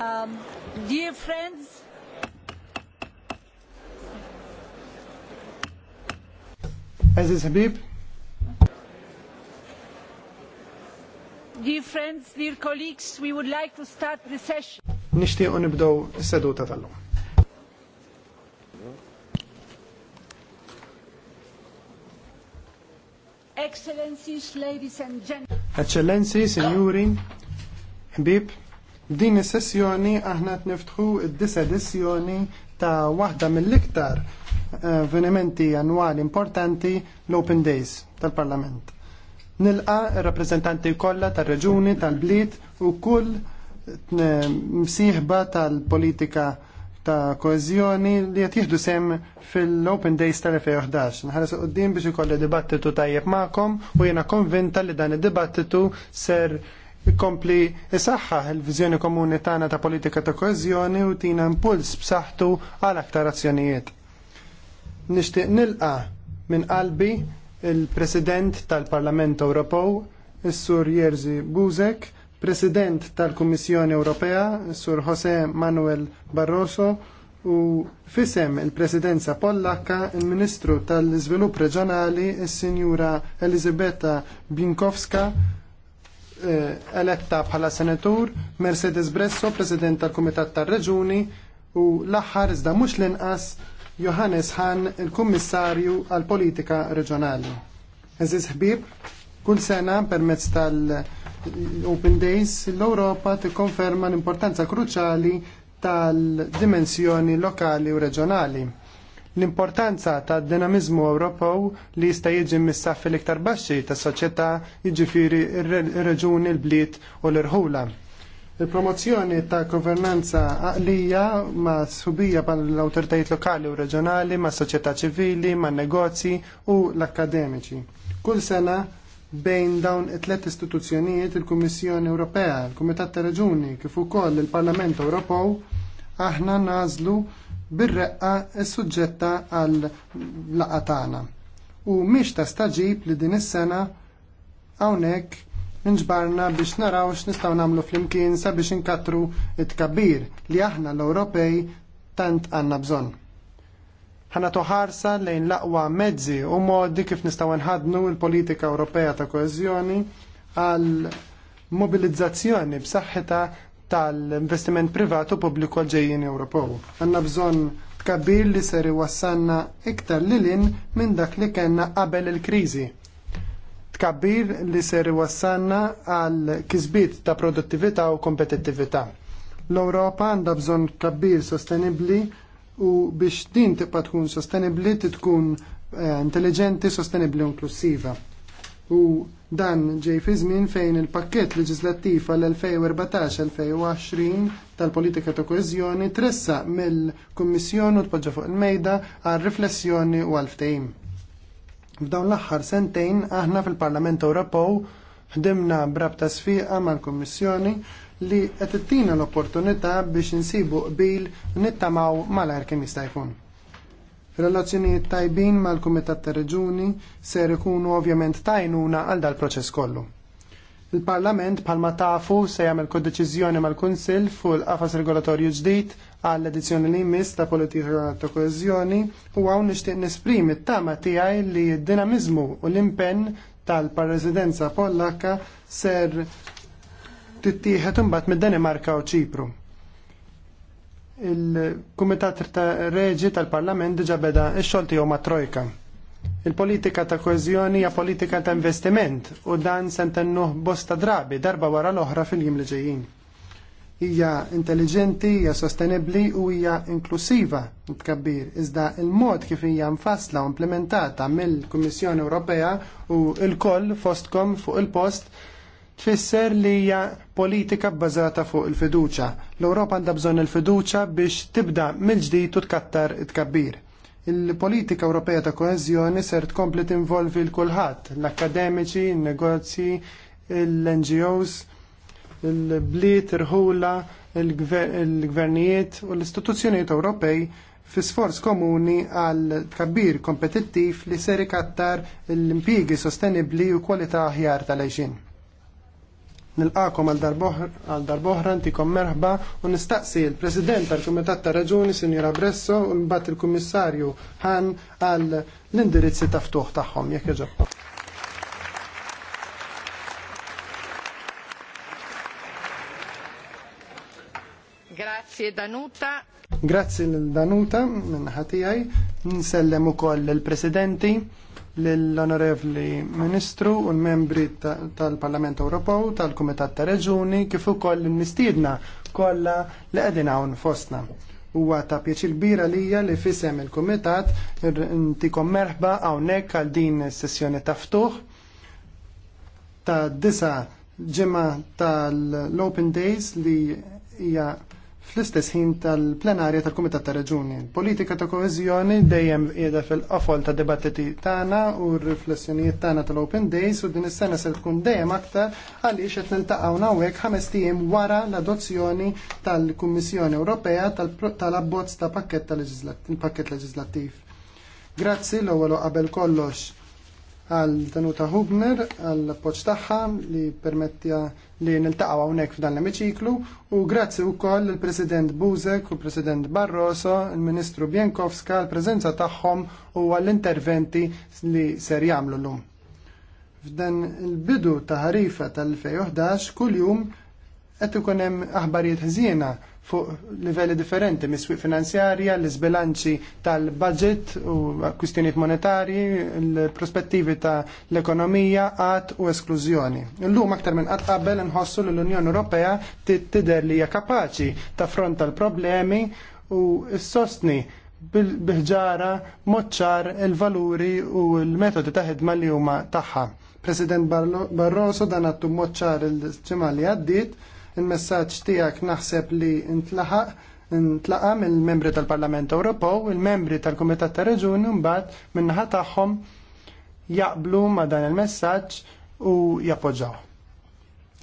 Um, dear friends, Aziz Habib. Dear friends, dear colleagues, we would like to start the session. Nishtiqu nibdow is-seduta tal-lum. Excellencies, ladies and gentlemen. Eccellenzi, signori, Habib. Din is-sessjoni aħna tniftħu id-disa edizzjoni ta' waħda mill-iktar eh, avvenimenti annwali importanti l-Open Days tal-Parlament. Nilqa rappresentanti kollha tar-reġuni, tal-bliet u kull eh, msieħba tal-politika ta' koezjoni li qed jieħdu sem fil-Open Days tal-2011. Nħares qudiem biex ikolli dibattitu tajjeb magħkom u jiena konvinta li dan id-dibattitu ser Ikompli isaxħa il-viżjoni komuni tagħna ta' politika ta' koeżjoni u tina impuls b'saħħtu għal aktar azzjonijiet. Nixtieq nilqa minn qalbi il-President tal-Parlament Ewropew, is-Sur Jerzy Buzek, President tal-Kummissjoni Ewropea, Sur Jose Manuel Barroso, u fisem il-Presidenza Pollakka il-Ministru tal-Iżvilupp Reġjonali, is-Sinjura Elizabetta Binkowska, Eh, eletta bħala senatur, Mercedes Bresso, president tal-Kumitat tar-Reġuni, u l-aħħar iżda mhux l-inqas Johannes Hahn, il-Kummissarju għal politika Reġjonali. Eżiz ħbib, kull sena permezz tal-Open Days l-Ewropa tikkonferma l-importanza kruċali tal-dimensjoni lokali u reġjonali. L-importanza ta' dinamizmu Ewropew li jista' jiġi mis-saffi l-iktar baxxi tas soċjetà jiġifieri r reġuni l-bliet u l-irħula. Il-promozzjoni ta' governanza għaqlija ma' subija pan l-autoritajiet lokali u reġjonali, ma' soċjetà ċivili, ma' negozji u l-akademiċi. Kull sena bejn dawn it-tlet istituzzjonijiet il-Kummissjoni Ewropea, il-Kumitat ta' Reġuni, kif ukoll il-Parlament Ewropew, aħna nażlu bir-reqqa s-suġġetta għal laqatana. U miex ta' staġib li din is-sena hawnhekk inġbarna biex naraw x'nistgħu nagħmlu flimkien sabiex inkatru it-kabbir li aħna l-Ewropej tant għandna bżonn. Ħana toħarsa lejn l-aqwa mezzi u modi kif nistgħu nħadnu l-politika Ewropea ta' koeżjoni għal mobilizzazzjoni b'saħħitha tal-investiment privatu pubbliku għal-ġejjin Ewropew. Għanna bżonn tkabbir li ser wassanna iktar lilin minn dak li kellna qabel il-kriżi. Tkabbir li ser wassanna għal kisbiet ta' produttività u kompetittività. L-Ewropa għandha bżonn tkabbir sostenibbli u biex din tibqa' tkun sostenibbli tkun eh, intelligenti, sostenibbli u inklusiva. U Dan ġej fi żmien fejn il-pakkett leġislattiv għal-2014-2020 tal-politika ta' koeżjoni tressa mill-Kummissjoni u tpoġġa fuq il-mejda għal riflessjoni u għal ftehim. F'dawn l-aħħar sentejn aħna fil-Parlament Ewropew ħdimna brabta sfiqa mal-Kummissjoni li qed ittina l-opportunità biex insibu qbil nittamaw mal-arkim jista' jkun. Relazzjonijiet tajbin mal-Kumitat ta' Reġuni ser ikunu ovvjament tajnuna għal dal-proċess kollu. Il-Parlament palma tafu se jagħmel kodeċiżjoni mal-Kunsill fuq l qafas regolatorju ġdid għall edizzjoni li jmiss ta' politika ta' koeżjoni u hawn nixtieq nesprimi t-tama tiegħi li d-dinamiżmu u l-impenn tal-Presidenza Pollakka ser tittieħed imbagħad mid-Danimarka u Ċipru il-Kumitat Reġi tal-Parlament diġa beda x-xogħol tiegħu ma' trojka. Il-politika ta' koeżjoni hija politika ta' investiment u dan se ntennuh bosta drabi darba wara l-oħra fil-jiem li ġejjin. Hija intelligenti, hija sostenibbli u hija inklusiva tkabbir, iżda il-mod kif hija mfassla u implementata mill-Kummissjoni Ewropea u l-koll fostkom fuq il-post tfisser li hija politika bbażata fuq il-fiduċa. L-Ewropa għandha bżonn il-fiduċa biex tibda mill-ġdid u tkattar tkabbir. Il-politika Ewropea ta' koeżjoni ser tkompli tinvolvi l-kulħadd, l-akademiċi, n-negozji, l-NGOs, il-bliet, irħula, il-gvernijiet u l-istituzzjonijiet Ewropej fi sforz komuni għal tkabbir kompetittiv li ser ikattar l-impjiegi sostenibbli u kwalità aħjar tal għajxin Nilqakom għal darboħra ntikom merħba u nistaqsi l president tal-Kumitat ta' Raġuni, Sinjora Bresso, u mbagħad il-Kummissarju ħan għal l-indirizzi ta' ftuħ tagħhom jekk iġobhom. Grazie Danuta. Grazie Danuta, minna ħatijaj. Nsellem u koll il-presidenti l-Onorevli Ministru u l-membri tal-Parlament Ewropew, tal-Kumitat ta' Reġuni, kif ukoll l-mistiedna kollha li qegħdin hawn fostna. Huwa ta' pjaċir kbira lija li fisem il-Kumitat intikom merħba hawnhekk għal din is-sessjoni ta' ftuħ ta' disa ġimgħa tal-Open Days li hija fl-istess ħin tal-plenarja tal-Kumitat ta' Reġuni. Politika ta' koezjoni dejjem qiegħda fil-qofol ta' dibattiti tagħna u r-riflessjonijiet tagħna tal-Open Days u din is-sena se tkun dejjem aktar għaliex qed niltaqgħu hawnhekk ħames tiem wara l-adozzjoni tal-Kummissjoni Ewropea tal-abbozz ta' pakkett leġislattiv. Grazzi l-ewwel qabel kollox għal tenuta Hubner għal poċ tagħha li permettja li niltaqgħu hawnhekk f'dan l-emiċiklu u grazzi wkoll il-President Buzek u President Barroso, il-Ministru Bienkowska għall prezenza tagħhom u għall-interventi li ser jagħmlu lum. F'dan il-bidu ta' ħarifa tal-2011 kuljum qed ikun hemm aħbarijiet ħżiena fuq livelli differenti, mis-swieq finanzjarja, l isbilanċi tal-budget u kwistjonijiet monetarji, l-prospettivi ta' l-ekonomija, għat u esklużjoni. Llum aktar minn qatt qabel nħossu li l-Unjoni Ewropea tidher li hija kapaċi ta' front tal-problemi u s-sostni bil-bihġara moċċar il-valuri u l-metodi ta' ħidma li huma tagħha. President Barroso dan għattu moċċar il-ġimgħa li għaddiet Il-messaġġ tiegħek naħseb li ntlaħaq ntlaqa mill-membri tal-Parlament Ewropew, il-membri tal-Kumitat ta' Reġuni mbagħad min-naħa tagħhom jaqblu ma' dan il-messaġġ u jappoġġaw.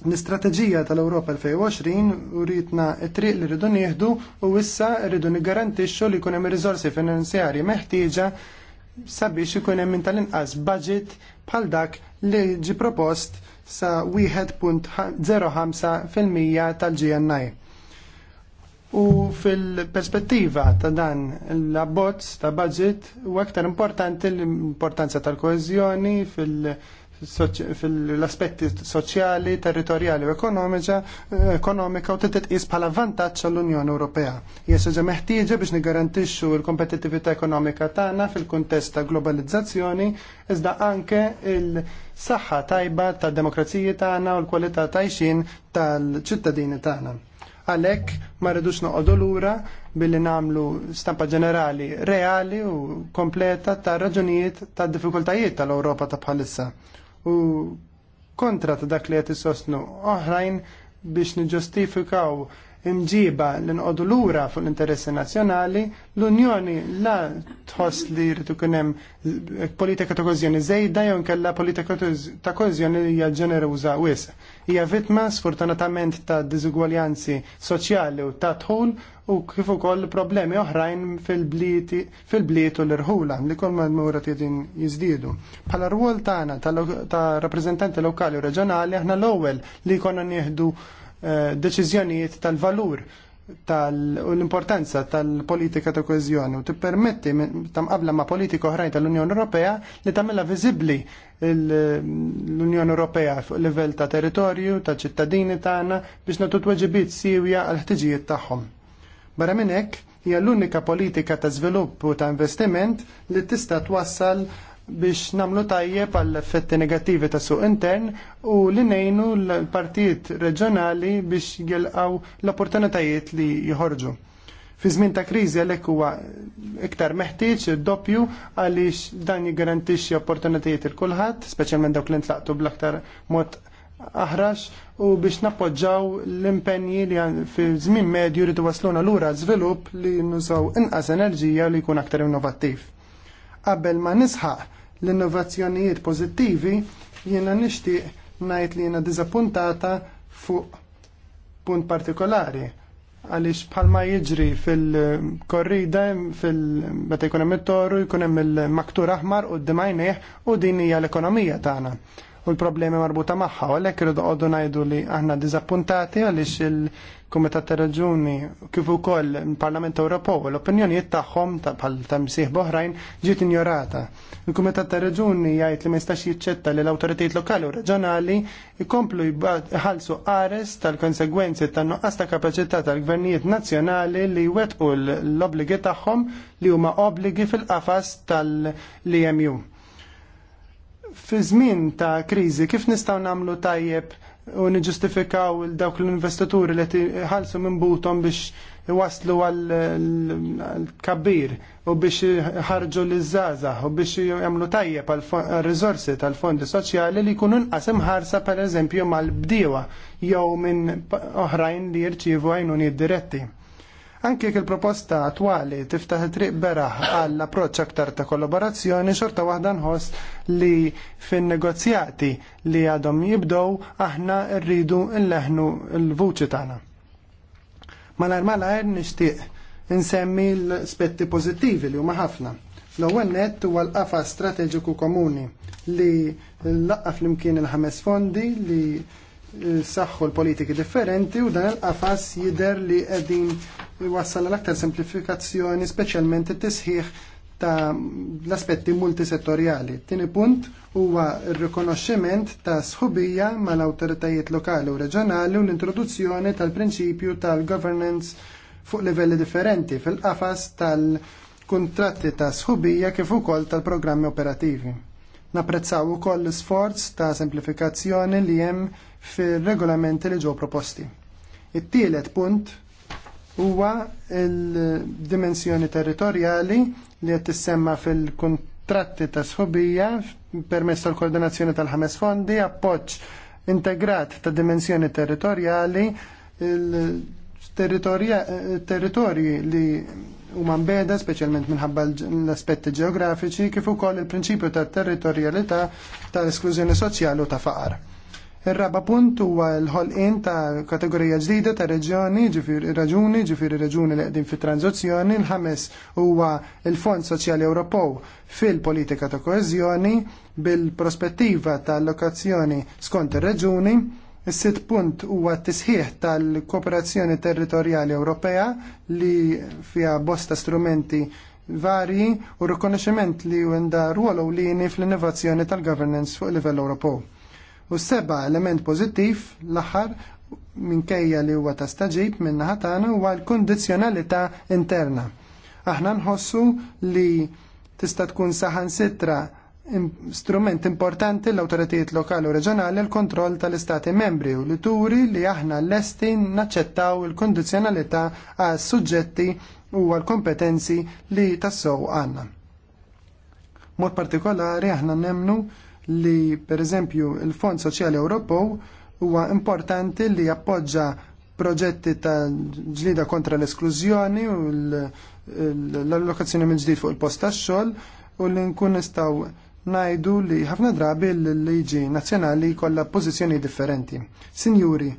L-istrateġija tal-Ewropa 2020 uritna t-triq li rridu nieħdu u issa rridu niggarantixxu li jkun hemm riżorsi finanzjarji meħtieġa sabiex ikun hemm tal-inqas budget bħal dak li ġi propost sa 1.05% tal-GNI. U fil-perspettiva ta' dan l-abbozz ta' budget u aktar importanti l-importanza tal-koezjoni fil- fil-aspetti soċjali, territorjali u eh, ekonomika u is bħala vantaġġ għall-Unjoni Ewropea. Hija ġa meħtieġa biex nigarantixxu l-kompetittività ekonomika tagħna fil-kuntest ta' globalizzazzjoni iżda anke il-saħħa tajba tad-demokrazija tagħna u l-kwalità tajxin tal-ċittadini tagħna. Għalhekk ma rridux noqogħdu lura billi namlu stampa ġenerali reali u kompleta ta' raġunijiet ta' diffikultajiet tal-Ewropa ta' bħalissa u kontra ta' dak li qed isostnu oħrajn biex niġġustifikaw imġiba li l lura fuq l-interessi nazzjonali, l-Unjoni la tħoss li rritu kunem hemm politika ta' kożjoni żejda jew nkella politika ta' kożjoni li hija ġeneruża wis. Hija vittma sfortunatament ta' diżugwaljanzi soċjali u ta' tħul u kif ukoll problemi oħrajn fil-bliet u l-irħula li kol madmura tidin jiżdiedu. Bħala rwol tagħna ta' rappreżentanti lokali u reġjonali aħna l-ewwel li jkollna nieħdu Eh, deċiżjonijiet tal-valur tal-importanza tal-politika ta' koezjoni u tippermetti qabla ma' politika oħrajn tal-Unjoni Ewropea li tagħmilha viżibbli l-Unjoni Ewropea fuq livell ta' territorju, ta' ċittadini tagħna biex nagħtu tweġibiet siwja għal ħtiġijiet tagħhom. Barra minn hekk hija l-unika politika ta' żvilupp u ta' investiment li tista' twassal biex namlu tajjeb għall effetti negattivi ta' suq intern u li nejnu l-partijiet reġjonali biex jilqaw l-opportunitajiet li jħorġu. Fi żmien ta' kriżi għalhekk huwa iktar meħtieġ id-doppju għaliex dan jiggarantixxi opportunitajiet il kulħadd, speċjalment dawk li ntlaqtu bl-aktar mod aħrax u biex nappoġġaw l-impenji li fi żmien medju rridu wasluna lura żvilupp li nużaw inqas enerġija li jkun aktar innovattiv qabel ma nisħaq l-innovazzjonijiet pożittivi jiena nixtieq ngħid li jiena diżappuntata fuq punt partikolari għaliex bħalma jiġri fil-korrida fil-meta jkun hemm it-toru jkun hemm il-maktur aħmar u d u din hija l-ekonomija tagħna u l-problemi marbuta magħha u għalhekk irridu qogħdu ngħidu li aħna diżappuntati għaliex il- kumitat ta' raġuni kif ukoll il-Parlament Ewropew l-opinjonijiet tagħhom bħal ta' msieħ boħrajn ġiet injorata. Il-Kumitat ta' Raġuni jgħid li ma jistax jiċċetta li l-awtoritajiet lokali u reġjonali jkomplu jħallsu ares tal-konsegwenzi tan-nuqqas ta' kapaċità tal-gvernijiet nazzjonali li jwettqu l-obbligi tagħhom li huma obbligi fil-qafas tal-EMU. Fi żmien ta' kriżi kif nistgħu nagħmlu tajjeb u niġustifikaw dawk l-investituri li ħalsu minn butom biex waslu għal kabbir u biex ħarġu l żaza u biex jagħmlu tajjeb għal rizorsi tal-fondi soċjali li jkunu nqas imħarsa pereżempju mal-bdiewa jew minn oħrajn li jirċievu għajnunijiet diretti. Anke jekk il-proposta attwali tiftaħ triq beraħ għall approċċ aktar ta' kollaborazzjoni xorta waħda nħoss li fin-negozjati li għadhom jibdow aħna rridu nleħnu l-vuċi tagħna. Malar malar nixtieq insemmi l-aspetti pożittivi li huma ħafna. L-ewwel nett huwa l-qafa strateġiku komuni li laqqa flimkien il-ħames fondi li saħħu l-politiki differenti u dan il-qafas jider li qegħdin jwassal l-aktar semplifikazzjoni, speċjalment it-tisħiħ ta' l-aspetti multisettorjali. Tini punt huwa r-rikonoxximent ta' sħubija mal-awtoritajiet lokali u reġjonali u l-introduzzjoni tal-prinċipju tal-governance fuq livelli differenti fil-qafas tal-kontratti ta' sħubija kif ukoll tal-programmi operativi. Napprezzaw ukoll l-sforz ta' semplifikazzjoni li hemm fir-regolamenti li ġew proposti. It-tielet punt huwa il-dimensjoni territorjali li qed tissemma fil-kontratti ta' sħobija permess tal-koordinazzjoni tal-ħames fondi, appoġġ integrat ta' dimensjoni territorjali il-territorji li huma mbeda speċjalment minħabba l-aspetti ġeografiċi kif ukoll il-prinċipju ta' territorjalità tal-esklużjoni soċjali u ta' faqar. Ir-raba punt huwa l-ħolqien ta' kategorija ġdida ta' reġjoni, ġifieri raġuni, ġifieri reġuni li qegħdin fit-tranzizzjoni, l-ħames huwa l-Fond Soċjali Ewropew fil-politika ta' koeżjoni bil-prospettiva ta' allokazzjoni skont ir-reġuni. Is-sitt punt huwa t-tisħiħ tal-Kooperazzjoni Territorjali Ewropea li fiha bosta strumenti varji u rikonoxximent li għenda ruolo u fl-innovazzjoni tal-governance fuq livell Ewropew. U seba element pożittiv l-aħħar minkejja li huwa ta' staġib minn tagħna huwa l-kondizzjonalità interna. Aħna nħossu li tista' tkun saħansitra strument importanti l-autoritajiet lokali u reġjonali l kontroll tal-istati membri u li turi li aħna l lesti naċċettaw il-kondizjonalità għal suġġetti u għal kompetenzi li tassow għanna. Mod partikolari aħna nemnu li pereżempju l fond Soċjali Ewropew huwa importanti li jappoġġa proġetti ta' ġlida kontra l-esklużjoni u l-allokazzjoni minn ġdid fuq il-post tax-xogħol u li nkun nistgħu ngħidu li ħafna drabi l-liġi nazzjonali jkollha pożizzjoni differenti. Sinjuri,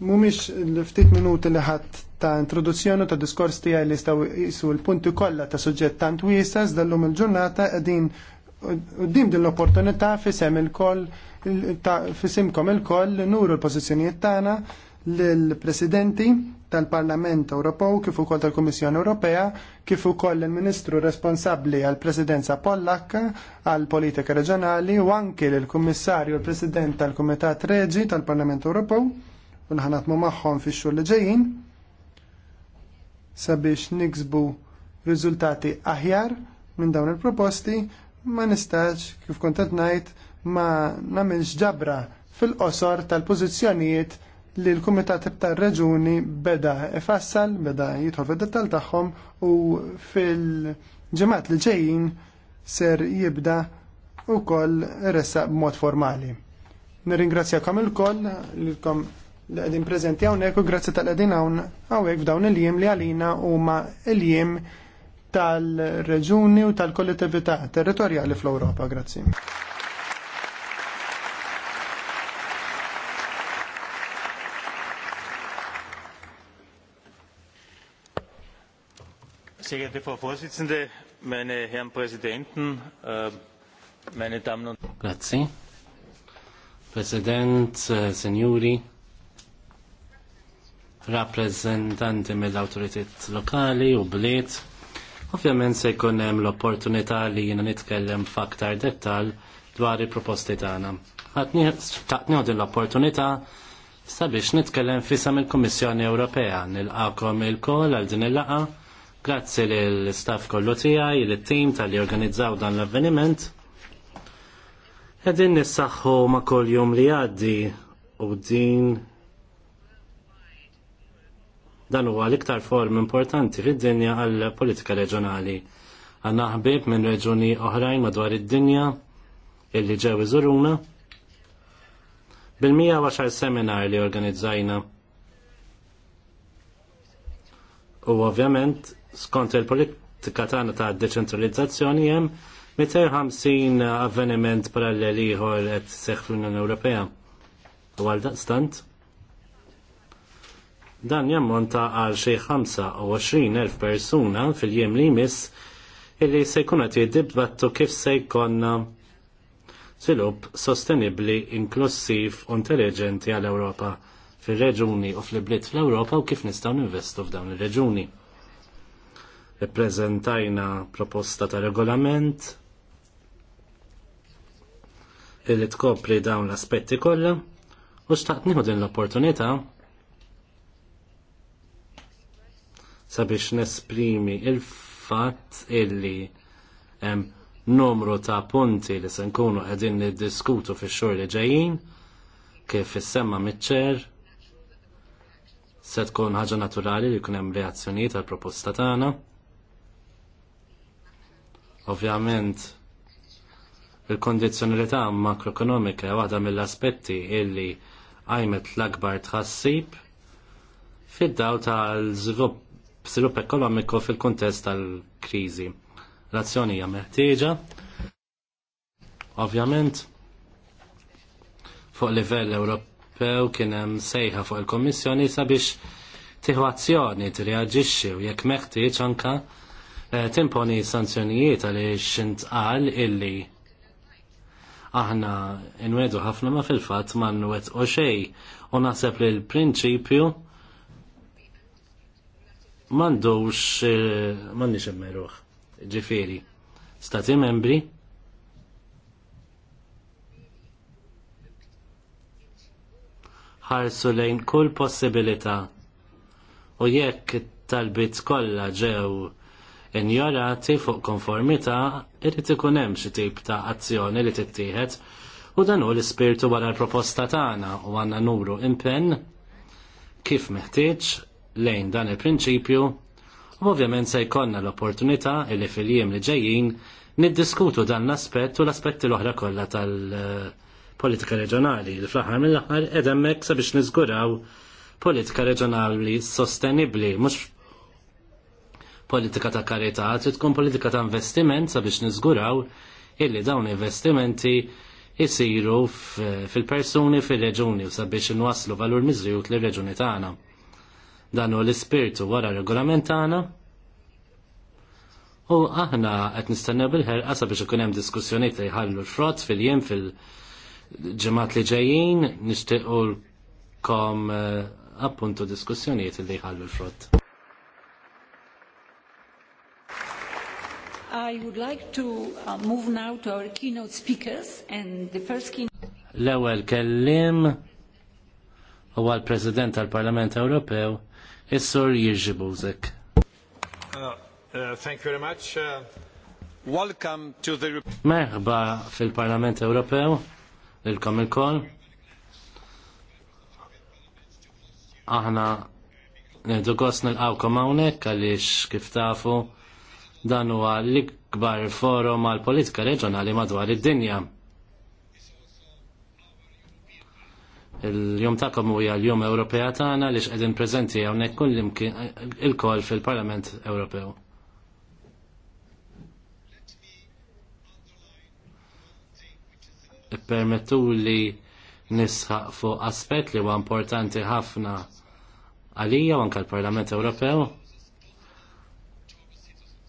mhumiex l-ftit minuti li ħadd ta' introduzzjoni ta' diskors tiegħi li jistgħu jqisu l-punti kollha ta' suġġett tant wiesa dallum il-ġurnata qegħdin Uddim din l-opportunità fisem il-koll, fisimkom il-koll nuru l-pozizjonijiet tagħna l-presidenti tal-Parlament Ewropew kif ukoll tal-Kummissjoni Ewropea kif ukoll il-Ministru responsabbli għall presidenza Pollakka għall politika reġjonali u anke lill-Kummissarju l-President tal-Kumitat Reġi tal-Parlament Ewropew u naħnatmu magħhom fix-xhur li ġejjin sabiex niksbu riżultati aħjar minn dawn il-proposti ma nistax, kif kontent najt, ma namilx ġabra fil-qosor tal-pozizjonijiet li l-Kumitat tar Reġuni beda ifassal, beda jidħol fid-dettal tagħhom u fil-ġemat li ġejjin ser jibda u koll ressa b'mod formali. Nirringrazzjakom il-koll li kom li għedin prezenti għawnek u grazzi tal-għedin għawnek f'dawn il-jiem li għalina u ma il-jiem tal-reġuni u tal-kollettività territorjali fl europa Grazzi. Sehr geehrte Frau Vorsitzende, meine Herren Präsidenten, äh, meine Damen und Herren. Grazie. Präsident, äh, Signori, rappresentanti mill-autoritet lokali u bliet, Ovvjament se jkun hemm l-opportunità li jiena nitkellem f'aktar dettal dwar il-proposti tagħna. Taqtni din l-opportunità sabiex nitkellem fisam il-Kummissjoni Ewropea nilqakom il-kol għal din il-laqa. Grazzi lill staff kollu tiegħi, lit-tim tal-li organizzaw dan l-avveniment. Qegħdin nissaħħu ma' kuljum jum li għaddi u din Dan huwa l-iktar form importanti fid-dinja għal politika reġjonali. Għanna ħbib minn reġuni oħrajn madwar id-dinja illi ġew iżuruna. Bil-110 seminar li organizzajna u ovvjament skont il-politika tagħna ta' deċentralizzazzjoni hemm 250 avveniment paralleli ieħor qed seħħ fl-Unjoni Ewropea. U għal daqstant, Dan jammonta għal xi 25,000 persuna fil-jiem li jmiss illi se jkun qed jiddibattu kif se jkollna svilupp sostenibbli, inklusiv u intelligenti għal Ewropa fil-reġuni u fil-blit fl-Ewropa u kif nistgħu ninvestu f'dawn ir-reġuni. Reprezentajna proposta ta' regolament illi tkopri dawn l-aspetti kollha u xtaqt nieħu din l-opportunità sabiex nesprimi il-fatt illi hemm numru ta' punti li se nkunu qegħdin niddiskutu fix-xhur li ġejjin kif issemma miċ-ċer se tkun ħaġa naturali li jkun hemm reazzjonijiet għall proposta tagħna. Ovvjament il-kondizzjonalità makroekonomika waħda mill-aspetti illi għajmet l-akbar tħassib fid-daw tal-żvilupp b'sirup ekonomiku fil-kuntest tal-kriżi. L-azzjoni hija meħtieġa. Ovvjament, fuq livell Ewropew kien hemm sejħa fuq il-Kommissjoni sabiex tieħu azzjoni tirreaġixxi u jekk meħtieġ anka eh, timponi sanzjonijiet għaliex intqal illi aħna nwedu ħafna ma fil-fatt ma nwet u xej u naħseb li l-prinċipju mandowx eh, manni xemmeruħ, ġifiri, stati membri ħarsu lejn kull possibilità u jekk talbit kollha ġew injorati fuq konformità irid ikun hemm xi tip ta' azzjoni li tittieħed u dan hu l-ispirtu wara l-proposta tagħna u għandna nuru impenn kif meħtieġ lejn dan il-prinċipju u ovvjament se jkollna l-opportunità li fil-jiem li ġejjin niddiskutu dan l-aspett u l-aspetti l-oħra kollha tal-politika reġjonali li fl-aħħar mill-aħħar hemmhekk sabiex niżguraw politika reġjonali sostenibbli mhux politika ta' karità, trid tkun politika ta' investiment sabiex niżguraw illi dawn investimenti jisiru fil-persuni fil-reġuni u sabiex inwasslu valur miżrijut l-reġuni tagħna. Dan u l-ispirtu wara regolament tagħna. U aħna qed nistennew bil-ħerqa biex ikun hemm diskussjonijiet li jħallu l-frott fil-jiem fil-ġimgħat li ġejjin kom eh, appuntu diskussjonijiet li jħallu l-frott. I would like to uh, move now to our keynote speakers and the first keynote L-ewwel kellim huwa l-President tal-Parlament Ewropew Is-sur Jirġi uh, uh, Thank you very much. Uh, welcome to the... Merħba fil-Parlament Ewropew, il-kom il-kol. Aħna neħdu gosn il-għawkom għawnek għalix kif tafu dan huwa l-ikbar forum għal politika reġjonali madwar id-dinja. Il-jum ta'kom huja l-jum Ewropea tagħna li x'qegħdin preżenti hawnhekk kullimkien il-kol fil-Parlament Ewropew. Permettu li nisħaq fuq aspett li huwa importanti ħafna għalija u anke l-Parlament Ewropew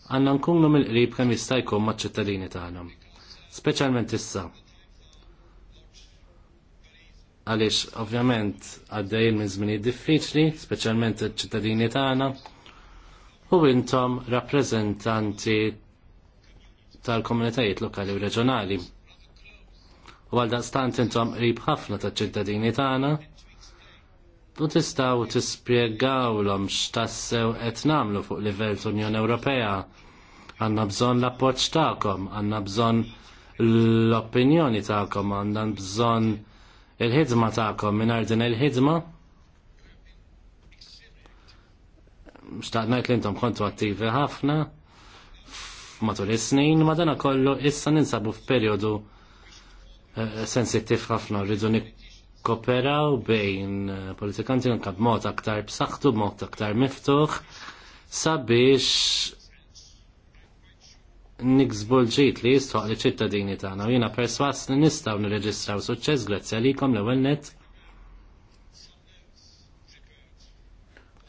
għanna nkunu mill-qrib kemm jista' jkun maċ-ċittadini tagħna. Speċjalment issa għaliex ovvjament għaddej minn żminijiet diffiċli, speċjalment iċ-ċittadini tagħna, u intom rappresentanti tal-komunitajiet lokali u reġjonali. U għal daqstant intom qrib ħafna taċ-ċittadini tagħna, u tistgħu tispjegawlhom x'tassew qed nagħmlu fuq livell Unjoni Ewropea. Għanna bżonn l-appoġġ tagħkom, għandna bżonn l-opinjoni tagħkom, għandna bżonn il-ħidma tagħkom mingħajr din il-ħidma xtaqt ngħid li intom kontu attivi ħafna matul is-snin, ma dana kollu issa ninsabu f'perjodu eh, sensittiv ħafna rridu nikkoperaw bejn eh, politikanti nkab mod aktar b'saħħtu, b'mod aktar miftuħ sabiex niksbu l-ġit li jistoq li ċittadini tagħna u jina perswas li nistgħu nirreġistraw suċċess li għalikom l-ewwel net.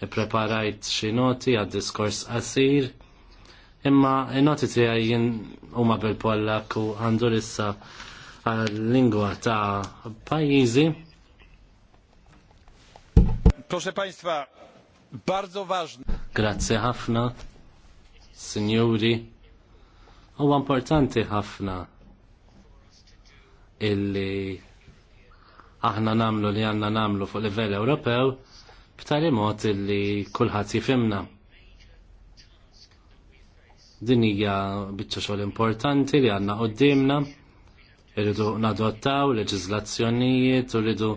Ippreparajt xi noti għad-diskors qasir imma noti tiegħi u huma bil-Pollak u għandu issa lingwa ta' pajjiżi. Proszę Państwa, bardzo ważne. Grazie ħafna, signori Huwa importanti ħafna illi aħna namlu li għanna namlu fuq livell Ewropew b'tali mod illi kulħadd jifhimna. Din hija biċċa xogħol importanti li għandna qudiemna irridu nadottaw leġiżlazzjonijiet u rridu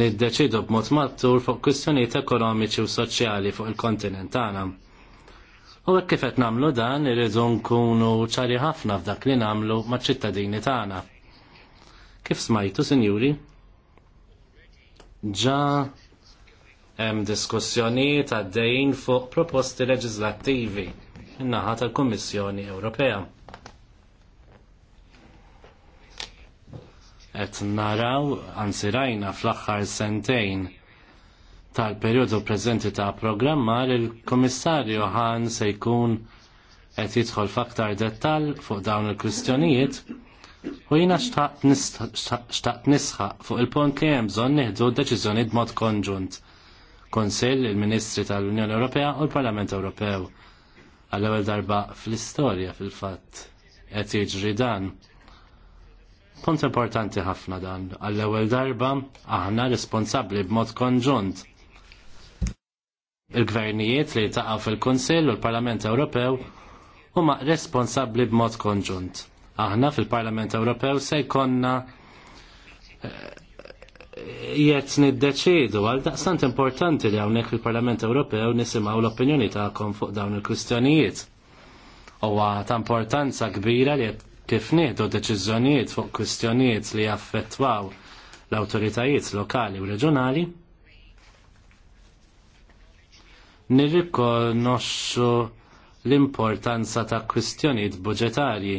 niddeċidu b'mod mattur fuq kwistjonijiet ekonomiċi u soċjali fuq il-kontinent tagħna U hekk kif qed nagħmlu dan irridu nkunu ċari ħafna f'dak li nagħmlu maċ-ċittadini tagħna. Kif smajtu, sinjuri? Ġa hemm diskussjonijiet għaddejjin fuq proposti leġislattivi in-naħa tal-Kummissjoni Ewropea. Qed naraw anzi rajna fl-aħħar sentejn tal-periodu preżenti ta' programmar il-Komissarju ħan se jkun qed jidħol f'aktar dettall fuq dawn il-kwistjonijiet u jiena xtaqt nisħaq fuq il punt li hemm bżonn nieħdu deċiżjoni b'mod konġunt. Konsill, il-Ministri tal-Unjoni Ewropea u l-Parlament Ewropew għall-ewwel darba fl-istorja fil-fatt qed jiġri dan. Punt importanti ħafna dan. Għall-ewwel darba aħna responsabbli b'mod konġunt Il-gvernijiet li taqgħu fil-Kunsill u l-Parlament Ewropew huma responsabbli b'mod konġunt. Aħna fil-Parlament Ewropew se jkollna eh, jett niddeċidu għal daqstant importanti li hawnhekk fil-Parlament Ewropew nisimgħu l-opinjoni tagħkom fuq dawn il-kwistjonijiet. Huwa ta' importanza kbira li kif nieħdu deċiżjonijiet fuq kwistjonijiet li jaffettwaw l-awtoritajiet lokali u reġjonali nirrikonoxxu l-importanza ta' kwistjonijiet budġetarji.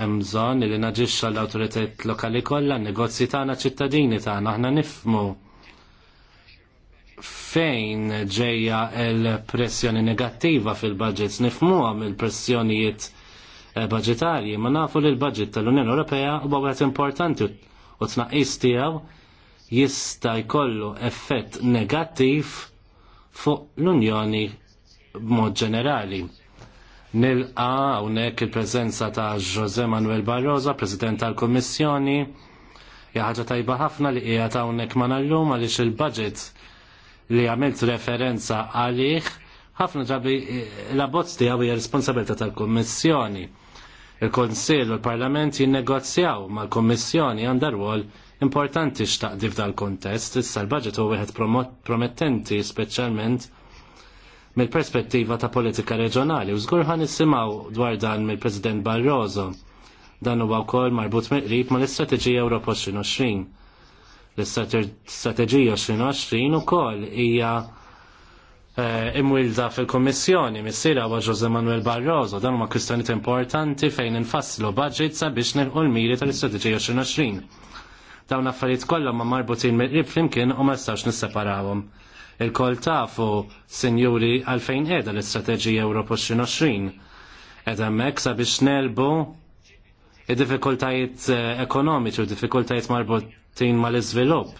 Hemm bżonn li naġixxa l-awtoritajiet lokali kollha, negozji tagħna ċittadini tagħna aħna nifmu fejn ġejja l-pressjoni negattiva fil-budgets nifmuha mill-pressjonijiet eh, budgetarji, ma nafu li l-budget tal-Unjoni Ewropea huwa wieħed importanti u tnaqqis tiegħu jista' jkollu effett negattiv fuq l-Unjoni b'mod ġenerali. Nilqa hawnhekk il-preżenza ta' José Manuel Barroso, President tal-Kommissjoni, ħaġa tajba ħafna li ta' hawnhekk ma nallum għaliex il-budget li għamilt referenza għalih ħafna ġabi l-abbozz tiegħu hija responsabilità tal-Kummissjoni. Il-Konsill u l-Parlament jinnegozjaw mal-Kummissjoni għandha rwol importanti xtaqdi f'dal kontest, issa l-budget u wieħed promettenti speċjalment mill-perspettiva ta' politika reġjonali u żgur ħan nisimgħu dwar dan mill-President Barroso. Dan huwa wkoll marbut mill-qrib ma' l-Istrateġija Europa 2020. L-Istrateġija 2020 ukoll hija eh, imwilda fil komissjoni missira wa Jose Manuel Barroso, dan ma kwistjonijiet importanti fejn infasslu budget sabiex nilqu l-miri tal-Istrateġija 2020. Dawn affarijiet kollha ma marbutin mill-qrib flimkien u ma nistax nisseparawhom. Il-kol tafu, sinjuri, għalfejn qiegħda l-Istrateġija Ewropa 2020. Ed hemmhekk sabiex nelbu id-diffikultajiet eh, ekonomiċi u diffikultajiet marbutin mal-iżvilupp.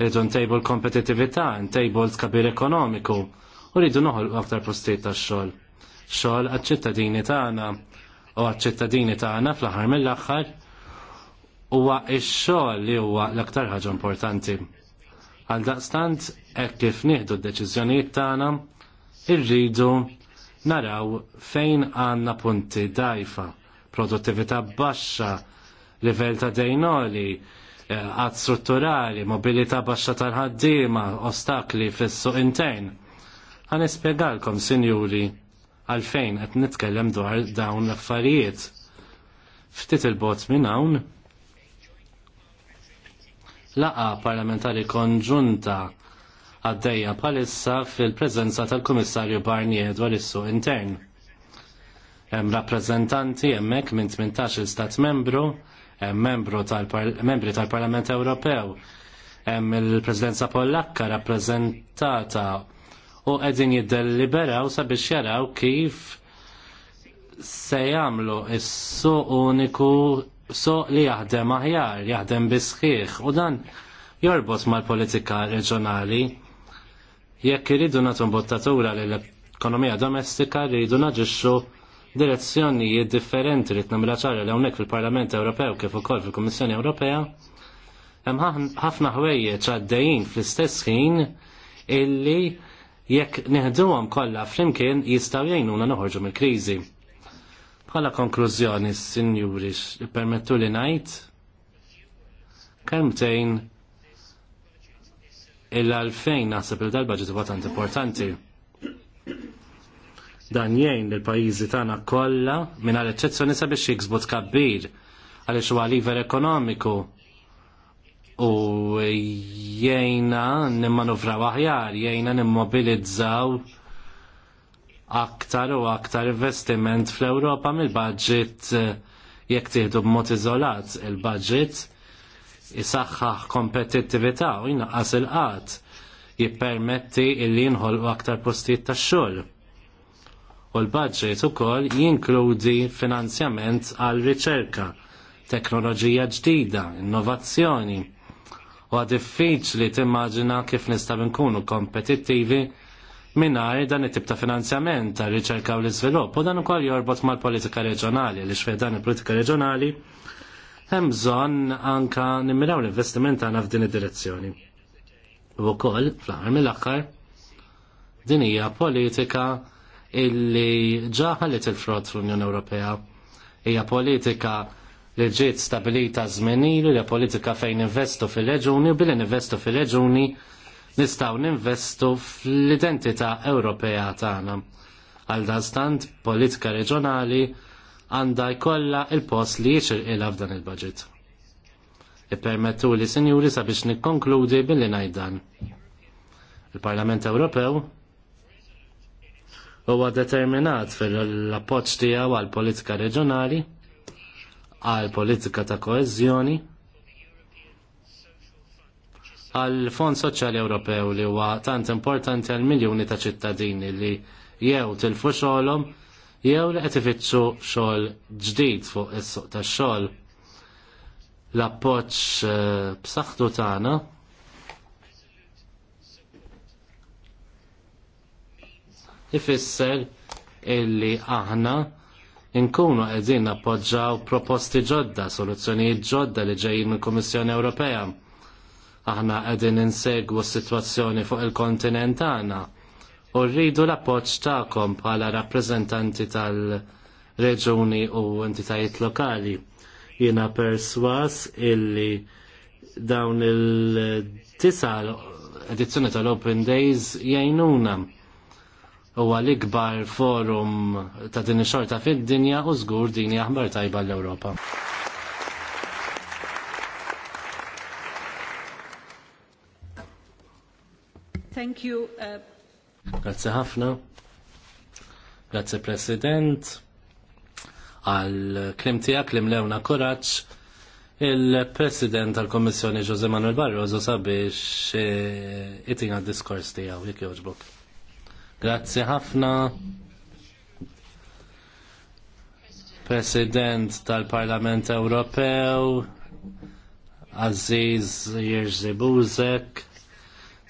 Irridu ntejbu l-kompetitività, ntejbu l-skabir ekonomiku u rridu noħol aktar postijiet tax-xogħol. Xogħol għaċ-ċittadini tagħna u għaċ-ċittadini tagħna fl-aħħar mill-aħħar huwa x-xogħol li huwa l-aktar ħaġa importanti. Għal daqstant hekk kif nieħdu d-deċiżjonijiet tagħna irridu naraw fejn għandna punti dajfa, produttività baxxa, livell ta' dejnoli, eh, għad strutturali, mobilità baxxa tal-ħaddiema, ostakli fis-suq intern. Għan ispiegalkom, sinjuri, għalfejn qed nitkellem dwar dawn l-affarijiet. Ftit il-bot minn hawn, laqa parlamentari konġunta għaddejja palissa fil-prezenza tal-Komissarju Barnier dwar is-suq intern. Hemm rappreżentanti hemmhekk minn 18 stat membru, hemm membru tal-membri tal-Parlament Ewropew, hemm il-Presidenza Pollakka rappreżentata u qegħdin jiddeliberaw sabiex jaraw kif se jagħmlu is-suq uniku so li jaħdem aħjar, jaħdem bisħiħ u dan jorbos mal-politika reġjonali jekk iridu nagħtu mbottatura lill ekonomija domestika rridu naġixxu direzzjonijiet differenti li tnamla ċara li hawnhekk fil-Parlament Ewropew kif ukoll fil-Kummissjoni Ewropea hemm ħafna ħwejjeġ għaddejjin fl-istess ħin illi jekk neħduhom kollha flimkien jistgħu jgħinuna noħorġu mill-kriżi. Bħala konklużjoni, sinjuri, permettu li najt kemtejn il-għalfejn naħseb il-dal-budget huwa tant importanti dan jgħin l-pajizi tagħna kollha minn għal eċċezzjoni sabiex jiksbu kabbir għaliex huwa liver ekonomiku u jgħinna nimmanuvraw aħjar, jgħinna nimmobilizzaw aktar u aktar investiment fl-Ewropa mill-budget eh, jekk tieħdu b'mod iżolat il-budget isaħħaħ kompetittività u jnaqqas il-qat jippermetti illi jinħolqu aktar postijiet tax-xogħol. U l-budget ukoll jinkludi finanzjament għal riċerka, teknoloġija ġdida, innovazzjoni. U għad diffiċli timmaġina kif nistgħu nkunu kompetittivi minar dan it-tip ta' finanzjament ta' riċerka u l-iżvilupp u dan ukoll jorbot mal-politika reġjonali li xfej dan il-politika reġjonali hemm bżonn anka nimmiraw l-investiment għana f'din id-direzzjoni. U wkoll fl-aħħar mill-aħħar din hija politika illi ġaħalet il-frott fl-Unjoni Ewropea. Hija politika li ġiet stabilita żmien ilu, hija politika fejn investu fil-reġuni u billi investu fil-reġuni fil reġuni nistaw ninvestu fl-identità Ewropea tagħna. Għal dastant politika reġjonali għandha jkollha il-post li jiċirqilha f'dan il-budget. Ippermettu li sinjuri sabiex nikkonkludi billi ngħid dan. Il-Parlament Ewropew huwa determinat fil-appoġġ tiegħu għal politika reġjonali, għal politika ta' koeżjoni, għal Fond Soċjali Ewropew li huwa tant importanti għal miljuni ta' ċittadini li jew tilfu xogħolhom jew li qed ifittxu xogħol ġdid fuq is-suq tax-xogħol. L-appoġġ eh, b'saħħtu tagħna ifisser illi aħna inkunu qegħdin nappoġġaw proposti ġodda, soluzzjonijiet ġodda li ġejjin mill-Kummissjoni Ewropea Aħna qegħdin insegwu s-sitwazzjoni fuq il-kontinent tagħna u rridu l-appoġġ tagħkom bħala rappreżentanti tal-reġuni u entitajiet lokali. Jiena perswas illi dawn il-tisa edizzjoni tal-Open Days jgħinuna huwa l-ikbar forum ta' din ix-xorta fid-dinja u żgur din aħbar tajba l-Ewropa. Thank you. Uh, Grazie ħafna. Grazie President. Għal klim tijak klim lewna koraċ il-President tal-Kommissjoni Jose Manuel Barroso sabiex eh, itina diskors tijaw, jek joġbok. Grazie ħafna. President tal-Parlament Ewropew, Aziz Jirzibuzek,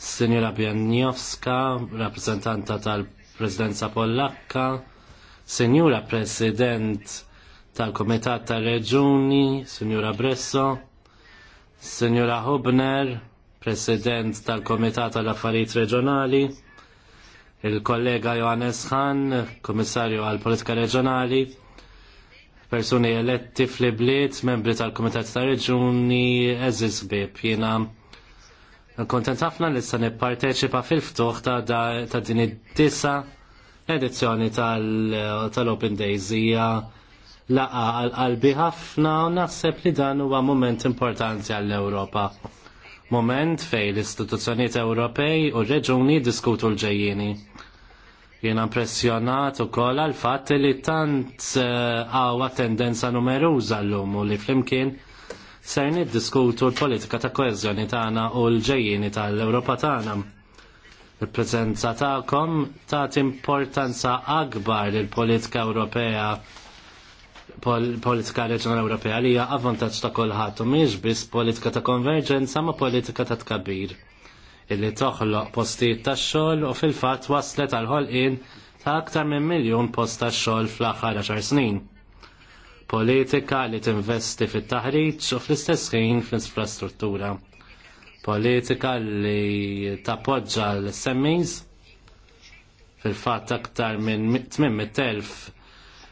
Sinjora Bjanjowska, rappresentanta tal-Presidenza Pollakka, Signora President tal-Komitat tal-Reġuni, Sinjura Bresso, Sinjura Hubner, President tal-Komitat tal-Affarijiet Reġjonali, il-kollega Johannes Hahn, Komissarju għal-Politika Reġjonali, persuni eletti fl-ibliet, membri tal-Komitat tal-Reġuni, eżizbib, jina Kontent ħafna li se nipparteċipa fil-ftuħ ta' ta' din id-disa edizzjoni tal-Open Days hija laqa għal-qalbi ħafna u naħseb li dan huwa moment importanti għall-Ewropa. Moment fej l-istituzzjonijiet Ewropej u reġuni diskutu l-ġejjini. Jien impressjonat u kol għal-fat li tant eh, għawa tendenza numeruża l-lum u li flimkien ser niddiskutu l-politika ta' koeżjoni tagħna u l-ġejjieni tal-Ewropa tagħna. Il-preżenza tagħkom tagħti importanza akbar lil politika Ewropea politika reġjonali Ewropea li hija avvantaġġ ta' kulħadd u mhix biss politika ta' konverġenza ma' politika ta' tkabbir illi toħloq postijiet tax-xogħol u fil-fatt waslet għal ħolqien ta' aktar minn miljun post tax-xogħol fl-aħħar 10 snin politika li tinvesti fit-taħriġ u fl-istess ħin fl-infrastruttura. Politika li tappoġġa l-SMEs fil-fatt aktar minn 800.000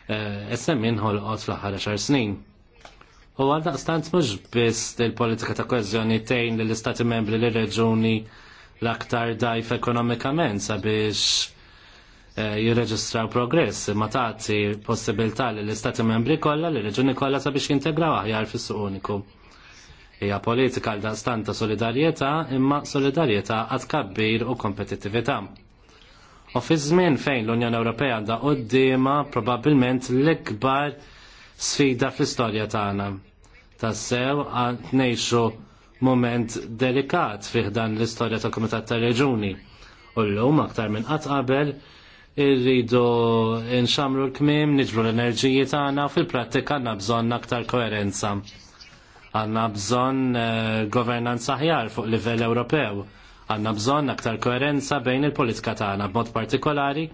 eh, SME nħolqot fl-aħħar xar snin. U għaldaqstant mhux biss il-politika ta' koeżjoni tgħin lill istati membri li reġuni l-aktar dajf ekonomikament sabiex Eh, jirreġistraw progress ma tagħti possibilità li l-Istati membri kollha li reġuni kollha sabiex jintegraw aħjar fis-suq uniku. Hija politika għal daqstan ta' solidarjetà imma solidarjetà għad kabbir u kompetittività. U fi żmien fejn l-Unjoni Ewropea għandha qudiema probabbilment l-ikbar sfida fl-istorja tagħna. Tassew għad ngħixu moment delikat fih dan l-istorja tal-Kumitat tar-Reġuni. U llum aktar minn qatt qabel irridu nxamru l-kmim, nġbru l-enerġiji tagħna fil-prattika għandna bżonn aktar koerenza. Għandna bżonn eh, governanza ħjar fuq livell Ewropew. Għandna bżonn aktar koerenza bejn il-politika tagħna b'mod partikolari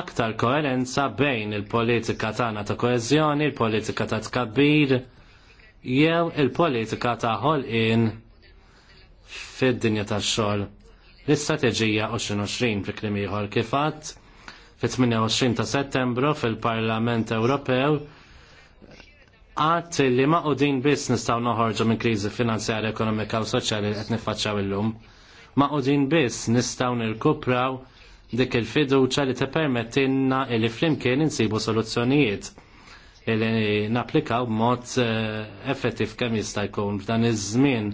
aktar koerenza bejn il-politika tagħna ta' koeżjoni, il-politika ta' tkabbir, jew il-politika ta' ħolqien fid-dinja tax-xogħol l-istrateġija 2020 fi klim ieħor kif għadd fit-28 ta' settembru fil-Parlament Ewropew għat li ma' u din biss nistaw noħorġu minn krizi finanzjarja, ekonomika u soċjali qed niffaċċaw illum. Ma' u din biss nistaw nirkupraw dik il-fiduċa li tippermettilna li flimkien insibu soluzzjonijiet li napplikaw b'mod eh, effettiv kemm jista' jkun f'dan iż-żmien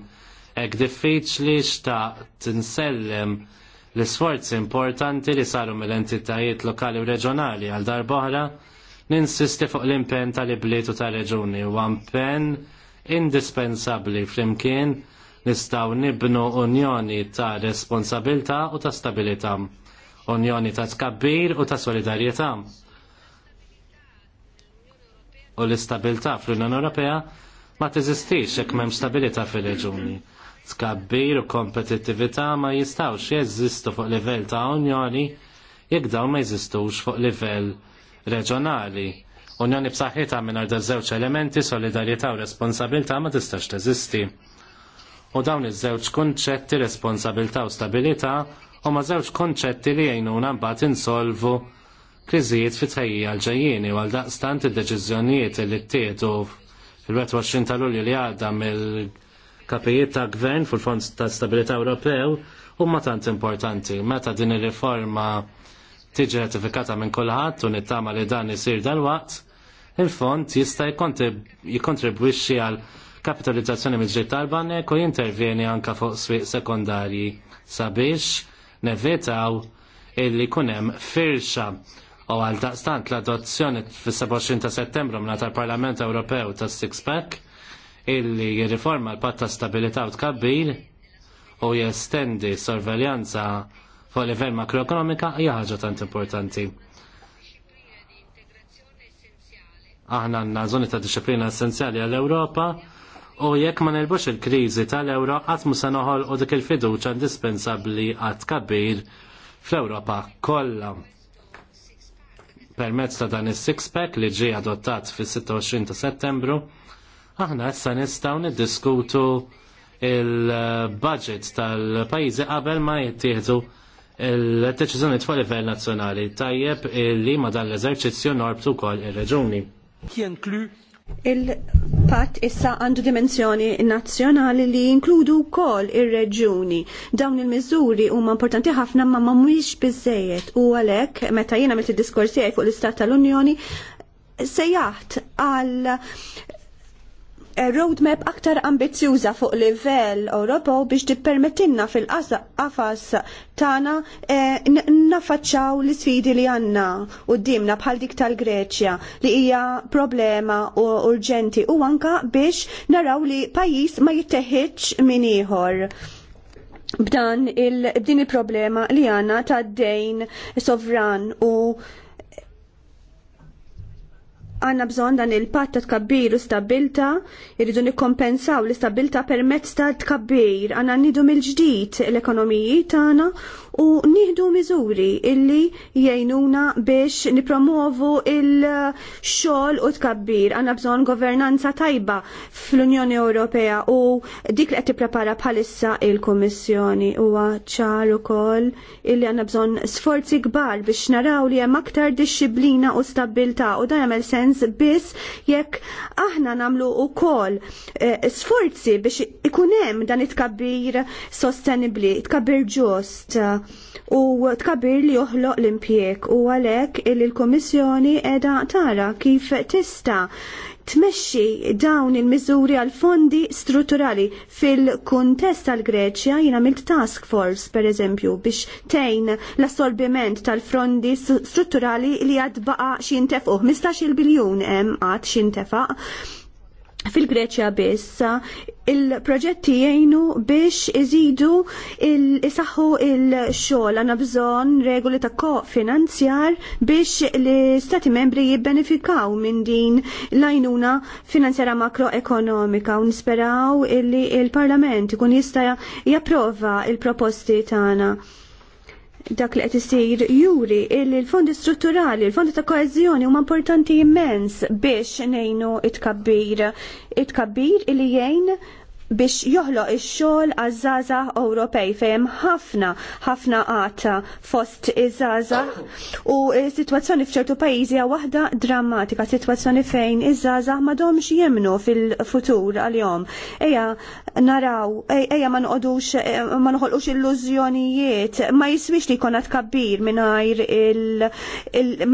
hekk diffiċli xtaq tinsellem l-isforzi importanti li saru mill-entitajiet lokali u reġjonali għal oħra ninsisti fuq l-impen tal-ibliet u tal-reġuni u għampen indispensabli flimkien nistaw nibnu unjoni ta' responsabilta u ta' stabilita, unjoni ta' tkabbir u ta' solidarieta. U l-istabilta fl-Unjoni Ewropea ma teżistix jekk m'hemm stabilita fil-reġuni tkabbir u kompetittività ma jistawx jeżistu fuq livell ta' unjoni jekk dawn ma jeżistux fuq livell reġjonali. Unjoni b'saħħitha mingħajr għal żewġ elementi solidarjetà u responsabilità ma tistax teżisti. U dawn iż-żewġ kunċetti responsabilità u stabilità u ma' żewġ konċetti li jgħinuna mbagħad insolvu kriżijiet fit tħejjija l ġejjieni u għal daqstant id-deċiżjonijiet li ttieħdu fil-21 ta' Lulju li għadda mill kapijiet ta' gvern fil-Fond ta' Stabilità Ewropew huma tant importanti. Meta din ir-riforma tiġi ratifikata minn kulħadd u nittama li dan isir dal-waqt, il-fond jista' jikkontribwixxi għal kapitalizzazzjoni mill-ġrid tal-banek u jintervjeni anke fuq swieq sekondarji sabiex nevitaw illi hemm firxa u għal daqstant l-adozzjoni fis-27 ta' settembru minn tal-Parlament Ewropew tas Six Pack illi jirriforma l-patta stabilità u tkabbir u jestendi sorveljanza fuq livell makroekonomika hija ħaġa tant importanti. Aħna għandna żoni ta' disciplina essenzjali għall-Ewropa u jekk ma nerbux il-kriżi tal-Ewro qatt mhux se noħolqu dik il-fiduċja indispensabbli għad kabbir fl-Ewropa kollha permezz ta' dan is six pack li ġie adottat fis-26 ta' Settembru aħna issa nistgħu niddiskutu il-budget tal-pajjiżi qabel ma jittieħdu il-deċiżjoni fuq livell nazzjonali tajjeb li ma dan l-eżerċizzju norbtu wkoll ir-reġuni. Il-pat issa għandu dimensjoni nazzjonali li jinkludu wkoll ir-reġuni. Dawn il-miżuri huma importanti ħafna ma mhumiex biżejjed u għalhekk meta jiena mill-diskorsi fuq l-Istat tal-Unjoni sejjaħt għal roadmap aktar ambizjuża fuq livell Ewropew biex tippermettilna fil-qafas tagħna eh, naffaċċaw l-isfidi li għandna quddiemna bħal dik tal-Greċja li hija problema u urġenti u anka biex naraw li pajjiż ma jitteħħiġ minn ieħor b'dan il-din il-problema li għandna tad dejn sovran u għanna bżon dan il-patt ta' tkabbir u stabilta, irridu nikkompensaw l-istabilta permezz ta' tkabbir, għanna nidu mill-ġdid l-ekonomiji tagħna u nieħdu miżuri illi jgħinuna biex nipromovu il-xogħol u tkabbir. Għanna bżonn governanza tajba fl-Unjoni Ewropea u dik li qed tipprepara bħalissa il-Kummissjoni huwa ċar ukoll illi għandna bżonn sforzi kbar biex naraw li hemm aktar disċiplina u stabilta' u dan jagħmel sens biss jekk aħna nagħmlu wkoll eh, sforzi biex ikun hemm dan it-tkabbir sostenibbli, tkabbir ġust u tkabir li joħloq l-impjek u għalek il-Komissjoni edha tara kif tista tmexxi dawn il-miżuri għal fondi strutturali fil-kuntest tal-Greċja jina mill task force per eżempju biex tejn l-assorbiment tal-fondi strutturali li għad baqa mistax 15 biljun hemm għad xintefaq fil-Greċja biss il-proġetti jgħinu biex iżidu il-saħħu il-xogħol għandna bżonn regoli ta' kofinanzjar biex l-Stati membri jibbenefikaw minn din l-għajnuna finanzjara makroekonomika u nisperaw li il-Parlament ikun jista' japprova il-proposti tagħna dak li qed isir juri li l-fondi strutturali, l-fondi ta' koezjoni huma importanti immens biex ngħinu it-kabbir it-kabbir illi jgħin biex joħloq ix-xogħol għaż-żaża Ewropej fejn ħafna ħafna għata fost iż-żaża u s-sitwazzjoni f'ċertu pajjiżi hija waħda drammatika, sitwazzjoni fejn iż-żaża m'għadhomx jemnu fil-futur għal-jom. Ejja naraw, ejja ma noqogħdux e, ma noħolqux illużjonijiet, ma jiswix li jkun tkabbir mingħajr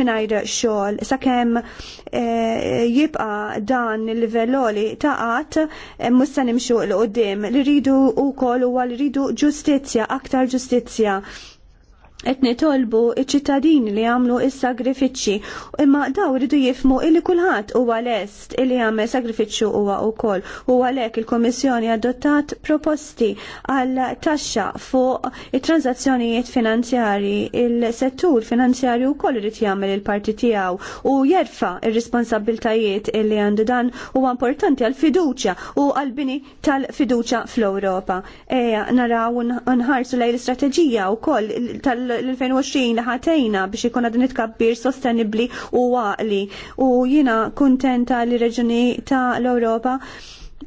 mingħajr xogħol sakemm e, jibqa' dan il-livell ta' qatt e, mhux se nimxu l-qoddim li rridu u kol u għal rridu ġustizja, aktar ġustizja qed nitolbu iċ-ċittadini li jagħmlu is-sagrifiċċji imma daw ridu jifmu illi kulħadd huwa lest illi jagħmel sagrifiċċju huwa wkoll u għalhekk il-Kummissjoni adottat proposti għal taxxa fuq it-transazzjonijiet finanzjarji il-settur finanzjarju wkoll irid jagħmel il-parti tiegħu u jerfa' ir responsabiltajiet illi għandu dan huwa importanti għal fiduċja u għal bini tal-fiduċja fl-Ewropa. Eja, naraw nħarsu lejn l-istrateġija wkoll tal l-2020 ħatejna biex ikun għadin itkabbir sostenibli u waqli. U jina kontenta li reġuni ta' l-Europa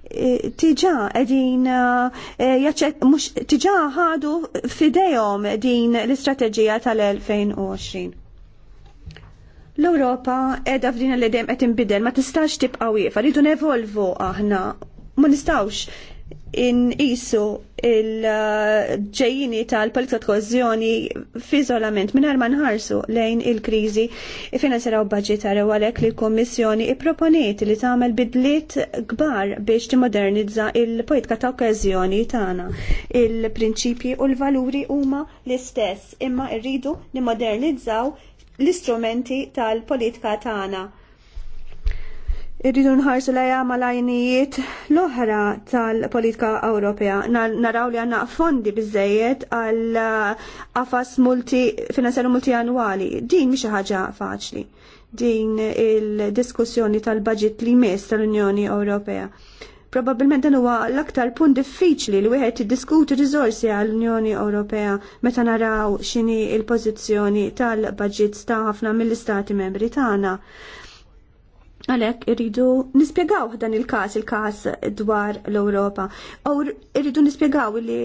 eh, tiġa edin eh, mux tiġa ħadu fidejom din l-istrateġija tal-2020 l-Europa edha f'din l-edem qed inbidel ma tistax tibqa' wieqfa, rridu nevolvu aħna ma nistawx inqisu il-ġejjini tal-politika t-kozzjoni f'iżolament mingħajr ma nħarsu lejn il-kriżi finanzjera u u għalhekk li l-Kummissjoni proponiet li tagħmel bidliet kbar biex timodernizza il-politika ta' okkażjoni tagħna. Il-prinċipji u l-valuri huma l-istess imma rridu nimmodernizzaw l-istrumenti tal-politika tagħna irridu nħarsu lejha mal-għajnijiet l-oħra tal-politika Ewropea. Naraw li għanna fondi bizzejiet għal uh, qafas multi finanzjarju multianwali. Din miex ħaġa faċli. Din il-diskussjoni tal-budget li mis tal-Unjoni Ewropea. Probabilment dan huwa l-aktar punt diffiċli li wieħed jiddiskuti riżorsi għall-Unjoni Ewropea meta naraw x'inhi l-pożizzjoni tal-budgets ta' ħafna mill-istati membri tagħna Għalek irridu nispiegaw dan il-kas, il-kas dwar l-Europa. Irridu nispiegaw li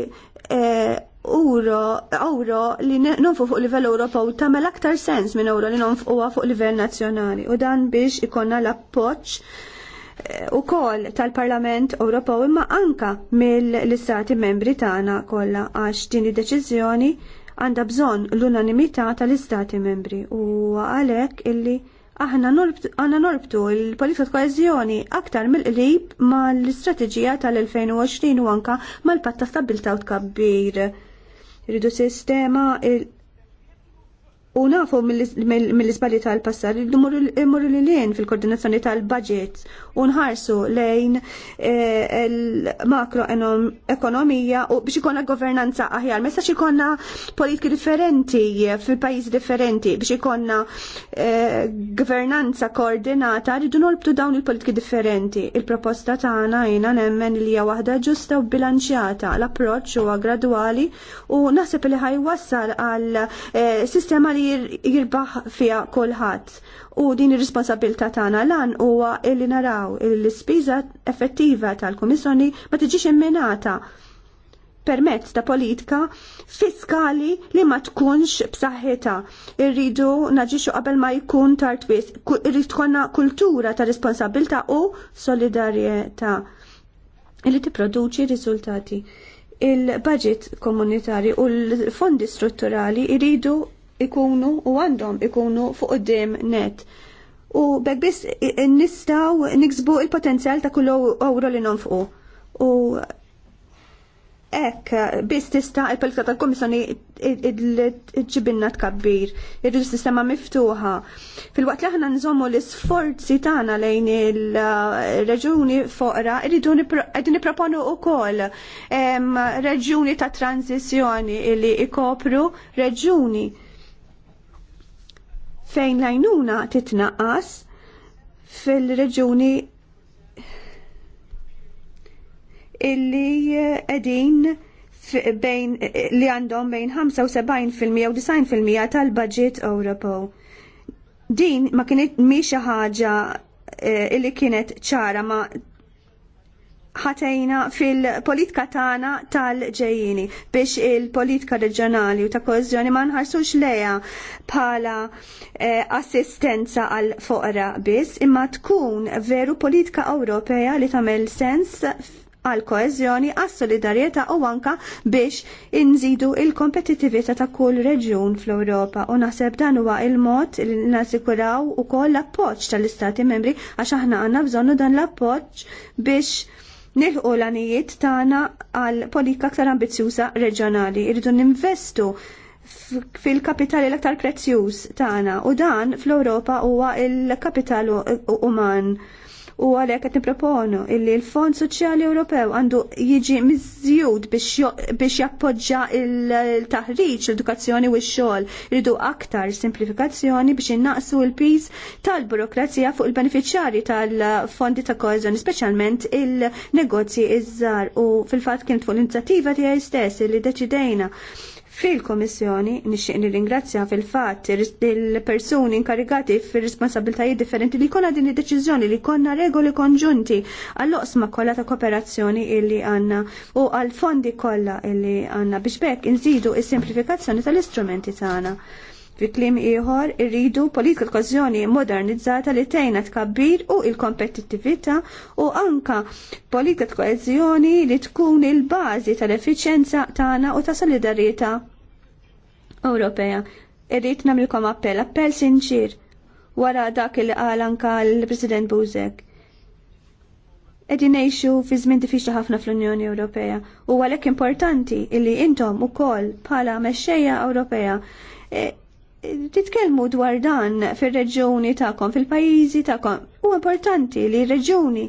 eh, Uro euro li nonfu fuq livell Ewropew tagħmel aktar sens minn uro li nonfu fuq livell nazzjonali u dan biex ikonna l-appoġġ eh, ukoll tal-Parlament Ewropew imma anka mill-istati membri tagħna kollha għax din id-deċiżjoni għandha bżonn l-unanimità tal-istati membri u għalhekk illi aħna għanna norbtu l-politika koezjoni aktar mill-qrib ma l-istrateġija tal-2020 u anka mal-patta stabilta u tkabbir. Ridu sistema U nafu mill-isbali tal-passar, il-dumur li lien fil-koordinazzjoni tal-budget u nħarsu lejn eh, l-makroekonomija u biex ikonna governanza aħjar. Messa ikonna politiki differenti fil-pajis differenti, biex ikonna eh, governanza koordinata, rridu nolbtu dawn il-politiki differenti. Il-proposta tagħna jina nemmen li hija waħda ġusta u bilanċjata. L-approċċ huwa gradwali u naħseb li ħajwassal għal eh, sistema li jirbaħ fiha kulħadd u din ir-responsabilità tagħna lan huwa illi naraw l-ispiża effettiva tal-Kummissjoni ma tiġix imminata permezz ta' politika fiskali li ma tkunx b'saħħitha. Irridu naġixu qabel ma jkun tard wis. Irrid tkollna kultura ta' responsabilità u solidarjetà li tipproduċi riżultati il-budget komunitarju u l-fondi strutturali iridu ikunu u għandhom ikunu fuq dim net. U bekk biss nistgħu niksbu il-potenzjal ta' kull euro li nonfqu. U hekk biss tista' il-politika tal-Kummissjoni ġibinna tkabbir, irridu sistema miftuħa. Fil-waqt li aħna nżommu l-isforzi tagħna lejn il-reġuni foqra, irridu nipproponu wkoll reġuni ta' tranzizjoni li ikopru reġuni fejn lajnuna titnaqqas fil-reġuni illi edin bejn li għandhom bejn 75% u 90% tal-budget Ewropew. Din ma kienet miexa ħaġa eh, illi kienet ċara ma ħatejna fil-politika tagħna tal-ġejjini biex il-politika reġjonali u ta' kozjoni ma nħarsux leja bħala eh, assistenza għal foqra biss imma tkun veru politika Ewropea li tagħmel sens għal koezjoni għas solidarjetà u anka biex inżidu il kompetitivita ta' kull reġjun fl-Ewropa u naħseb dan huwa il-mod li nassikuraw ukoll l-appoġġ tal-Istati membri għax aħna għandna bżonnu dan l-appoġġ biex nilħu l-anijiet tagħna għal politika aktar ambizjuża reġjonali. Irridu ninvestu fil-kapitali l-aktar prezzjuż tagħna u dan fl-Ewropa huwa l kapitalu uman u għalhekk qed nipproponu illi l-Fond Soċjali Ewropew għandu jiġi miżjud biex jappoġġa il-taħriġ, l-edukazzjoni u x-xogħol. Ridu aktar simplifikazzjoni biex innaqsu l-piż tal-burokrazija fuq il-beneficjari tal-fondi ta' koeżjoni, speċjalment il-negozji iż-żar u fil-fatt kienet fuq l-inizjattiva tiegħi stess li deċidejna Fil-Komissjoni nixtieq nirringrazzja fil-fatt il-persuni inkarigati fir-responsabiltajiet differenti li jkollna din id-deċiżjoni li jkollna regoli konġunti għall-oqsma kollha ta' kooperazzjoni illi għandna u għall-fondi kollha illi għandna biex bekk inżidu is-simplifikazzjoni tal-istrumenti tagħna. Fi kliem ieħor irridu politika okkażjoni modernizzata li tgħinna tkabbir u l-kompetittività u anka politika koeżjoni li tkun il-bażi tal-effiċjenza tagħna u ta' solidarjetà Ewropea. Irrid nagħmilkom appell, appell sinċir wara dak li qal anka l-President Buzek. Qegħdin ngħixu fi żmien diffiċli ħafna fl-Unjoni Ewropea u għalhekk importanti illi intom ukoll bħala mexxejja Ewropea eh, titkellmu dwar dan fil-reġjoni ta'kom, fil-pajjiżi tagħkom. U importanti li reġjoni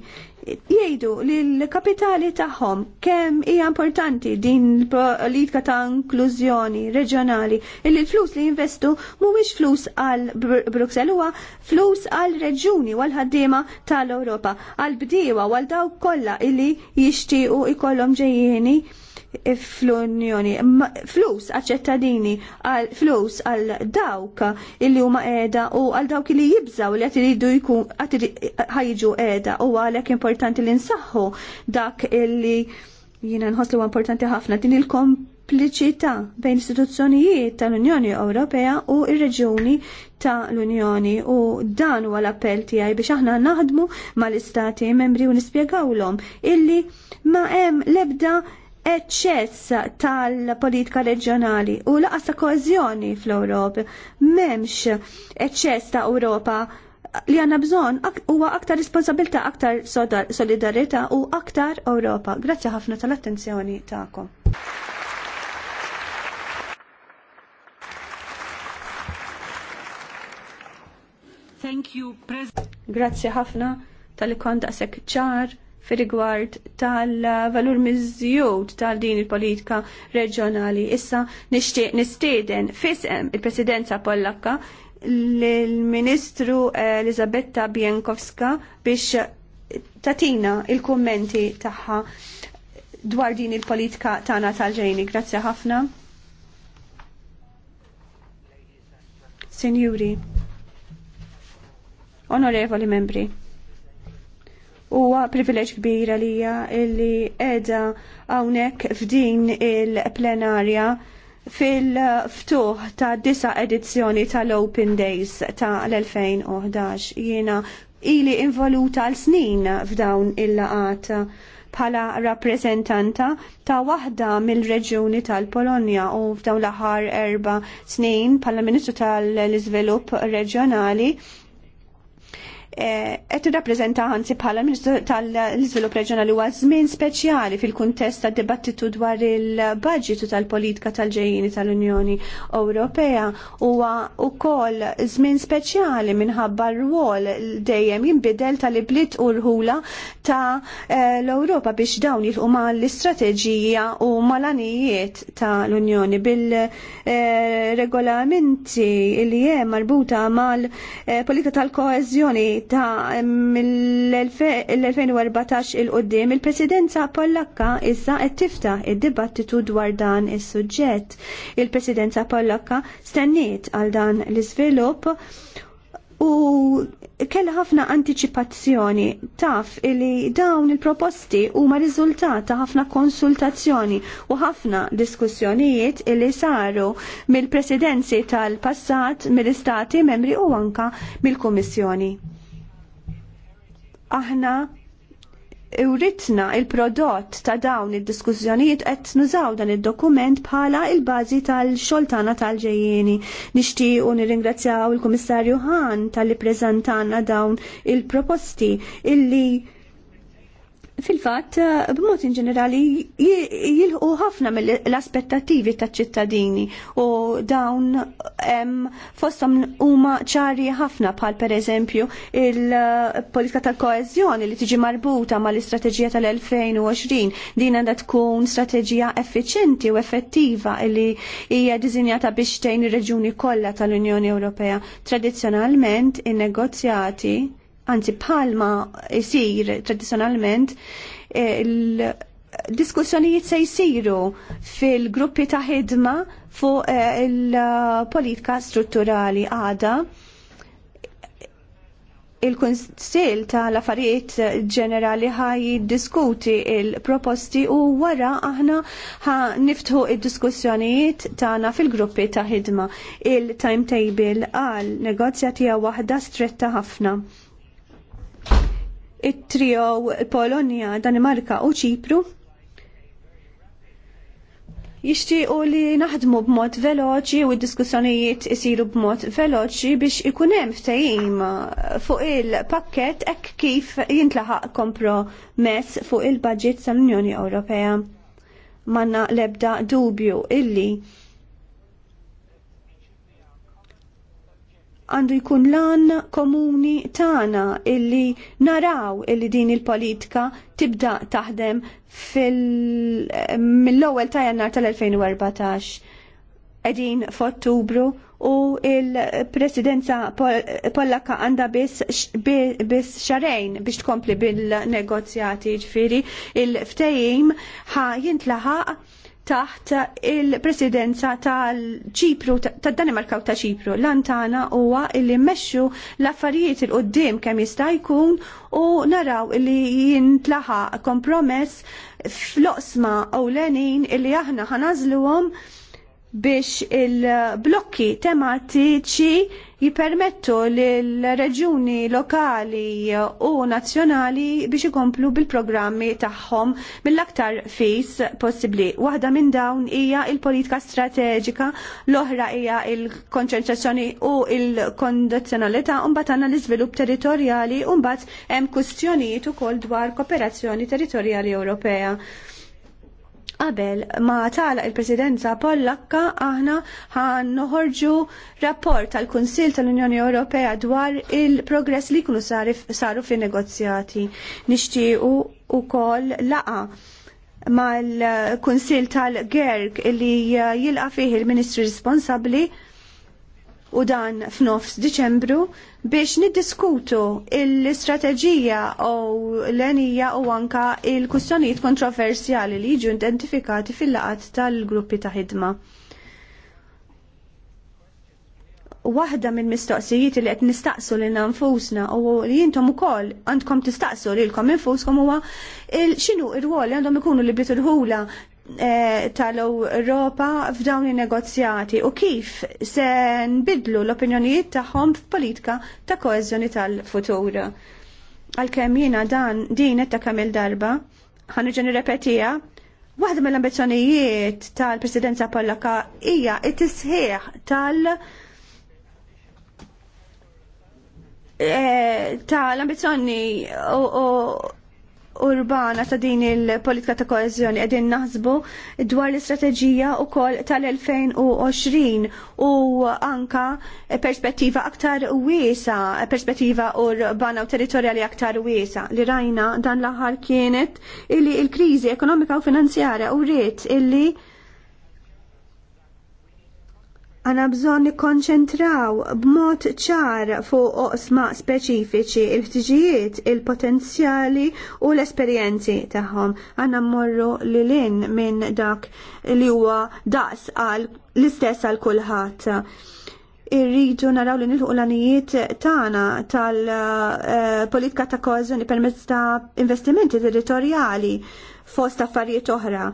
jgħidu li l-kapitali tagħhom kemm hija importanti din politika ta' inklużjoni reġjonali illi l-flus li jinvestu mhuwiex flus għal Bruxelles huwa flus għal reġjuni għal ħaddiema tal-Ewropa, għal bdiewa għal dawk kollha illi jixtiequ ikollhom ġejjieni fl-Unjoni. Flus għal ċettadini, flus għal dawk illi huma qiegħda u għal dawk li jibżaw li qed iridu jkun ħajġu qiegħda u għalhekk importanti li nsaħħu dak illi jiena nħossli huwa importanti ħafna din il-kompliċità bejn istituzzjonijiet tal-Unjoni Ewropea u ir-reġjuni tal unjoni u dan huwa l-appell tiegħi biex aħna naħdmu mal-istati membri u nispjegawlhom illi ma hemm l-ebda eċċess tal-politika reġjonali u laqas ta' koezjoni fl-Ewropa. M'hemmx eċċess ta' Ewropa li għanna bżon huwa aktar responsabilta, aktar solidarita u aktar Ewropa. Grazzi ħafna tal-attenzjoni tagħkom. Thank you, President. Grazzi ħafna tal-ikon daqshekk ċar fil rigward tal-valur miżjud tal din il-politika reġjonali. Issa nixtieq nistieden fisem il-Presidenza Pollakka lill-Ministru Elisabetta Bienkowska biex tatina il-kummenti tagħha dwar din il-politika tagħna tal-ġejni. Grazzi ħafna. Sinjuri, onorevoli membri huwa privileġġ kbir għalija illi qiegħda hawnhekk f'din il-plenarja fil-ftuħ ta' disa edizzjoni tal-Open Days ta' l-2011 jiena ili involuta għal snin f'dawn il-laqat bħala rappresentanta ta' waħda mill-reġjuni tal-Polonja u f'dawn l-aħħar erba' snin bħala Ministru tal-Iżvilupp Reġjonali Eh, qed irrappreżenta ħansi bħala Ministru tal-Iżvilupp Reġjonali huwa żmien speċjali fil-kuntest tad-dibattitu dwar il-budgetu tal-politika tal-ġejjini tal-Unjoni Ewropea huwa wkoll żmien speċjali minħabba r-rwol dejjem jinbidel tal-ibliet u rħula ta' eh, l-Ewropa biex dawn jilqu mal-istrateġija u mal-anijiet tal-Unjoni bil-regolamenti eh, li hemm marbuta mal-politika tal-koeżjoni ta' l 2014 il-qoddim, il-presidenza Pollakka issa qed tiftaħ id-dibattitu dwar dan is-suġġett. Il-presidenza Pollakka stenniet għal dan l-iżvilupp u kella ħafna anticipazzjoni taf li dawn il-proposti huma riżultat ta' ħafna konsultazzjoni u ħafna diskussjonijiet li saru mill-presidenzi tal-passat mill-istati membri u anka mill-kummissjoni aħna uritna il-prodott ta' dawn id-diskussjonijiet qed nużaw dan id-dokument bħala il-bażi tal-xoltana tal-ġejjieni. Nixtieq u nirringrazzjaw il-Kummissarju Han tal-li preżentana dawn il-proposti illi fil-fatt eh, b'mod in ġenerali jilħu ħafna mill-aspettativi ta' ċittadini u dawn fostom huma ċari ħafna bħal per eżempju il-politika tal-koezjoni li tiġi marbuta mal istrateġija tal-2020 din għandha tkun strateġija effiċenti u effettiva li hija dizinjata biex tgħin ir-reġuni kollha tal-Unjoni Ewropea. Tradizzjonalment in-negozjati anzi palma jisir tradizjonalment eh, diskussjonijiet se jisiru fil-gruppi ta' ħidma fuq eh, il-politika strutturali għada il-Konsil tal-Affarijiet Ġenerali ħaj diskuti il-proposti u wara aħna ħa niftħu id-diskussjonijiet tagħna fil-gruppi ta' ħidma. Il-timetable għal negozjatija waħda stretta ħafna it-trio Polonja, Danimarka u Ċipru jixtiequ li naħdmu b'mod veloċi u d-diskussjonijiet isiru b'mod veloċi biex ikun hemm ftehim fuq il-pakkett hekk kif jintlaħaq kompromess fuq il-budget tal-Unjoni Ewropea. Manna lebda dubju illi għandu jkun lan komuni tagħna illi naraw illi din il-politika tibda taħdem mill-ewwel ta' jannar tal-2014. Qegħdin f'Ottubru u il-presidenza pollaka għanda biss xarejn biex tkompli bil-negozjati ġifiri il-ftejim ħa jintlaħaq taħt il-presidenza tal-ċipru, tad-Danimarka u ta' ċipru. Lantana huwa li mmexxu l-affarijiet il-qoddim kemm jista' jkun u naraw li jintlaħa kompromess fl ewlenin illi aħna ħanażluhom biex il-blokki tematiċi jipermettu l-reġuni lokali u nazzjonali biex ikomplu bil-programmi tagħhom mill-aktar fis possibbli. Waħda minn dawn hija il-politika strateġika, l-oħra hija il-konċentrazzjoni u il-kondizzjonalità u mbagħad għandna l-iżvilupp territorjali u mbagħad hemm kwistjonijiet ukoll dwar kooperazzjoni territorjali Ewropea. Qabel ma tala il-Presidenza Pollakka aħna ħan noħorġu rapport tal-Kunsil tal-Unjoni Ewropea dwar il-progress li kunu saru fin negozjati Nixtiequ ukoll laqa mal-Kunsil tal-Gerg li jilqa fih il-Ministri responsabbli u dan f'nofs Diċembru biex niddiskutu l-istrateġija u l-enija u anka il-kustjonijiet kontroversjali li jiġu identifikati fil-laqat tal-gruppi ta' ħidma. Waħda minn mistoqsijiet li qed nistaqsu lil nfusna u li jintom ukoll għandkom tistaqsu lilkom infuskom huwa x'inhu r-rwol li għandhom ikunu li bitulħula Eh, tal-Europa f'dawn il-negozjati u kif se nbidlu l-opinjonijiet tagħhom f'politika ta' koeżjoni tal-futur. Għalkemm jiena dan din qed ta' kamil darba, ħanġa repetija waħda mill-ambizzjonijiet tal-Presidenza Pollaka hija t-tisħiħ tal- eh, tal-ambizzjoni u urbana ta' din il-politika ta' koezjoni qegħdin naħsbu dwar l-istrateġija wkoll tal-2020 u anka perspettiva aktar wiesa, perspettiva urbana u territorjali aktar wiesa li rajna dan l-aħħar kienet illi il-kriżi ekonomika u finanzjara u rrit illi għana bżon nikkonċentraw b'mod ċar fuq oqsma speċifiċi il-ħtiġijiet, il-potenzjali u l-esperjenzi tagħhom. Għana mmorru li lin minn dak li huwa daqs għal l-istess għal kulħadd. Irridu naraw li nilħu l-anijiet tagħna tal-politika ta' koeżjoni permezz ta' investimenti territorjali fost affarijiet oħra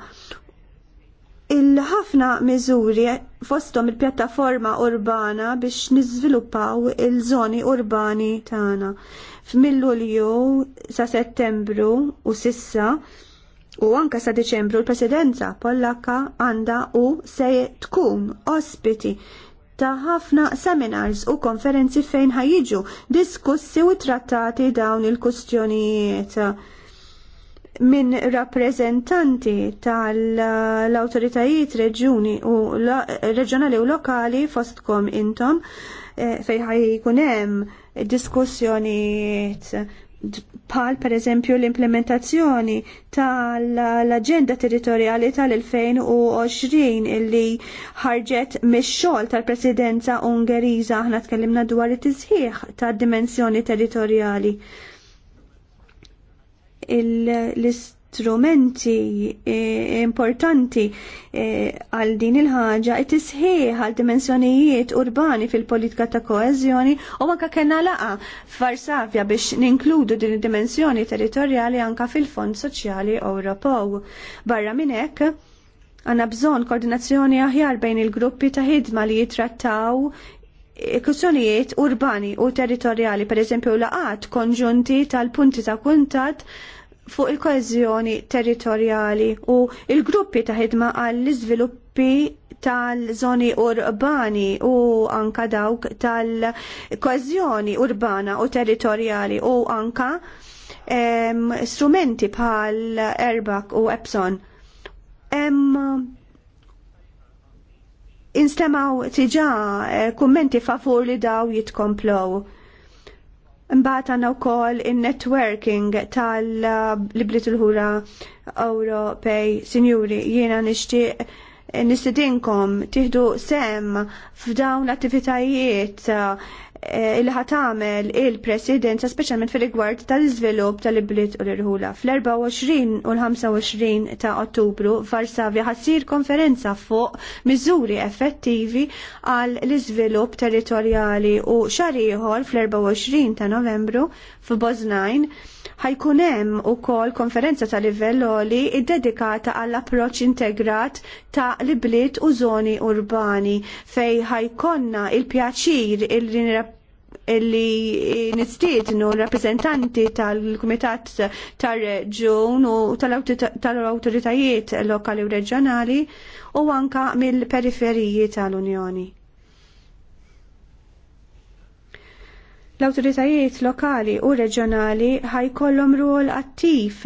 il-ħafna miżuri fostom il-pjattaforma urbana biex niżviluppaw il-żoni urbani tagħna. F'Millulju sa Settembru u sissa u anka sa Deċembru l-Presidenza Pollakka għandha u se tkun ospiti ta' ħafna seminars u konferenzi fejn ħajġu diskussi u trattati dawn il-kustjonijiet minn rappreżentanti tal awtoritajiet reġjuni u reġjonali u lokali fostkom intom eh, fejn jkun hemm diskussjonijiet bħal pereżempju l-implementazzjoni tal-Aġenda Territorjali tal-2020 illi ħarġet mix-xogħol tal-Presidenza Ungeriża aħna tkellimna dwar it-tisħiħ tad-dimensjoni territorjali l-istrumenti eh, importanti eh, għal din il-ħaġa it tisħiħ għal dimensjonijiet urbani fil-politika ta' koeżjoni u anka kena laqa farsavja biex ninkludu din id-dimensjoni territorjali anka fil-Fond Soċjali Ewropew. Barra minn hekk, għanna bżon koordinazzjoni aħjar bejn il-gruppi ta' ħidma li jitrattaw eh, kussjonijiet urbani u territorjali, per eżempju laqat konġunti tal-punti ta' kuntat fuq il-koezjoni territorjali u il-gruppi ta' ħidma għall-iżviluppi tal-żoni urbani u anka dawk tal-koezjoni urbana u territorjali u anka em, strumenti bħal Erbak u Epson. Em, instemaw tiġa eh, kummenti favur li daw jitkomplow għanna u wkoll in-networking tal-liblit il-ħura Ewropej. Sinjuri, jiena nixtieq nistidinkom tiħdu sem f'dawn l-attivitajiet Eh, ħat ħatamel il-presidenza speċjalment fil-rigward tal-iżvilupp tal-ibliet u l-irħula. Fl-24 u l-25 ta' Ottubru Varsavja ħassir konferenza fuq miżuri effettivi għal l-iżvilupp territorjali u xar ieħor fl-24 ta' Novembru f'Boznajn ħajkun hemm ukoll konferenza ta' livell oli iddedikata għall approċċ integrat ta' l-ibliet u żoni urbani fej ħajkonna il-pjaċir il rinrapp li nistiednu rappresentanti tal-Kumitat tar-Reġun u tal-awtoritajiet lokali u reġjonali u anka mill-periferiji tal-Unjoni. L-awtoritajiet lokali u reġjonali ħajkollhom rol attiv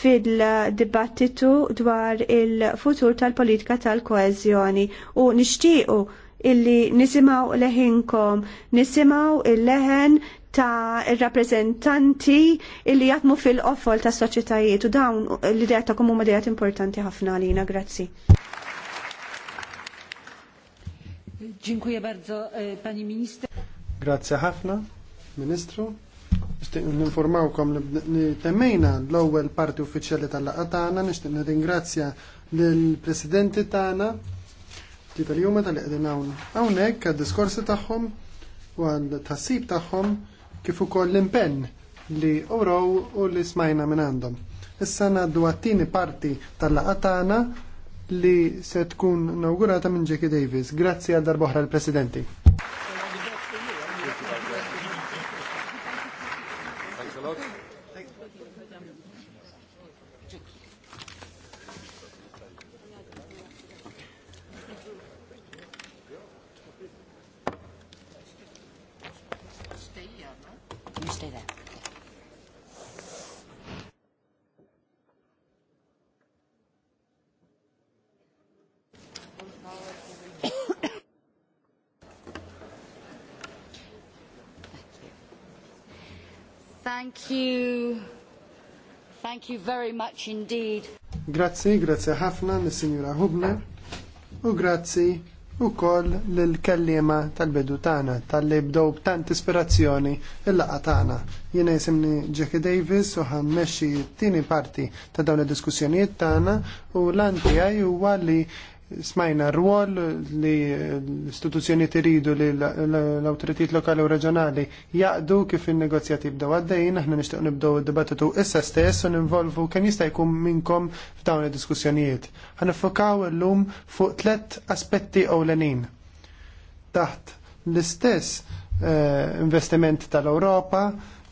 fil-dibattitu dwar il-futur tal-politika tal-koezjoni u nixtiequ illi nisimaw leħinkom, nisimaw il-leħen ta' il-rappresentanti illi jatmu fil offol ta' soċitajiet u dawn l-idea ta' komu madijat importanti ħafna għalina, grazzi. Dziękuję bardzo, e, pani minister. Grazie ħafna, ministru. Nishtiq ninformawkom li temmejna l-ewwel parti uffiċjali tal-laqgħa tagħna, nixtieq nirringrazzja lill-presidenti tagħna tlieta l-jumma tal-qegħdin hawn hawnhekk għad-diskorsi tagħhom u għal-tassib tagħhom kif ukoll l-impenn li uraw u li smajna minn għandhom. Issa għaddu għattini tieni parti tal-laqatana li se tkun inaugurata minn Jackie Davis. Grazzi għal darboħra l-Presidenti. you. Thank you very much indeed. Grazzi, grazzi ħafna l-Sinjura Hubner u grazzi u koll l-kellima tal-bidu tana tal-li bdow b'tant ispirazzjoni il-laqa tana. Jena jisimni Jackie Davis u ħammexxi t-tini parti ta' dawn il-diskussjonijiet tana u l-antijaj u għalli smajna r-rwol li l-istituzzjoni tiridu li l-autoritet lokali u reġjonali jaqdu kif il-negozjati jibdew għaddejn, aħna nishtiq nibdow id-dibattitu issa stess u ninvolvu kemm jista' jkun minnkom f'dawn id-diskussjonijiet. Ħanifokaw illum fuq tliet aspetti ewlenin. Taħt l-istess eh, investiment tal-Ewropa,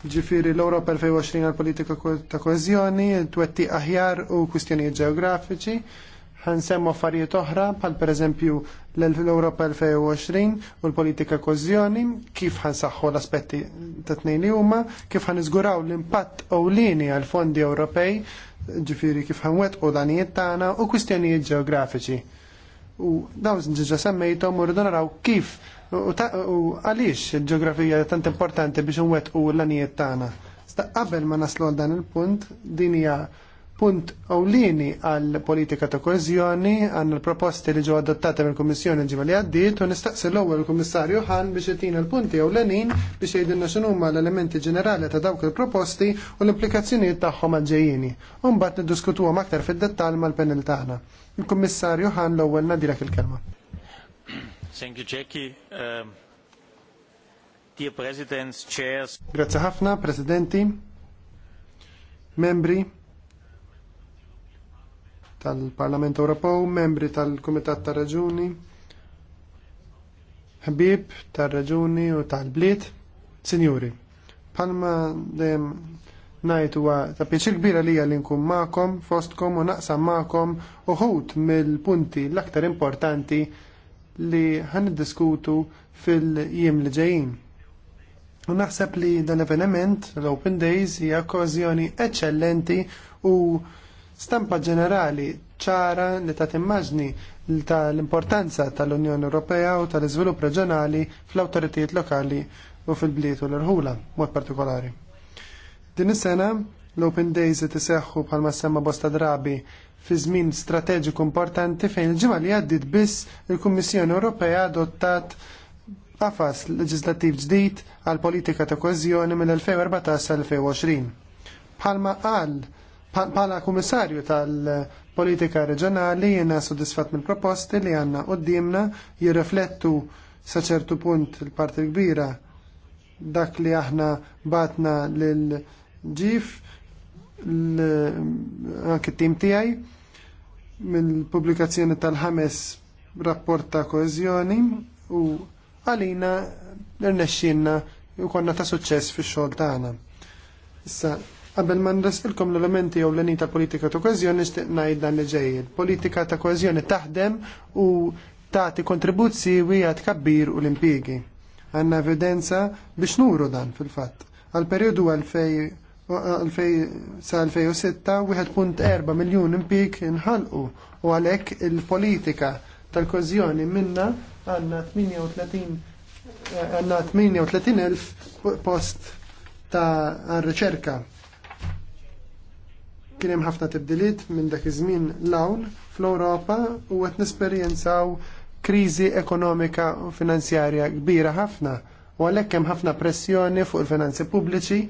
ġifiri l-Europa 2020 għal-politika ta' koezjoni, twetti aħjar u kwistjonijiet ġeografiċi, ħansemmu affarijiet oħra bħal pereżempju l-Europa 2020 u l-politika kozjoni, kif ħansaħħu l-aspetti ta' tnejn li huma, kif ħaniżguraw l-impatt ewlieni għal fondi Ewropej, ġifiri kif ħanwettqu l danijiet tagħna u kwistjonijiet ġeografiċi. U dawn ġiġa semmejthom u rridu naraw kif u għaliex il-ġeografija tant importanti biex nwettqu l anijiet tagħna. Sta qabel ma naslu għal dan il-punt, din hija punt awlini għal politika ta' koezjoni għan l-proposti li ġew adottati mill kommissjoni ġivali għaddit u nistaqsi l-ewwel kummissarju ħan biex jtina l-punti awlenin biex jgħidilna x'inhuma l-elementi ġenerali ta' dawk il-proposti u l-implikazzjonijiet tagħhom għal-ġejjieni. U mbagħad niddiskutuhom aktar fid-dettall mal-panel tagħna. Il-kummissarju ħan l-ewwel nadilek il-kelma. Thank you, Jackie. Um, dear Presidents, Chairs. Grazie ħafna, Presidenti, membri, tal-Parlament Ewropew, membri tal-Kumitat tar-Raġuni, ħbib tar-Raġuni u tal-Bliet, Sinjuri. Palma dejjem najt huwa ta' pjaċir kbira lija li nkun magħkom, fostkom u naqsam magħkom uħut mill-punti l-aktar importanti li ħan diskutu fil-jiem li ġejjin. U naħseb li dan l-avveniment, l-Open Days, hija okkażjoni eċċellenti u stampa ġenerali ċara li ta' timmaġni tal-importanza tal-Unjoni Ewropea u tal-iżvilupp reġjonali fl-awtoritijiet lokali u fil-bliet u l-irħula, mod partikolari. Din is-sena l-Open Days tiseħħu bħalma semma bosta drabi fi żmien strateġiku importanti fejn il-ġimgħa li għaddit biss il-Kummissjoni Ewropea adottat qafas leġislattiv ġdid għal politika ta' koeżjoni mill-2014 sal 2020. Bħalma qal Pala kummissarju tal-politika reġjonali jiena sodisfat mill-proposti li għandna qoddimna jirriflettu sa ċertu punt il-parti kbira dak li aħna batna lil ġif anke tim tiegħi mill-pubblikazzjoni tal-ħames rapport ta' koeżjoni u għalina rnexxinna u konna ta' suċċess fix-xogħol tagħna. Issa Qabel ma nresqilkom l-elementi jew l-eni ta' politika ta' kohezjoni nixtieq ngħid dan li ġejjed Politika ta' kohezjoni taħdem u tagħti kontribuzzi wieħed kabbir u l-impjiegi. Għanna evidenza biex nuru dan fil-fatt. Għal perjodu għalfej sa' 2006 1.4 miljun impjieg inħalqu u għalhekk il-politika tal kohezjoni minna għandna 38 għanna 38.000 post ta' riċerka Kien hemm ħafna tibdiliet minn dak iż-żmien l-hawn fl-Ewropa u qed nesperjenzaw kriżi ekonomika u finanzjarja kbira ħafna u għalhekk hemm ħafna pressjoni fuq il-finanzi pubbliċi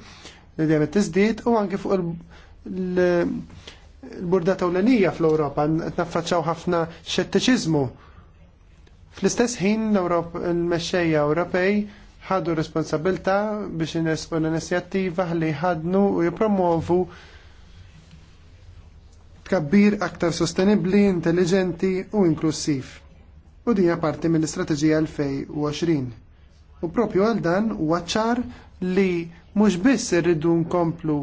li dejjem tiżdied u anke fuq il-burda tawlenija fl-Ewropa qed naffaċċaw ħafna xettiċiżmu. Fl-istess ħin l-mexxejja Ewropej ħadu responsabilta biex inesqu l-inizjattiva li ħadnu u jipromovu tkabbir aktar sostenibli, intelligenti u inklusiv. U dija parti mill-Istrateġija 2020. U propju għal dan huwa ċar li mhux biss irridu nkomplu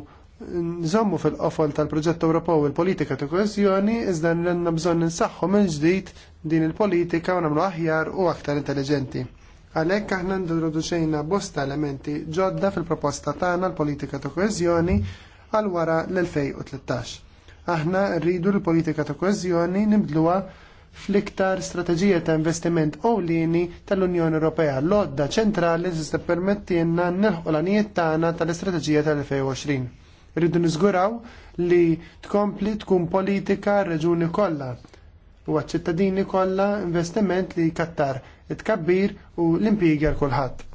nżommu fil-qofol tal-proġett Ewropew il-politika ta' koeżjoni iżda għandna bżonn insaħħu minn ġdid din il-politika u nagħmlu aħjar u aktar intelligenti. Għalhekk aħna ntroduċejna bosta elementi ġodda fil-proposta tagħna l-politika ta' koeżjoni għal wara l-2013 Aħna rridu l-politika ta' koeżjoni nibdluha fl-iktar strateġija ta' investiment ewlieni tal-Unjoni Ewropea. L-odda ċentrali se permettilna nelħu l-anijiet tagħna tal-istrateġija tal-2020. Rridu niżguraw li tkompli tkun politika reġuni kollha u għacċittadini ċittadini kollha investiment li kattar it-kabbir u l-impjiegi għal kulħadd.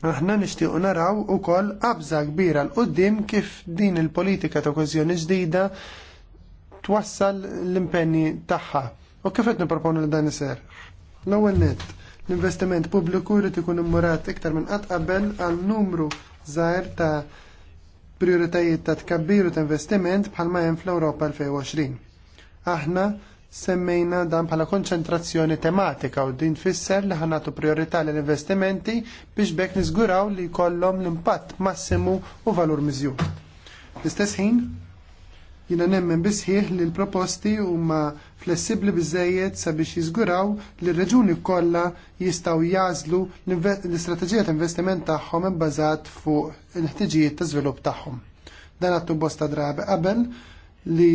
Aħna nixtiequ naraw ukoll qabża kbira l-qoddim kif din il-politika ta' kożjoni ġdida twassal l-impenni tagħha. U kif qed niproponu lil dan iser? L-ewwel nett, l-investiment pubbliku jrid ikun immurat iktar minn qatt qabel għal numru żgħir ta' prioritajiet ta' tkabbir u ta' investiment bħalma hemm fl-Ewropa 2020. Aħna semmejna dan bħala konċentrazzjoni tematika u din tfisser li ħanatu priorità l-investimenti biex bekk niżguraw li jkollhom l-impatt massimu u valur mizju. L-istess ħin, jina nemmen bisħiħ li l-proposti huma flessibli bizzejiet sabiex jiżguraw li r-reġuni kollha jistgħu jażlu l-istrateġija ta' investiment tagħhom ibbażat fuq il-ħtiġijiet ta' żvilupp tagħhom. Dan għattu bosta drabi qabel li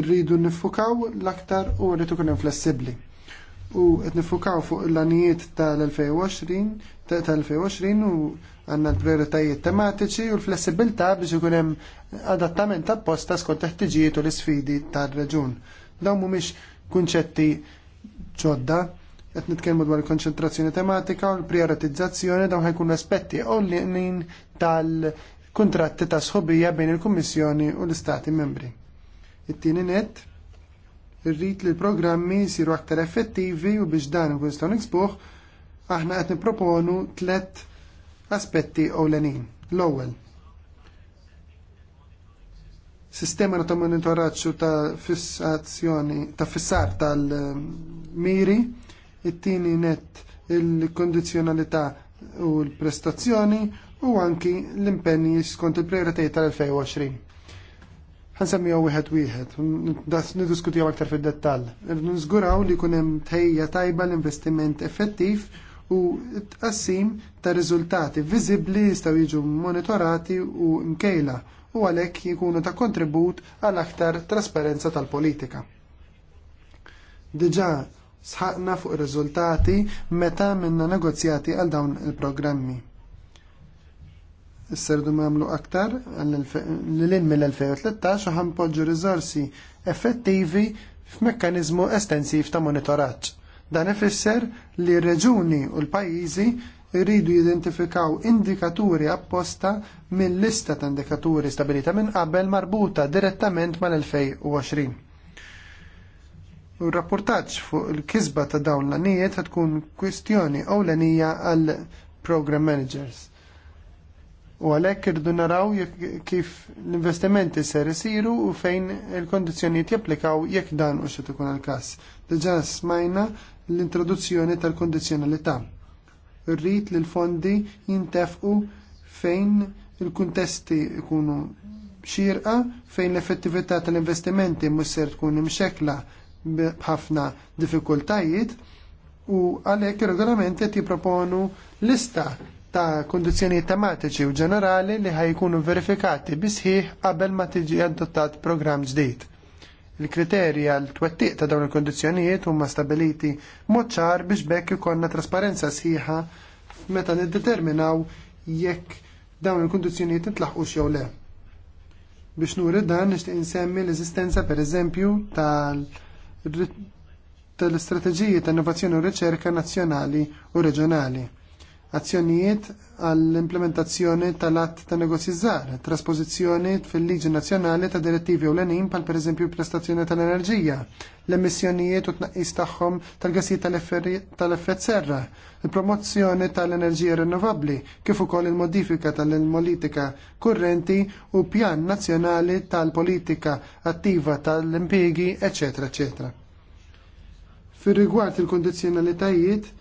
rridu nifukaw l-aktar u rridu kunem flessibli. U qed nifukaw fuq l-anijiet tal-2020 tal-2020 u għanna l-prioritajiet tematiċi u l-flessibilta biex ikun hemm adattament apposta skont teħtiġijiet u l-isfidi tar-reġun. Dawn mhumiex kunċetti ġodda, qed nitkellmu dwar il-konċentrazzjoni tematika u l-prioritizzazzjoni dawn ħajkunu aspetti ewlenin tal-kuntratti ta' sħobija bejn il-Kummissjoni u l-Istati membri. It-tieni net irrid li l-programmi jsiru aktar effettivi u biex dan ikun nistgħu aħna qed nipproponu tliet aspetti ewlenin. L-ewwel sistema ta' monitoraġġu ta' fissazzjoni ta' fissar tal-miri, it-tieni net il-kondizjonalità u l-prestazzjoni u anki l-impenni skont il-prioritajiet tal-2020 ħansemmi għu wieħed wieħed, das nidiskutija aktar fil-dettall. Nżguraw li kunem tħejja tajba l-investiment effettiv u tqassim ta' riżultati viżibbli jistgħu jiġu monitorati u mkejla u għalhekk jkunu ta' kontribut għal aktar trasparenza tal-politika. Diġà sħaqna fuq ir riżultati meta minna negozjati għal dawn il-programmi s-serdu namlu aktar l-lin mill-2013 għan podġu rizorsi effettivi f-mekkanizmu estensiv ta' monitoraċ. Dan ifisser li r-reġuni u l-pajjiżi rridu jidentifikaw indikaturi apposta mill lista ta' indikaturi stabilita minn qabel marbuta direttament mal-2020. U rapportaċ fuq il-kisba ta' dawn l-anijiet tkun kwistjoni ewlenija għal program managers U għalhekk irdu naraw kif l-investimenti ser isiru u fejn il-kondizzjonijiet japplikaw jekk dan u xed ikun għal każ Diġà smajna l-introduzzjoni tal-kondizzjonalità. Irrid li l-fondi jintefqu fejn il-kuntesti ikunu xirqa fejn l-effettività tal-investimenti mhux ser tkun imxekla b'ħafna difikultajiet u għalhekk ir-regolamenti jipproponu lista ta' kundizzjonijiet tematiċi u ġenerali li ħajkunu verifikati bisħiħ qabel ma tiġi adottat programm ġdid. Il-kriterji għal twettiq ta' dawn il kondizjonijiet huma stabiliti mod ċar biex bekk ikonna trasparenza sħiħa meta niddeterminaw jekk dawn il kondizjonijiet intlaħqux jew le. Biex nuri dan nixtieq insemmi l-eżistenza pereżempju tal tal-istrateġiji ta' innovazzjoni u riċerka nazzjonali u reġjonali azzjonijiet għall-implementazzjoni tal-att ta' negozji żgħar, trasposizzjoni fil-liġi nazzjonali ta' direttivi u l-enin pal pereżempju prestazzjoni tal-enerġija, l-emissjonijiet u tnaqqis tagħhom tal-gassijiet tal-effett serra, il-promozzjoni tal-enerġija rinnovabbli, kif ukoll il-modifika tal-politika kurrenti u pjan nazzjonali tal-politika attiva tal-impjegi, eċetera, eċetera. Fir rigward il-kondizzjonalitajiet,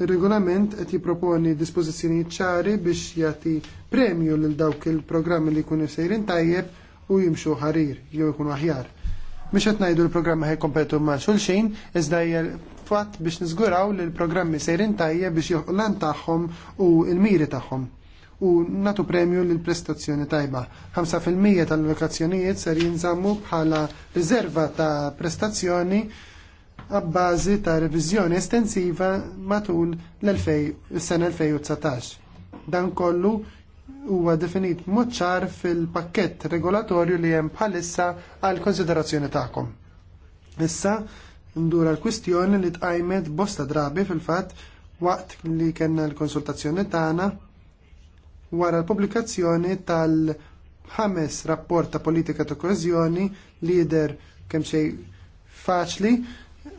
Ir-regolament qed jipproponi dispożizzjonijiet ċari biex jagħti premju lil dawk il-programmi li jkunu sejrin tajjeb u jimxu ħarir jew jkunu aħjar. Mhux qed ngħidu l-programmi ħajkompetu ma' xulxin, iżda hija fatt biex niżguraw li l-programmi sejrin tajjeb biex l-an tagħhom u l-miri tagħhom u natu premju lil prestazzjoni tajba. 5% tal-lokazzjonijiet ser jinżammu bħala riserva ta' prestazzjoni għabbażi ta' reviżjoni estensiva matul l-sena 2019. Dan kollu huwa definit moċċar fil-pakkett regolatorju li hemm bħalissa għal konsiderazzjoni tagħkom. Issa ndura l-kwistjoni li tqajmet bosta drabi fil-fatt waqt li kena l-konsultazzjoni tagħna wara l-pubblikazzjoni tal-ħames rapport ta' politika ta' koeżjoni lider kemm xej faċli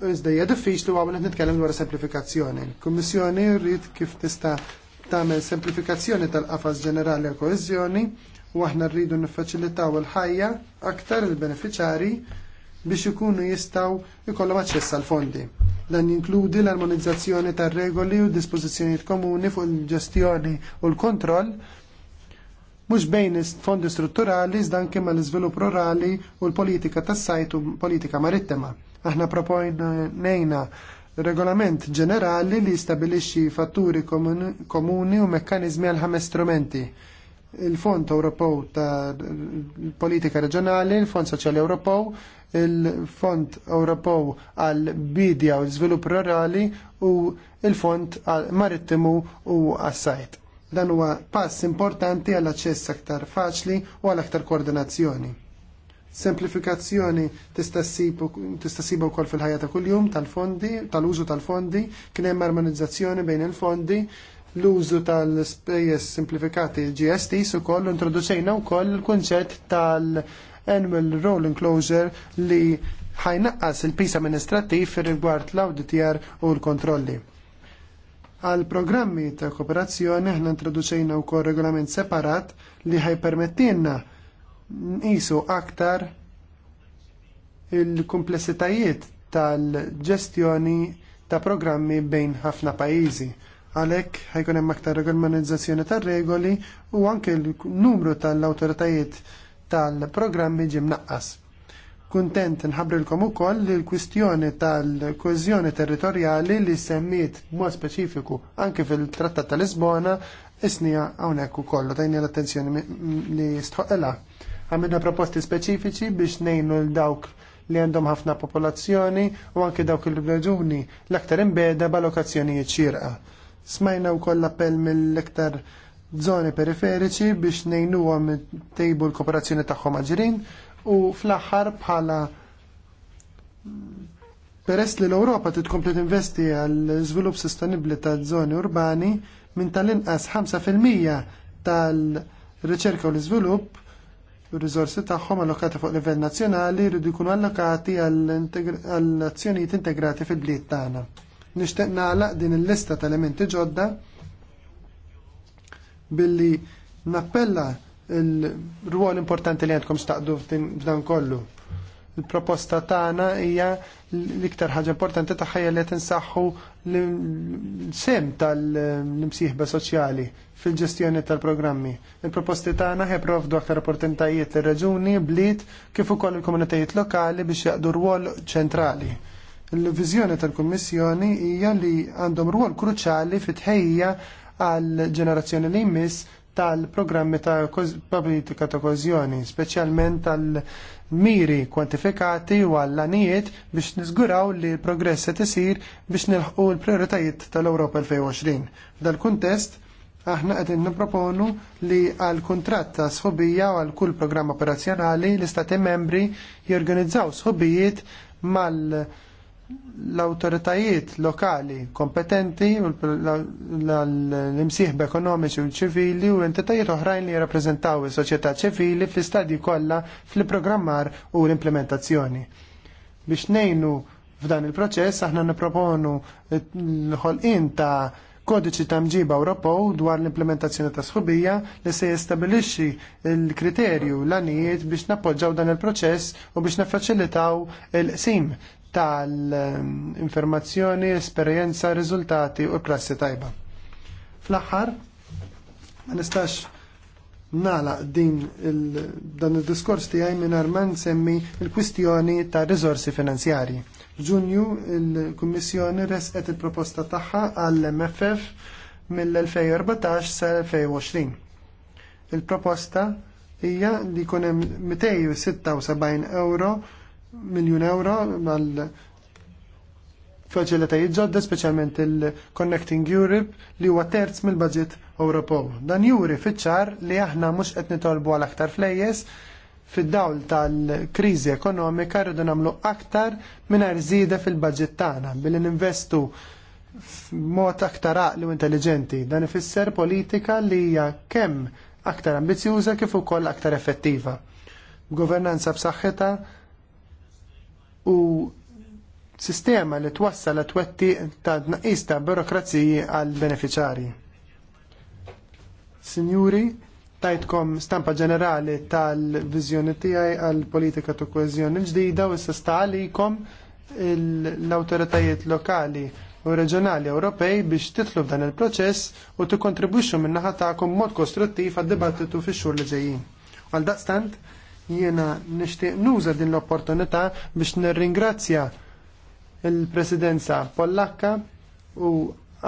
iżda hija diffiċli għamil qed nitkellem dwar semplifikazzjoni. Kummissjoni rrid kif tista' tagħmel semplifikazzjoni tal-qafas ġenerali għal koeżjoni u aħna rridu niffaċilitaw il-ħajja aktar il-beneficjari biex ikunu jistaw ikollhom aċċess għal fondi. Dan jinkludi l-armonizzazzjoni tar regoli u dispożizzjonijiet komuni fuq il-ġestjoni u l-kontroll mhux bejn fondi strutturali iżda anke mal-iżvilupp rurali u l-politika tas-sajt u politika marittima. Aħna nejna regolament ġenerali li stabilixxi fatturi komuni u mekkaniżmi għal ħames strumenti. Il-Fond Ewropew ta' Politika Reġjonali, il-Fond Soċjali Ewropew, il-Fond Ewropew għal Bidja u l-Żvilupp Rurali u il-Fond Marittimu u għas-Sajt. Dan huwa pass importanti għall aċċess aktar faċli u għal aktar koordinazzjoni. Semplifikazzjoni tista' ssibu wkoll fil-ħajja ta' kuljum tal-fondi, tal-użu tal-fondi, kien hemm armonizzazzjoni bejn il-fondi, l-użu tal-spejjeż simplifikati GSTs ukoll introduċejna wkoll il-kunċett tal-annual role enclosure li ħajnaqqas il-pis amministrattiv rigward l-auditjar u l-kontrolli. Għal programmi ta' kooperazzjoni ħna introduċejna wkoll regolament separat li ħajpermettilna nqisu aktar il-komplessitajiet tal-ġestjoni ta' programmi bejn ħafna pajjiżi. Għalhekk ħajkun hemm aktar regolmanizzazzjoni tar-regoli u anke l-numru tal-awtoritajiet tal-programmi ġie mnaqqas. Kuntent nħabrilkom ukoll li l-kwistjoni tal-koeżjoni territorjali li semmiet b'mod speċifiku anke fil-Trattat tal-Lisbona isnija hawnhekk ukoll u tajni l-attenzjoni li stħoqilha Għamilna proposti speċifiċi biex nejnu l-dawk li għandhom ħafna popolazzjoni u anke dawk il-reġuni l-aktar imbeda b'allokazzjonijiet xirqa. Smajna wkoll l-appell mill-iktar zoni periferiċi biex għom tejbu l-kooperazzjoni tagħhom ġirin u fl-aħħar bħala peress li l-Ewropa titkompli tinvesti għal żvilupp sostenibbli ta' żoni urbani minn tal-inqas 5% tal-riċerka u l-iżvilupp l-rizorsi tagħhom allokati fuq livell nazzjonali jridu jkunu allokati għall-azzjonijiet integrati fil-bliet tagħna. Nixtieq nagħlaq din il-lista ta' elementi ġodda billi nappella l-rwol importanti li għandkom staqdu f'dan kollu Il-proposta tagħna hija l-iktar ħaġa importanti taħħajja li qed insaħħu l-sem tal-imsieħba soċjali fil-ġestjoni tal-programmi. Il-proposti tagħna ħeprovdu aktar opportunitajiet ir-reġuni, bliet kif ukoll il-komunitajiet lokali biex jaqdu rwol ċentrali. Il-viżjoni tal-Kummissjoni hija li għandhom rwol kruċali fit-tħejja għal ġenerazzjoni li jmiss tal-programmi ta' politika ta' kozjoni, speċjalment tal-miri kwantifikati u għall-anijiet biex nizguraw li l-progress se tisir biex nilħqu l-prioritajiet tal-Europa 2020. F'dal kuntest, aħna qed nipproponu li għal kuntratt ta' sħobija u għal kull programm operazzjonali l-istati membri jorganizzaw sħobijiet mal- l-autoritajiet lokali kompetenti l-imsieħba ekonomiċi u ċivili u entitajiet oħrajn li jirrappreżentaw is-soċjetà ċivili fl-istadji kollha fl-programmar u l-implementazzjoni. Biex nejnu f'dan il-proċess aħna nipproponu l-ħolqien ta' kodiċi ta' mġiba Ewropew dwar l-implementazzjoni ta' sħubija li se jistabilixxi l-kriterju l għanijiet biex nappoġġaw dan il-proċess u biex naffaċilitaw il-qsim tal-informazzjoni, esperjenza, riżultati u l-klassi tajba. Fl-aħħar, ma nistax nala din il, dan il-diskors tiegħi mingħajr ma nsemmi il-kwistjoni ta' rizorsi finanzjarji. Ġunju il-Kummissjoni resqet il-proposta tagħha għall-MFF mill-2014 sa 2020. Il-proposta hija li jkun hemm 276 euro miljun euro għal faċilitajiet ġodda, speċjalment il-Connecting Europe li huwa terz mill-budget Ewropew. Dan juri fiċar li aħna mhux qed nitolbu għal aktar flejjes fid-dawl tal-kriżi ekonomika rridu nagħmlu aktar minn żieda fil-budget tagħna billi ninvestu f'mod aktar aqli u intelligenti. Dan ifisser politika li hija kemm aktar ambizjuża kif ukoll aktar effettiva. Governanza b'saħħitha u sistema li twassal twetti ta' tnaqqis ta' burokraziji għal beneficjari. Signuri, tajtkom stampa ġenerali tal-vizjoni tiegħi għal politika ta' koeżjoni ġdida u s-sista għalikom l-autoritajiet lokali u reġjonali Ewropej biex titlu f'dan il-proċess u tikkontribwixxu min-naħa tagħkom mod kostruttiv għad-dibattitu fix-xhur li ġejjin. Għal daqstant, Jiena nixtieq nuża din l-opportunità biex nirringrazzja il-Presidenza Pollakka u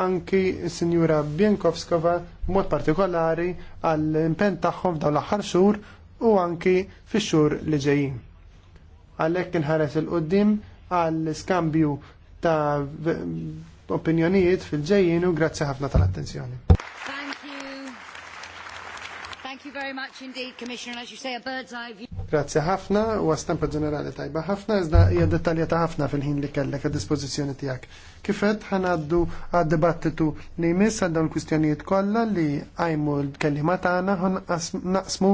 anki s-Sinjura Bienkowskova b'mod partikolari għall-impenn tagħhom f'dawn l-aħħar xhur u anki fix-xhur li ġejjin. Għalhekk inħares il-qudiem għall-iskambju ta' opinjonijiet fil-ġejjin u grazzi ħafna tal-attenzjoni. Grazie ħafna, u għastempa ġenerali tajba ħafna, iżda hija dettaljata ħafna fil-ħin li kellek għad dispożizzjoni tiegħek. Kifet ħanaddu għad dibattitu li jmiss għad dawn kwistjonijiet kollha li għajmu l kellima tagħna ħon naqsmu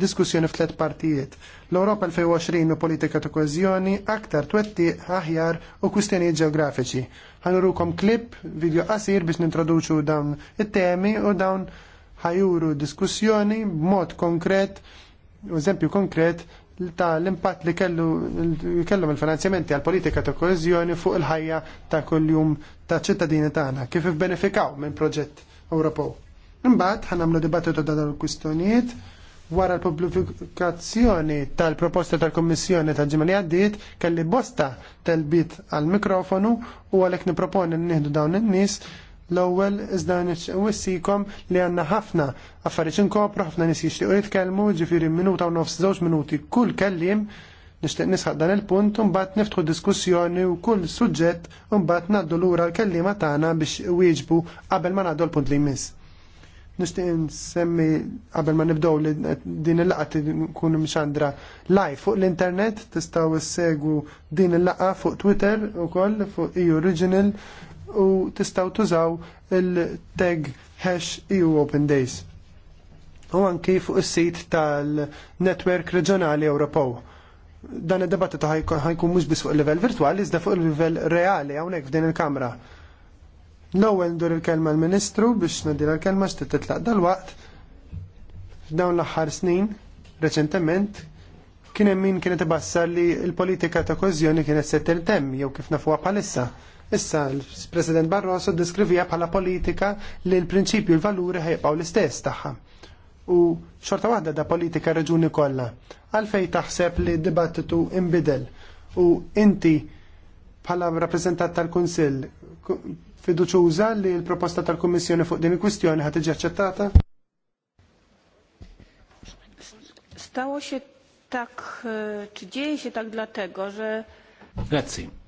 diskussjoni f'tliet partijiet. l europa 2020 u politika ta' kohezjoni aktar twetti aħjar u kwistjonijiet ġeografiċi. Ħanurukom klip, video qasir biex nintroduċu dawn it-temi u dawn ħajuru diskussjoni b'mod konkret, eżempju konkret, ta' l-impatt li kellu il-finanzjamenti għal politika ta' koezjoni fuq il-ħajja ta' kuljum ta' ċittadini tagħna kif benefikaw minn proġett Ewropew. Imbagħad ħanamlu dibattitu ta' dawn il-kwistjonijiet wara l-pubblikazzjoni tal-proposta tal-Kommissjoni ta' ġimali għaddit għaddiet kelli bosta tal-bit għal mikrofonu u għalhekk niproponi nieħdu dawn in-nies l-ewwel iżda wissikom li għandna ħafna affarijiet inkopru, ħafna nies jixtiequ jitkellmu, ġifieri minuta u nofs żewġ minuti kull kellim nixtieq nisħaq dan il-punt u mbagħad niftħu diskussjoni u kull suġġett u mbagħad ngħaddu lura l kelliema tagħna biex wieġbu qabel ma ngħaddu l-punt li jmiss. Nixtieq nsemmi qabel ma nibdew li din il-laqgħa tkun mxandra live fuq l-internet tistgħu issegu din il-laqgħa fuq Twitter ukoll fuq EU Original u tistaw tużaw il-tag hash EU Open Days. U anki fuq is-sit tal-Netwerk Reġjonali Ewropew dan id ta' ħajkun mhux biss fuq il-livell virtwali, iżda fuq il-livell reali hawnhekk f'din il-kamra. L-ewwel ndur il-kelma l-Ministru biex nadira l-kelma x'tit titlaq dal-waqt. F'dawn l-aħħar snin reċentement kien hemm min kienet ibassar li l-politika ta' kożjoni kienet se tiltemm jew kif nafuha bħalissa. Issa l-President Barroso diskrivija bħala politika li l-prinċipju l-valuri ħajbaw l-istess tagħha. U xorta waħda da politika reġuni kollha. Għalfej taħseb li dibattitu imbidel u inti bħala rappresentant tal-Kunsill fiduċuża li l-proposta tal-Kummissjoni fuq din il-kwistjoni ħad tiġi aċċettata? Stało się tak, e, czy dzieje się tak dlatego, że... Grazie.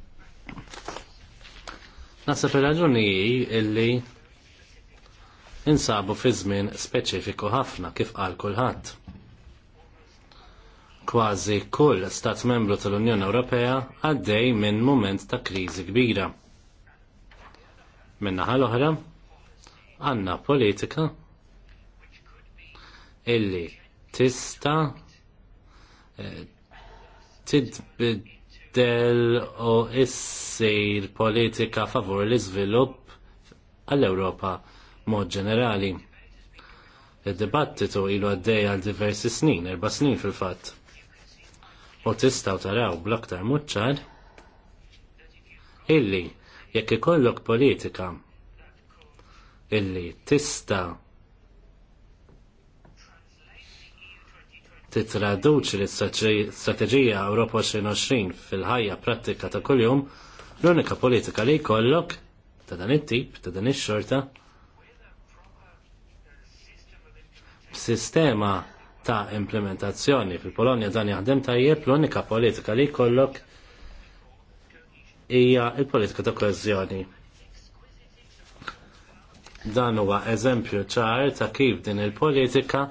Nasa per raġuni illi insabu fi żmien speċifiku ħafna kif qal kulħadd. Kważi kull stat membru tal-Unjoni Ewropea għaddej minn mument ta' kriżi kbira. Minna l-oħra għandna politika illi tista eh, eh titbiddel u issir politika favur l-iżvilupp għall-Ewropa mod ġenerali. Id-dibattitu ilu għaddej għal diversi snin, erba snin fil-fatt. U tistaw taraw bl-aktar muċċar illi jekk ikollok politika illi tista' titraduċi l-istrateġija Europa 2020 fil-ħajja prattika ta' kuljum, l-unika politika li jkollok ta' dan it-tip, ta' dan ix-xorta, b'sistema ta' implementazzjoni fil-Polonja dan jaħdem tajjeb l-unika politika li jkollok hija l-politika ta' koeżjoni. Dan huwa eżempju ċar ta' kif din il-politika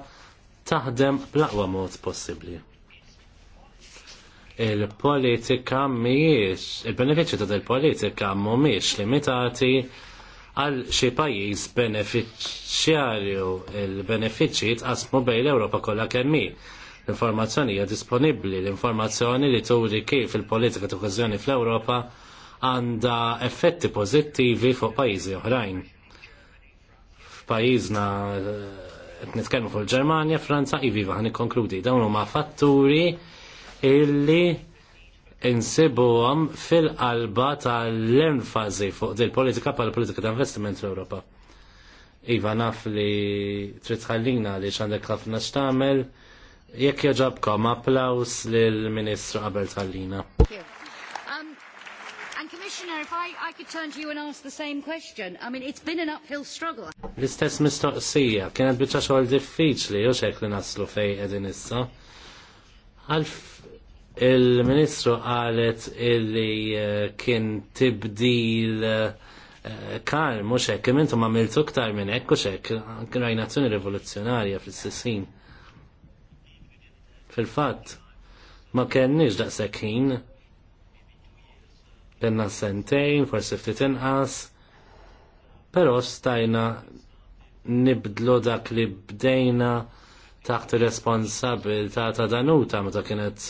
taħdem bl-aqwa mod possibbli. Il-politika mhijiex, il-benefiċċji ta' il-politika mhumiex limitati għal xi pajjiż benefiċċjarju il-benefiċċji tqasmu bejn l-Ewropa kollha kemm hi. L-informazzjoni hija disponibbli, l-informazzjoni li turi kif il-politika ta' okkażjoni fl-Ewropa għandha effetti pożittivi fuq pajjiżi oħrajn. F'pajjiżna nitkellmu fuq il-Ġermanja, Franza, iviva iva, ħan ikkonkludi. Dawn huma fatturi illi insibuhom fil-qalba tal-enfasi fuq dil politika pal politika ta' investiment fl-Ewropa. Iva naf li trid ħallina li x'għandek ħafna x'tagħmel, jekk jaġabkom applaus lill-Ministru qabel tħallina. Commissioner, if I, I could turn to you and ask the same question. I mean, it's been an uphill struggle. L-istess mistoqsija, kienet bieċa xogħol diffiċli, u xek li naslu fej edin issa. Għalf il-ministru qalet illi eh, kien tibdil eh, kalm, u xek, kim intom għamiltu ktar minn ekk, u xek, kien rajnazzjoni rivoluzzjonarja fil-sissin. Fil-fat, ma kenniġ daqshekk ħin l sentejn, forsi ftit inqas, però stajna nibdlu dak li bdejna taħt ir-responsabilità ta' Danuta meta kienet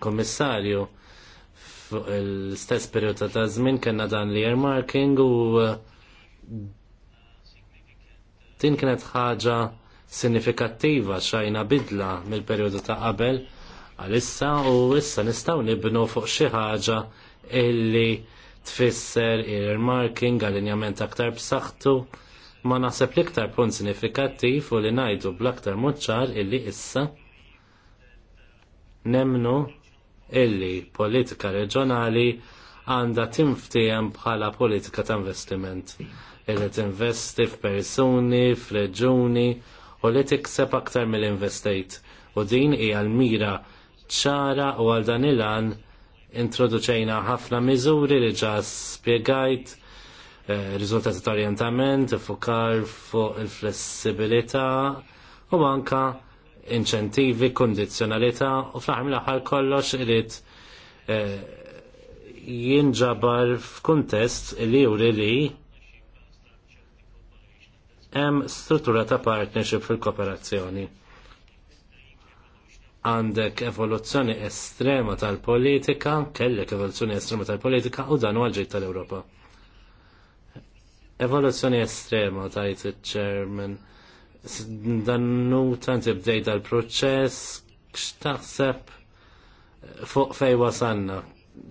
kommissarju fuq l-istess perjodu ta' żmien kena dan li earmarking u uh, din kienet ħaġa sinifikattiva xajna bidla mill-perjodu ta' qabel għalissa u issa nistgħu nibnu fuq xi ħaġa illi tfisser il-marking għal-injament aktar b'saħħtu ma naħseb l-iktar punt sinifikattiv u li ngħidu bl-aktar moċċar illi issa nemnu illi politika reġjonali għandha timftijem bħala politika ta' investiment illi tinvesti f'persuni, f'reġuni u li tikseb aktar mill-investejt u din hija l-mira ċara u għal dan il introduċejna ħafna miżuri li ġa spiegajt eh, riżultati ta' orientament, fukar fuq il-flessibilità u anka inċentivi, kondizjonalità u fl-aħħar mill-aħħar kollox irid eh, jinġabar f'kuntest li juri li hemm struttura ta' partnership fil-kooperazzjoni għandek evoluzzjoni estrema tal-politika, kellek evoluzzjoni estrema tal-politika u dan għalġej tal-Europa. Evoluzzjoni estrema tajt il-ċermen, dannu tant ibdej dal-proċess, xtaħseb fuq fej wasanna,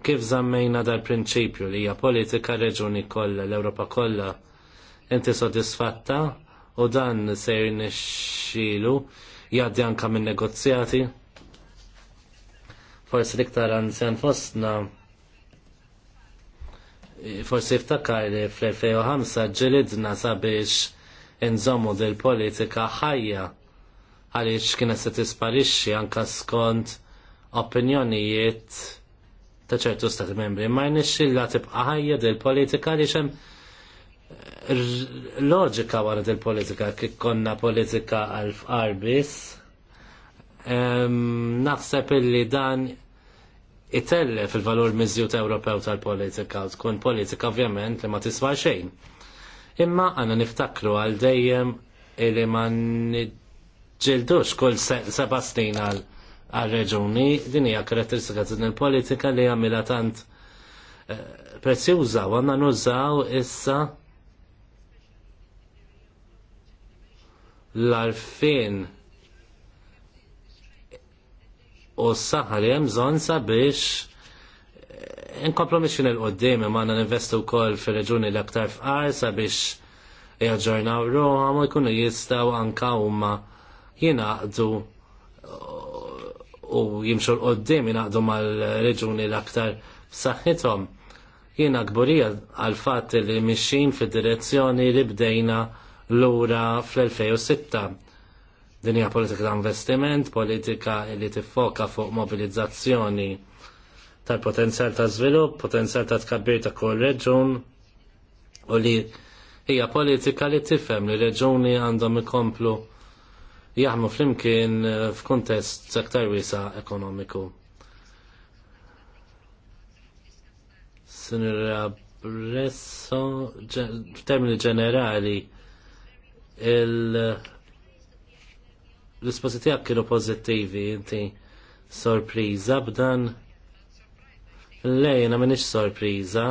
kif zammejna dal-prinċipju li hija politika reġuni kollha l-Ewropa kollha inti sodisfatta u dan sejr nixxilu jgħaddi anka minn negozjati forsi liktar anzjan fostna forsi ftakar li fl-2005 ġilidna sabiex inżommu dil politika ħajja għaliex kienet se tisparixxi anka skont opinjonijiet ta' ċertu stati membri. Ma jnexxilla tibqa' ħajja dil politika li xem eh, loġika wara dil politika kif konna politika għal fqarbis naħseb illi dan itelle fil-valur miżjut Ewropew tal-politika, tkun politika ovvjament li ma tiswa xejn. Imma għanna niftakru għal dejjem li ma nġildux kull seba' snin għal reġuni din hija karatteristika din il-politika li għamila tant eh, prezzjuża u għanna nużaw issa l-arfin u s-saħħa li hemm bżonn sabiex eh, inkomplu mixin il-qoddim imma n-investu wkoll fil reġuni l-aktar fqar sabiex jaġġornaw ruħhom u jkunu jistgħu anka huma jinaqdu u jimxu l-qoddim jingħaqdu mal-reġuni l-aktar f'saħħithom. Jiena gburija għal fat li mixin fil direzzjoni li bdejna lura fl-2006 Din hija politika ta' investiment, politika li tiffoka fuq mobilizzazzjoni tal-potenzjal ta' żvilupp, potenzjal ta' tkabbir ta' kull reġun u li hija politika li tifhem li reġuni għandhom ikomplu jaħmu flimkien f'kuntest sektar wiesa ekonomiku. Sinira Bresso, f'termini ġenerali, il- l-ispozi kienu pożittivi, inti sorpriza b'dan. Lejna minix sorpriza.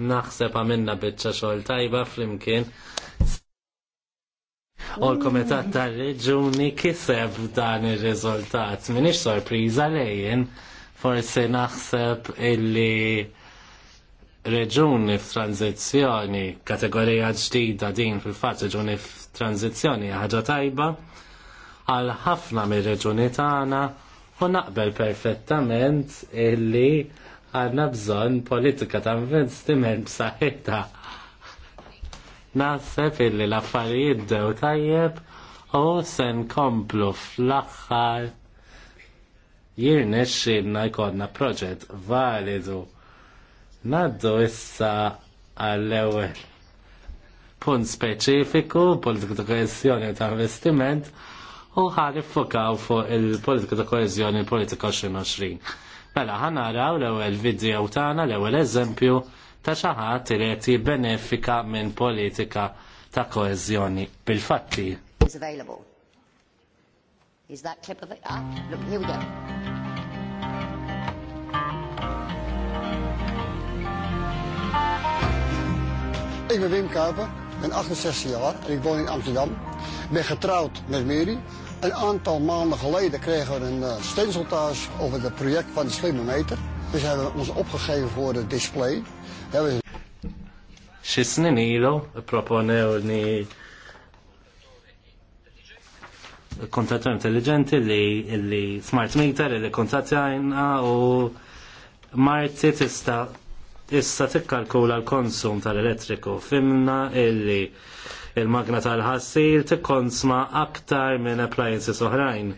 Naħseb għamilna biċċa xogħol tajba flimkien. U l-Komitat mm. tal reġuni kiseb dan ir-riżultat. Minix sorpriza lejn, forsi naħseb illi reġuni f-tranzizjoni, kategorija ġdida din fil fat reġuni f tranzizjoni ħaġa tajba għal ħafna mir-reġuni tagħna u naqbel perfettament illi għandna bżonn politika ta' investiment b'saħħitha. Naħseb illi l-affarijiet dew tajjeb u se nkomplu fl-aħħar nexxielna jkollna proġett validu. Naddu issa għall-ewwel punt speċifiku, politika ta' koesjoni ta' investiment, u ħarif fokaw fuq il-politika ta' koesjoni politika 2020. Mela, ħanaraw l-ewel video tagħna, l-ewel eżempju ta' xi ħadd li qed jibbenefika minn politika ta' koesjoni bil-fatti. Is available. Is that clip of it Ah, Look, here we go. Ik ben ben 68 jaar en ik woon in Amsterdam. ben getrouwd met Mary. Een aantal maanden geleden kregen we een eh, stencil over het project van de slimme meter. Dus hebben we ons opgegeven voor het display. Hebben Xisnin ilu proponew ni kontattu intelligenti li, li smart meter li kontattajna u marti tista issa tikkalkula l-konsum tal-elettriku fimna illi il-magna tal-ħassir tikkonsma aktar minn appliances oħrajn.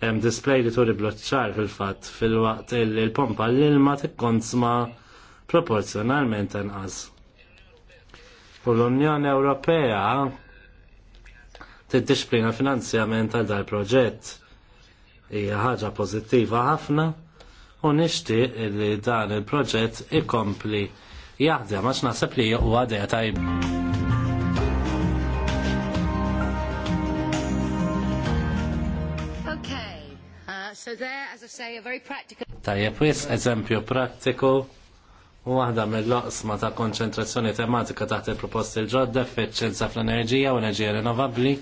Hemm display li turi bloċċar fil-fatt fil-waqt illi l-pompa l-ilma tikkonsma proporzjonalment inqas. U l-Unjoni Ewropea tiddisciplina finanzjament għal dal proġett hija ħaġa pożittiva ħafna u nixtieq li dan il-proġett ikompli jaħdem għax naħseb li u għadja tajb. Uh, Tajjeb wis eżempju prattiku u waħda mill-loqsma ta' konċentrazzjoni tematika taħt il-proposti l-ġodda effiċjenza fl-enerġija u enerġija rinnovabbli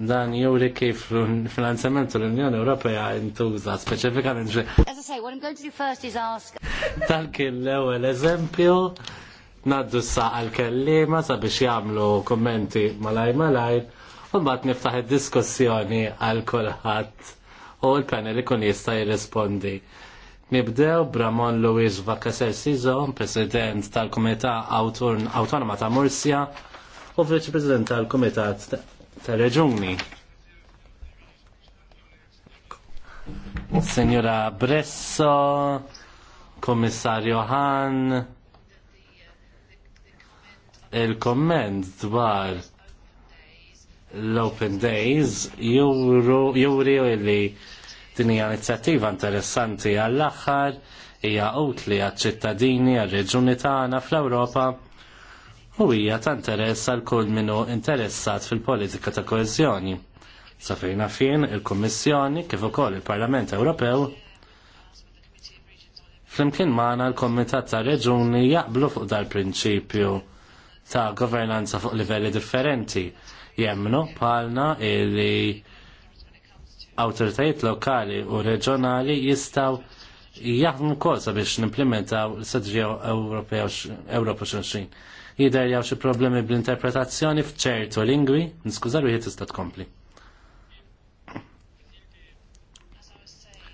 dan juri kif finanzjament l-Unjoni Ewropea intuża speċifikament As I say, what I'm going to do first is ask. Dan kien l-ewwel eżempju naddu s-saq għal-kellima sabiex jagħmlu kummenti malaj malaj u mbagħad niftaħ id-diskussjoni għal kulħadd u l-panel ikun jista' jirrispondi. Nibdew Bramon Luis Vakaser Sizo, President tal-Komità Autonoma ta' Mursja u Viċi President tal kumitat tal-reġuni. Senjora Bresso, Komissarju Han, il-komment dwar l-Open Days juri li din hija inizjattiva interessanti għall-aħħar hija utli għaċ-ċittadini għar-reġuni tagħna fl-Ewropa u hija ta' interess għal kull minnu interessat fil-politika ta' koezjoni. Safejna fejna fin il-Kommissjoni kif ukoll il-Parlament Ewropew flimkien maħna l-Komitat ta' Reġuni jaqblu fuq dal-prinċipju ta' governanza fuq livelli differenti jemnu palna li awtoritajiet lokali u reġjonali jistaw jaħdmu kosa sabiex nimplementaw l-Sadġija Ewropa 20 jidher jew xi problemi bl-interpretazzjoni f'ċertu lingwi, u wieħed tista' tkompli.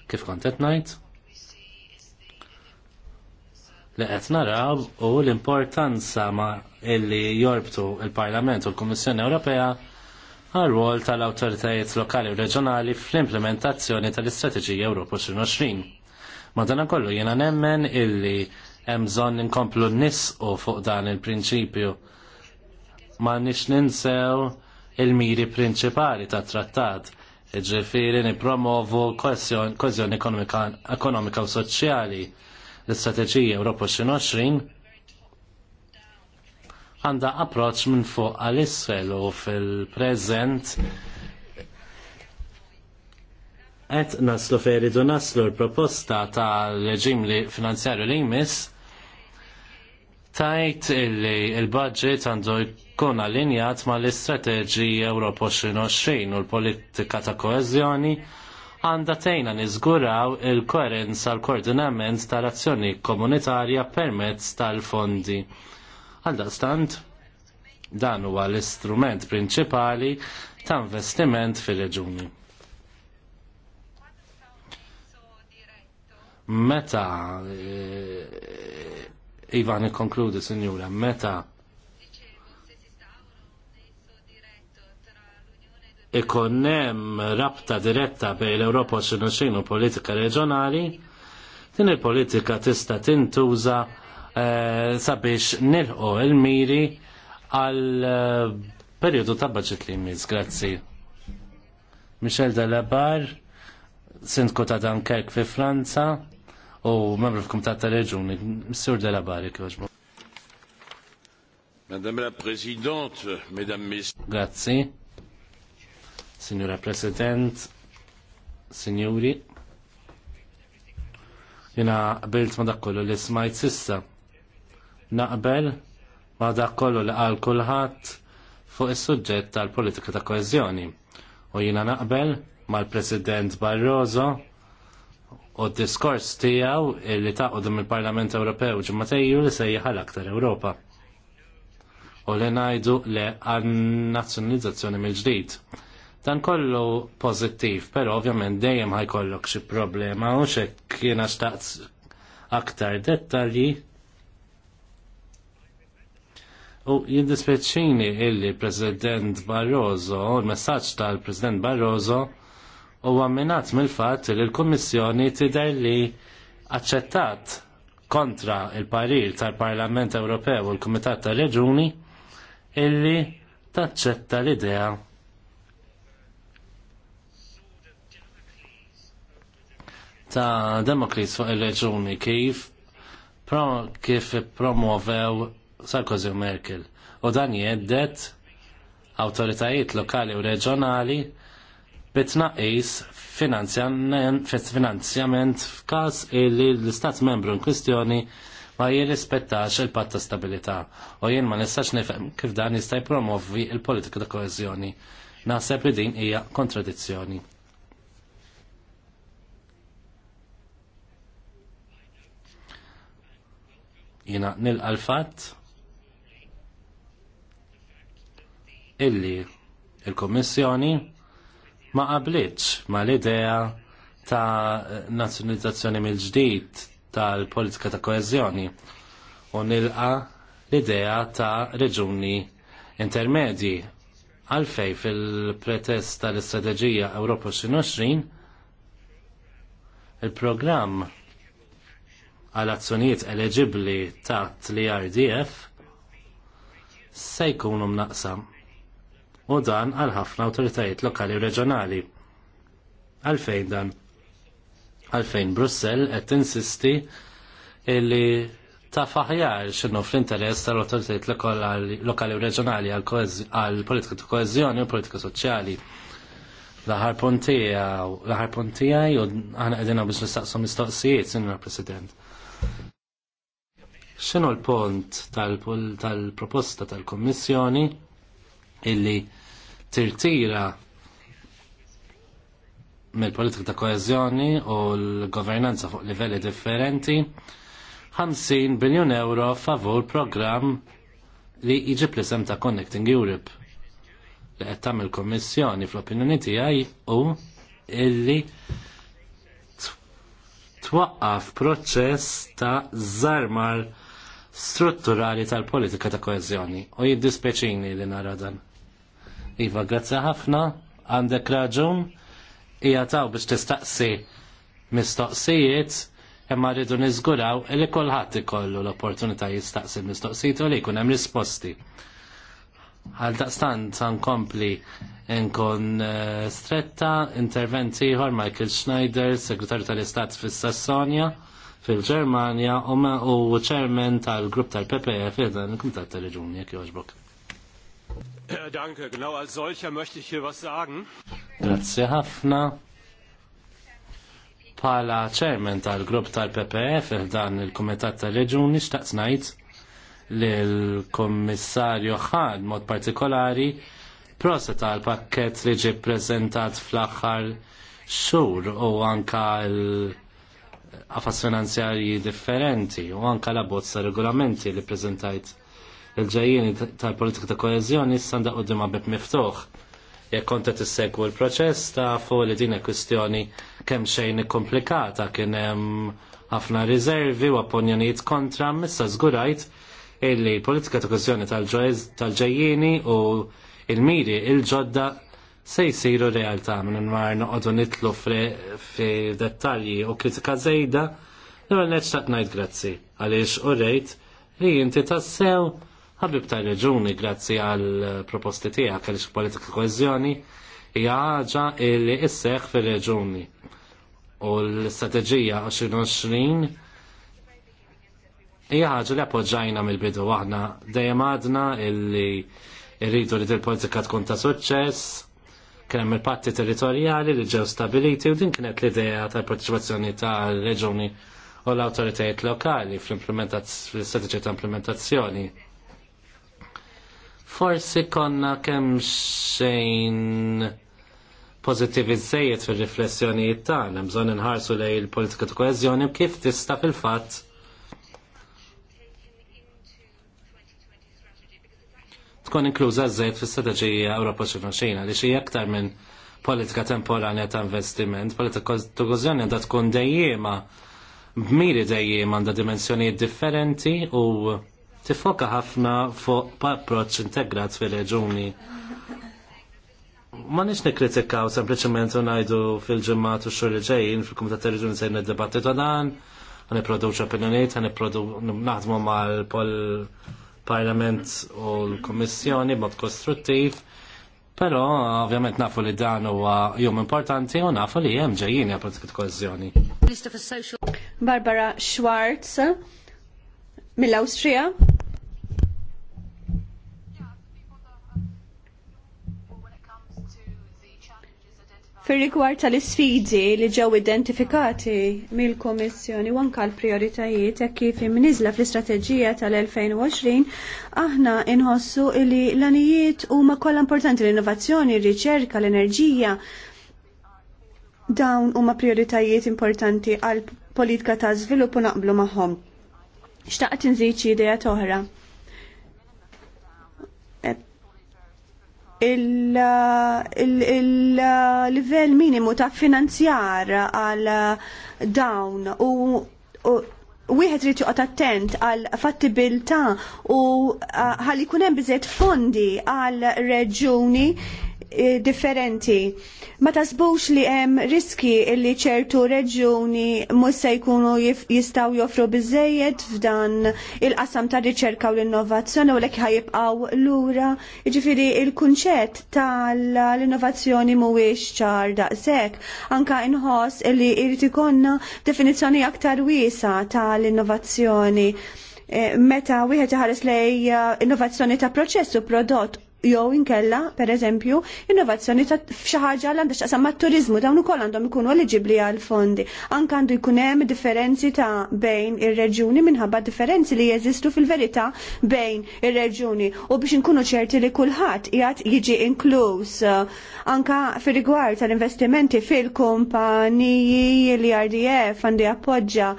Kif kont qed ngħid? Li qed naraw u l-importanza ma' illi jorbtu il-Parlament u l-Kummissjoni Ewropea għal-rol tal-autoritajiet lokali u reġjonali fl-implementazzjoni tal-Istrateġija Ewropa 2020. kollu jena nemmen illi hemm bżonn inkomplu nisqu fuq dan il-prinċipju. Ma nix ninsew il-miri prinċipali ta' trattat, ġifiri nipromovu kozjoni ekonomika u soċjali. L-istrateġija Xin 2020 għanda approċ minn fuq għal-isfel u fil-prezent qed naslu feridu naslu l-proposta tal reġim li finanzjarju li jmiss tajt illi il-budget għandu jkun allinjat ma l-istrateġi Europa 2020 u l-politika ta' koezjoni għanda tejna niżguraw il-koerenza l-koordinament tal-azzjoni komunitarja permezz tal-fondi. Għaldaqstant, dan huwa l-istrument prinċipali ta' investiment fil-reġuni. meta eh, Iva konkludi, Sinjura, meta ikonnem rabta diretta bej l-Europa xinu politika reġjonali, din il-politika tista' tintuża eh, sabiex nilħu il-miri għal eh, periodu ta' budget li grazzi. Michel Delabar, sindku ta' Dunkerque fi Franza, u membru f'kumtat tal-Reġuni, Sur Della Bari kjoġbu. Madame la Presidente, Mesdames, Messieurs. Grazie. Signora President, Signori. Jena qbilt ma dak kollu li smajt sissa. Naqbel ma dak kollu li qal kulħadd fuq is-suġġett tal-politika ta' koezjoni. U jiena naqbel mal-President Barroso u d-diskors tijaw li taqodum il-Parlament Ewropew ġimmatejju li sejjaħal aktar Ewropa. U li najdu li għan nazzjonalizzazzjoni mill-ġdid. Dan kollu pozittiv, pero ovvjament dejjem ħajkollok xi problema u xi kiena xtaqt aktar dettalji. U jindispeċini illi President Barroso, u l-messaġġ tal-President Barroso, u għamminat mill-fat li l kummissjoni tidher li accettat kontra il-parir tal-Parlament Ewropew u l-Kumitat tal-Reġuni illi taċċetta l-idea ta' Demokris fuq il-reġuni kif pro, kif promuovew Sarkozy u Merkel. U dan jeddet autoritajiet lokali u reġjonali bitnaqis finanzjament f'każ illi l-Istat membru in kwistjoni ma jirrispettax il-patt ta' stabilità u jien ma nistax nifhem kif dan jista' jippromovi l politika ta' koeżjoni. Naħseb li din hija kontradizzjoni. Jiena nilqa l-fatt illi il-Kommissjoni ma qablitx ma l-idea ta' nazzjonalizzazzjoni mill-ġdid tal-politika ta' koezjoni u nilqa l-idea ta' reġuni intermedji għalfej fil-pretest tal-Istrateġija Ewropa 2020 il-programm għal azzjonijiet eleġibbli ta' Tli-RDF se jkunu mnaqsam u dan għal ħafna awtoritajiet lokali u reġjonali. Għalfejn dan? Għalfejn Brussell qed tinsisti illi ta' faħjar xinu fl-interess tal autoritajiet lokali u reġjonali għal politika ta' koezjoni u politika soċjali. l pontija, l pontija, u għana għedina biex nistaqsu mistoqsijiet, sinna President. Xinu l-pont tal-proposta tal-Kommissjoni illi tirtira mill-politika ta' koezjoni u l-governanza fuq livelli differenti 50 biljun euro favur program li jiġi plisem ta' Connecting Europe li qed tagħmel kommissjoni fl-opinjoni tiegħi u illi twaqqaf proċess ta' żarmar strutturali tal-politika ta' koezjoni u jiddispeċini li nara dan. Iva, grazzi ħafna, għandek raġun, Ija taw biex tistaqsi mistoqsijiet, imma rridu niżguraw li kulħadd ikollu l-opportunità jistaqsi mistoqsijiet u li jkun hemm risposti. Għal daqstant nkompli nkun eh, stretta interventi ieħor Michael Schneider, segretarju tal-Istat fis-Sassonja fil-Ġermanja u ċermen tal-grupp tal-PPF fil-dan il komitat tal-Reġuni, jekk jogħġbok. Äh, danke, genau als solcher möchte ich hier was sagen. Grazie ħafna. Pala chairman tal-grupp tal-PPF dan il komitat tal-Reġuni xtaqt ngħid li l-Kommissarju ħad mod partikolari prosa tal-pakket li ġie prezentat fl-aħħar xhur u anka l affas finanzjarji differenti u anka la bozza regolamenti li prezentajt il-ġejjini tal-politika ta' koezjoni s-sanda u dima bib miftuħ. Jek konta t-segwu l-proċess ta' fu li din kwistjoni kemm xejn komplikata kien hemm ħafna riservi u opponjonijiet kontra missa żgurajt illi politika ta' koezjoni tal-ġejjini u il-miri il-ġodda se jisiru realtà minn mar noqogħdu nitlu fi dettalji u kritika żejda, l-għal neċtaqt ngħid grazzi għaliex u rejt li jinti tassew ħabib ta' reġuni grazzi għal proposti tiegħek għaliex politika koezjoni hija ħaġa li isseħ fir-reġuni. U l-istrateġija 2020 hija ħaġa li appoġġajna mill-bidu għahna dejjem għadna li rridu li il-politika tkun ta' suċċess, kien hemm il-patti territorjali li ġew stabiliti u din kienet l-idea tal-partiċipazzjoni tal-reġuni u l-autoritajiet lokali fl strategija ta' implementazzjoni Forsi konna kemm xejn pozittivizzejiet fil-riflessjonijiet tagħna bżonn inħarsu lej il-politika ta' koeżjoni kif tista' fil-fatt tkun inkluża żejt fis-strateġija Ewropa xina li xi aktar minn politika temporanja ta' investiment, politika ta' koeżjoni għandha tkun dejjema b'miri dejjema għandha dimensjonijiet differenti u tifoka ħafna fuq approċċ integrat fil-reġuni. Ma nix nikritikaw sempliciment u najdu fil-ġemmat u xur ġejjin fil komitat reġuni se nid-dibattitu dan, għan iproduċ opinjoniet, għan naħdmu mal-Parlament pol u l-Kommissjoni b'mod kostruttiv. Pero, ovvjament, nafu li dan huwa jum importanti u nafu li hemm ġejjini għal politika kohezjoni. Barbara Schwartz mill austria fir rigward tal-isfidi li ġew identifikati mill kummissjoni u anke l-prioritajiet hekk kif imniżla fl-istrateġija tal-2020 aħna inħossu li l-anijiet huma kollha importanti l-innovazzjoni, r-riċerka, l-enerġija. Dawn huma prioritajiet importanti għal politika ta' żvilupp u naqblu magħhom. Xtaqt inżid xi idea toħra il-livell minimu ta' finanzjar għal dawn u wieħed rrid joqgħod attent għal fattibilità u uh, ħalli jkun hemm biżejjed fondi għal reġuni Eh, differenti. Ma tasbux li hemm riski li ċertu reġjuni mhux se jkunu jistgħu joffru bizzejiet f'dan il-qasam ta' riċerka u l-innovazzjoni u lek l lura. Jiġifieri il-kunċett tal-innovazzjoni mhuwiex ċar daqshekk. Anka inħoss li jrid ikonna definizzjoni aktar wiesa tal-innovazzjoni eh, meta wieħed iħares lej innovazzjoni ta' proċess u prodott jew inkella, per eżempju, innovazzjoni ta' xi ħaġa l għandha x'taqsam mat-turiżmu dawn ukoll għandhom ikunu eliġibbli għal fondi. Anke għandu jkun hemm differenzi ta' bejn ir-reġuni minħabba differenzi li jeżistu fil-verità bejn ir-reġuni u biex inkunu ċerti li kulħadd qiegħed jiġi inkluż. Eh, anke fir-rigward tal-investimenti fil-kumpaniji li RDF għandi jappoġġja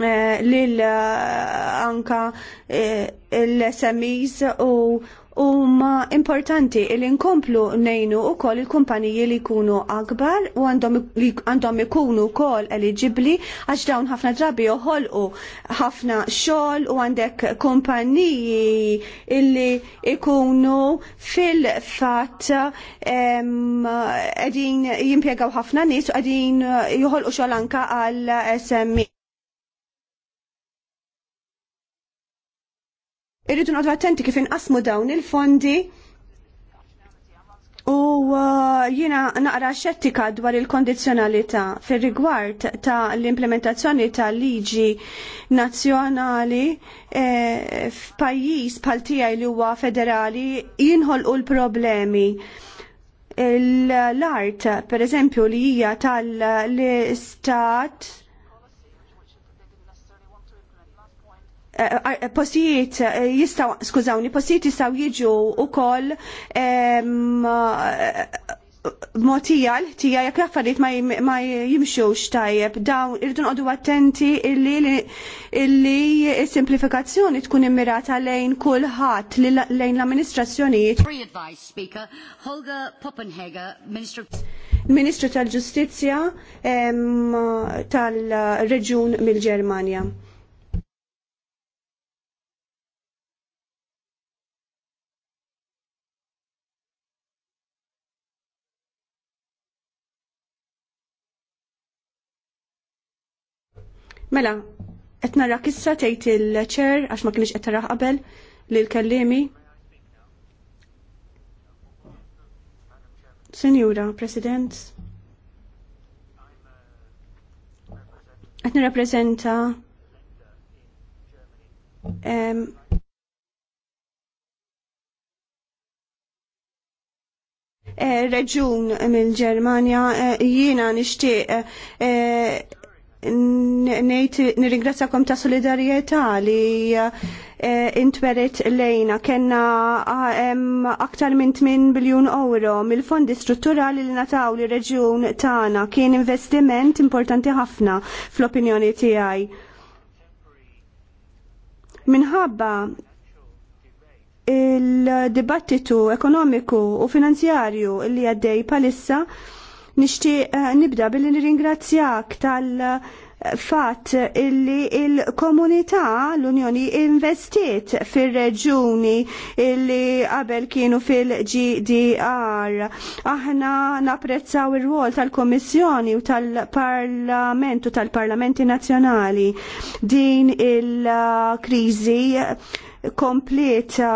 Eh, lil eh, anka eh, l-SMEs u huma importanti li nkomplu nejnu u koll il-kumpaniji li jkunu akbar u għandhom ikunu koll eligibli għax dawn ħafna drabi joħolqu ħafna xogħol u għandek kumpaniji illi ikunu fil-fatt qegħdin jimpjegaw ħafna nies u qegħdin joħolqu xogħol anka għal SMI. Irridu noqgħdu attenti kif inqasmu dawn il-fondi u uh, jiena naqra xettika dwar il-kondizzjonalità fir-rigward ta' l-implementazzjoni ta' liġi nazzjonali eh, f'pajjiż bħal tiegħi li huwa federali jinħolqu l-problemi l-art, per eżempju, li hija tal-istat Eh, eh, postijiet eh, jistaw, skużawni, postijiet jistaw jiġu u koll motija l-ħtija jek laffariet ma jimxux tajjeb dawn irridu nqodu attenti illi s-simplifikazzjoni tkun immirata lejn kulħadd lejn l-amministrazzjonijiet. Ministru tal-Ġustizzja tal-Reġjun mill-Ġermanja. Mela, qed rakissa kissa tgħid il-ċer għax ma kienx qed raħqabel qabel lil kellimi. Senjura, President, qed rapprezenta um, eh, reġun mill-Ġermanja eh, jiena nixtieq eh, nejt nirringrazzakom ta' solidarieta li eh, intweret lejna kena ah, aktar minn 8 biljun euro mill-fondi strutturali li nataw li reġjun tagħna kien investiment importanti ħafna fl-opinjoni tiegħi. Minħabba il-dibattitu ekonomiku u finanzjarju li għaddej palissa Nixtieq eh, nibda billi nirringrazzjak tal- eh, fatt illi il-komunità l-Unjoni investit fil-reġuni illi qabel kienu fil-GDR. Aħna napprezzaw ir-rwol tal-Komissjoni u tal-Parlament u tal-Parlamenti Nazzjonali din il-kriżi eh, kompleta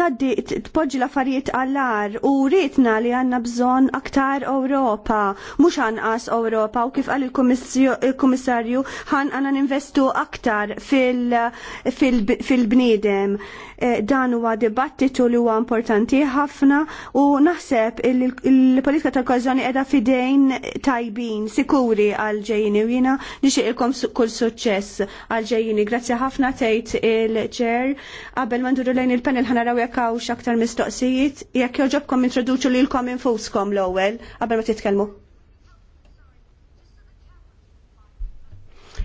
Taddi tpoġġi l-affarijiet għallar u rritna li għanna bżon aktar Ewropa, mhux anqas Ewropa u kif għal il-Kummissarju għan għandna ninvestu aktar fil-bniedem. Eh, dan huwa dibattitu li huwa importanti ħafna u naħseb il-politika tal-kozzjoni qiegħda fidejn tajbin, sikuri għal ġejjini u jiena nixtieqilkom kull suċċess għal ġejjini. Grazzi ħafna tgħid il-ċer. Qabel ma nduru lejn il-panel ħanaraw jekk hawnx aktar mistoqsijiet, jekk jogħġobkom introduċu lilkom infuskom l-ewwel qabel ma titkellmu.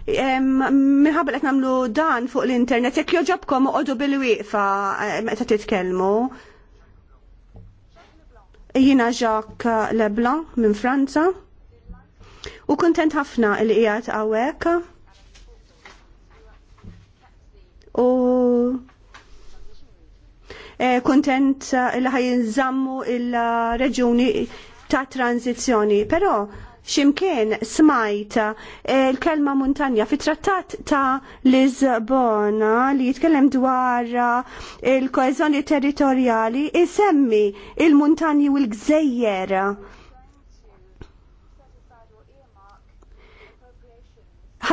minħabba qed nagħmlu dan fuq l-internet jekk joġobkom oqogħdu bil-wieqfa meta titkellmu. Jiena Jacques Leblanc minn Franza u kuntent ħafna li qiegħed hawnhekk. U e, kontent li ħajinżammu il-reġuni ta' tranzizjoni. Pero ximkien smajt eh, l-kelma montanja fi trattat ta' Lisbona li jitkellem dwar eh, il-koezjoni territorjali isemmi il-montanji u l-gżejjer.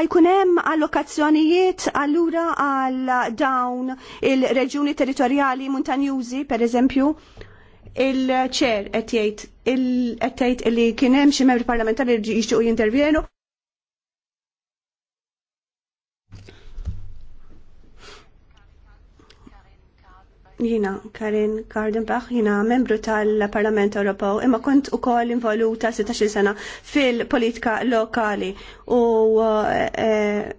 ħajkun hemm allokazzjonijiet allura għal dawn il-reġjuni territorjali montanjużi, per eżempju, il-ċer qed jgħid li kien hemm xi membri parlamentari li jixtiequ jintervjenu. Jina Karin Kardenbach, jina membru tal-Parlament Ewropew, imma kont ukoll involuta 16 sena fil-politika lokali u eh,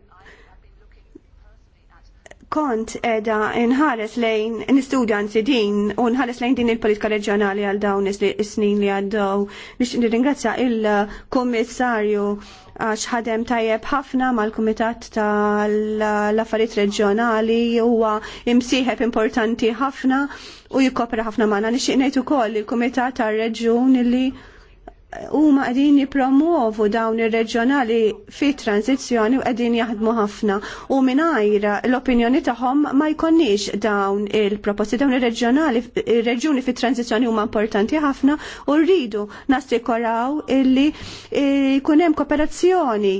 kont edha nħares lejn nistudja nsi din u nħares lejn din il-politika reġjonali għal dawn is-snin li għaddew. Biex nirringrazzja il-Kummissarju għax ħadem tajjeb ħafna mal-Kumitat tal-Affarijiet Reġjonali huwa imsieħeb importanti ħafna u jikkopra ħafna magħna. Nixtieq ngħid ukoll il-Kumitat tar-Reġjun illi huma qegħdin jippromuovu dawn ir-reġjonali fi tranzizzjoni u qegħdin jaħdmu ħafna u mingħajr l-opinjoni tagħhom ma jkonniġ dawn il-proposti dawn ir-reġjonali ir-reġjuni fi u huma importanti ħafna u rridu koraw illi eh, jkun hemm kooperazzjoni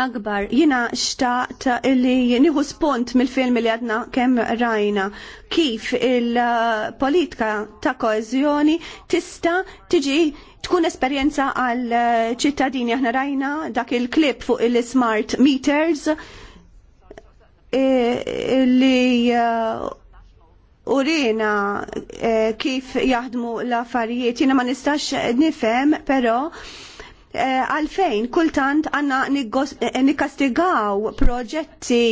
akbar jina xtaqt illi nieħu spunt mill-film li għadna kemm rajna kif il-politika ta' koezjoni tista' tiġi tkun esperjenza għal eh, ċittadini aħna rajna dak il-klip fuq il-smart meters eh, li eh, urina kif jaħdmu l-affarijiet. Jina ma nistax nifem, pero għalfejn kultant għanna nikastigaw proġetti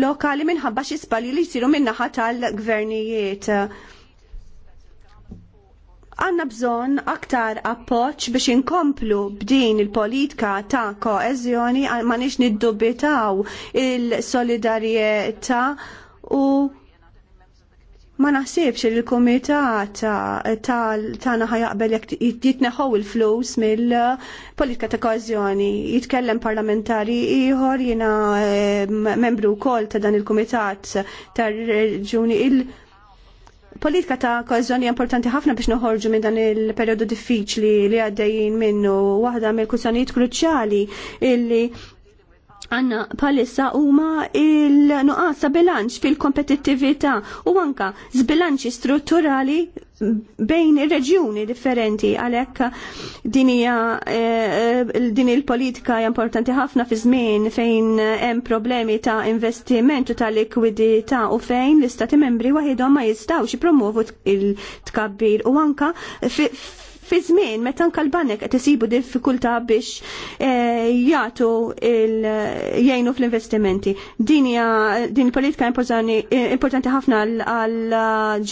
lokali minħabba xisbali li jisiru minnaħat tal-gvernijiet. Għanna bżon aktar appoċ biex inkomplu b'din il-politika ta' koezjoni ma nix niddubitaw il-solidarieta u ma naħsibx li l ta' tagħna jaqbel jek jitneħow il-flus mill-politika ta' koezjoni. Jitkellem parlamentari ieħor jiena eh, membru wkoll ta' dan il-kumitat tar-reġuni il-, -kumitat, politika ta' koezjoni importanti ħafna biex noħorġu minn dan il-periodu diffiċli li għaddejjin minnu waħda mill-kussjonijiet kruċjali illi għanna palissa huma il-nuqqas bilanċ fil-kompetittività u anka zbilanċi strutturali bejn ir-reġjuni differenti għalhekk din eh, din il-politika importanti ħafna fi żmien fejn hemm problemi ta' investiment u ta' likwidità u fejn l-istati membri waħidhom ma jistgħux jippromovu il-tkabbir u anka fi żmien meta nkalbanek qed isibu diffikultà biex eh, jagħtu jgħinu fl-investimenti. Din hija din il-politika importanti ħafna għal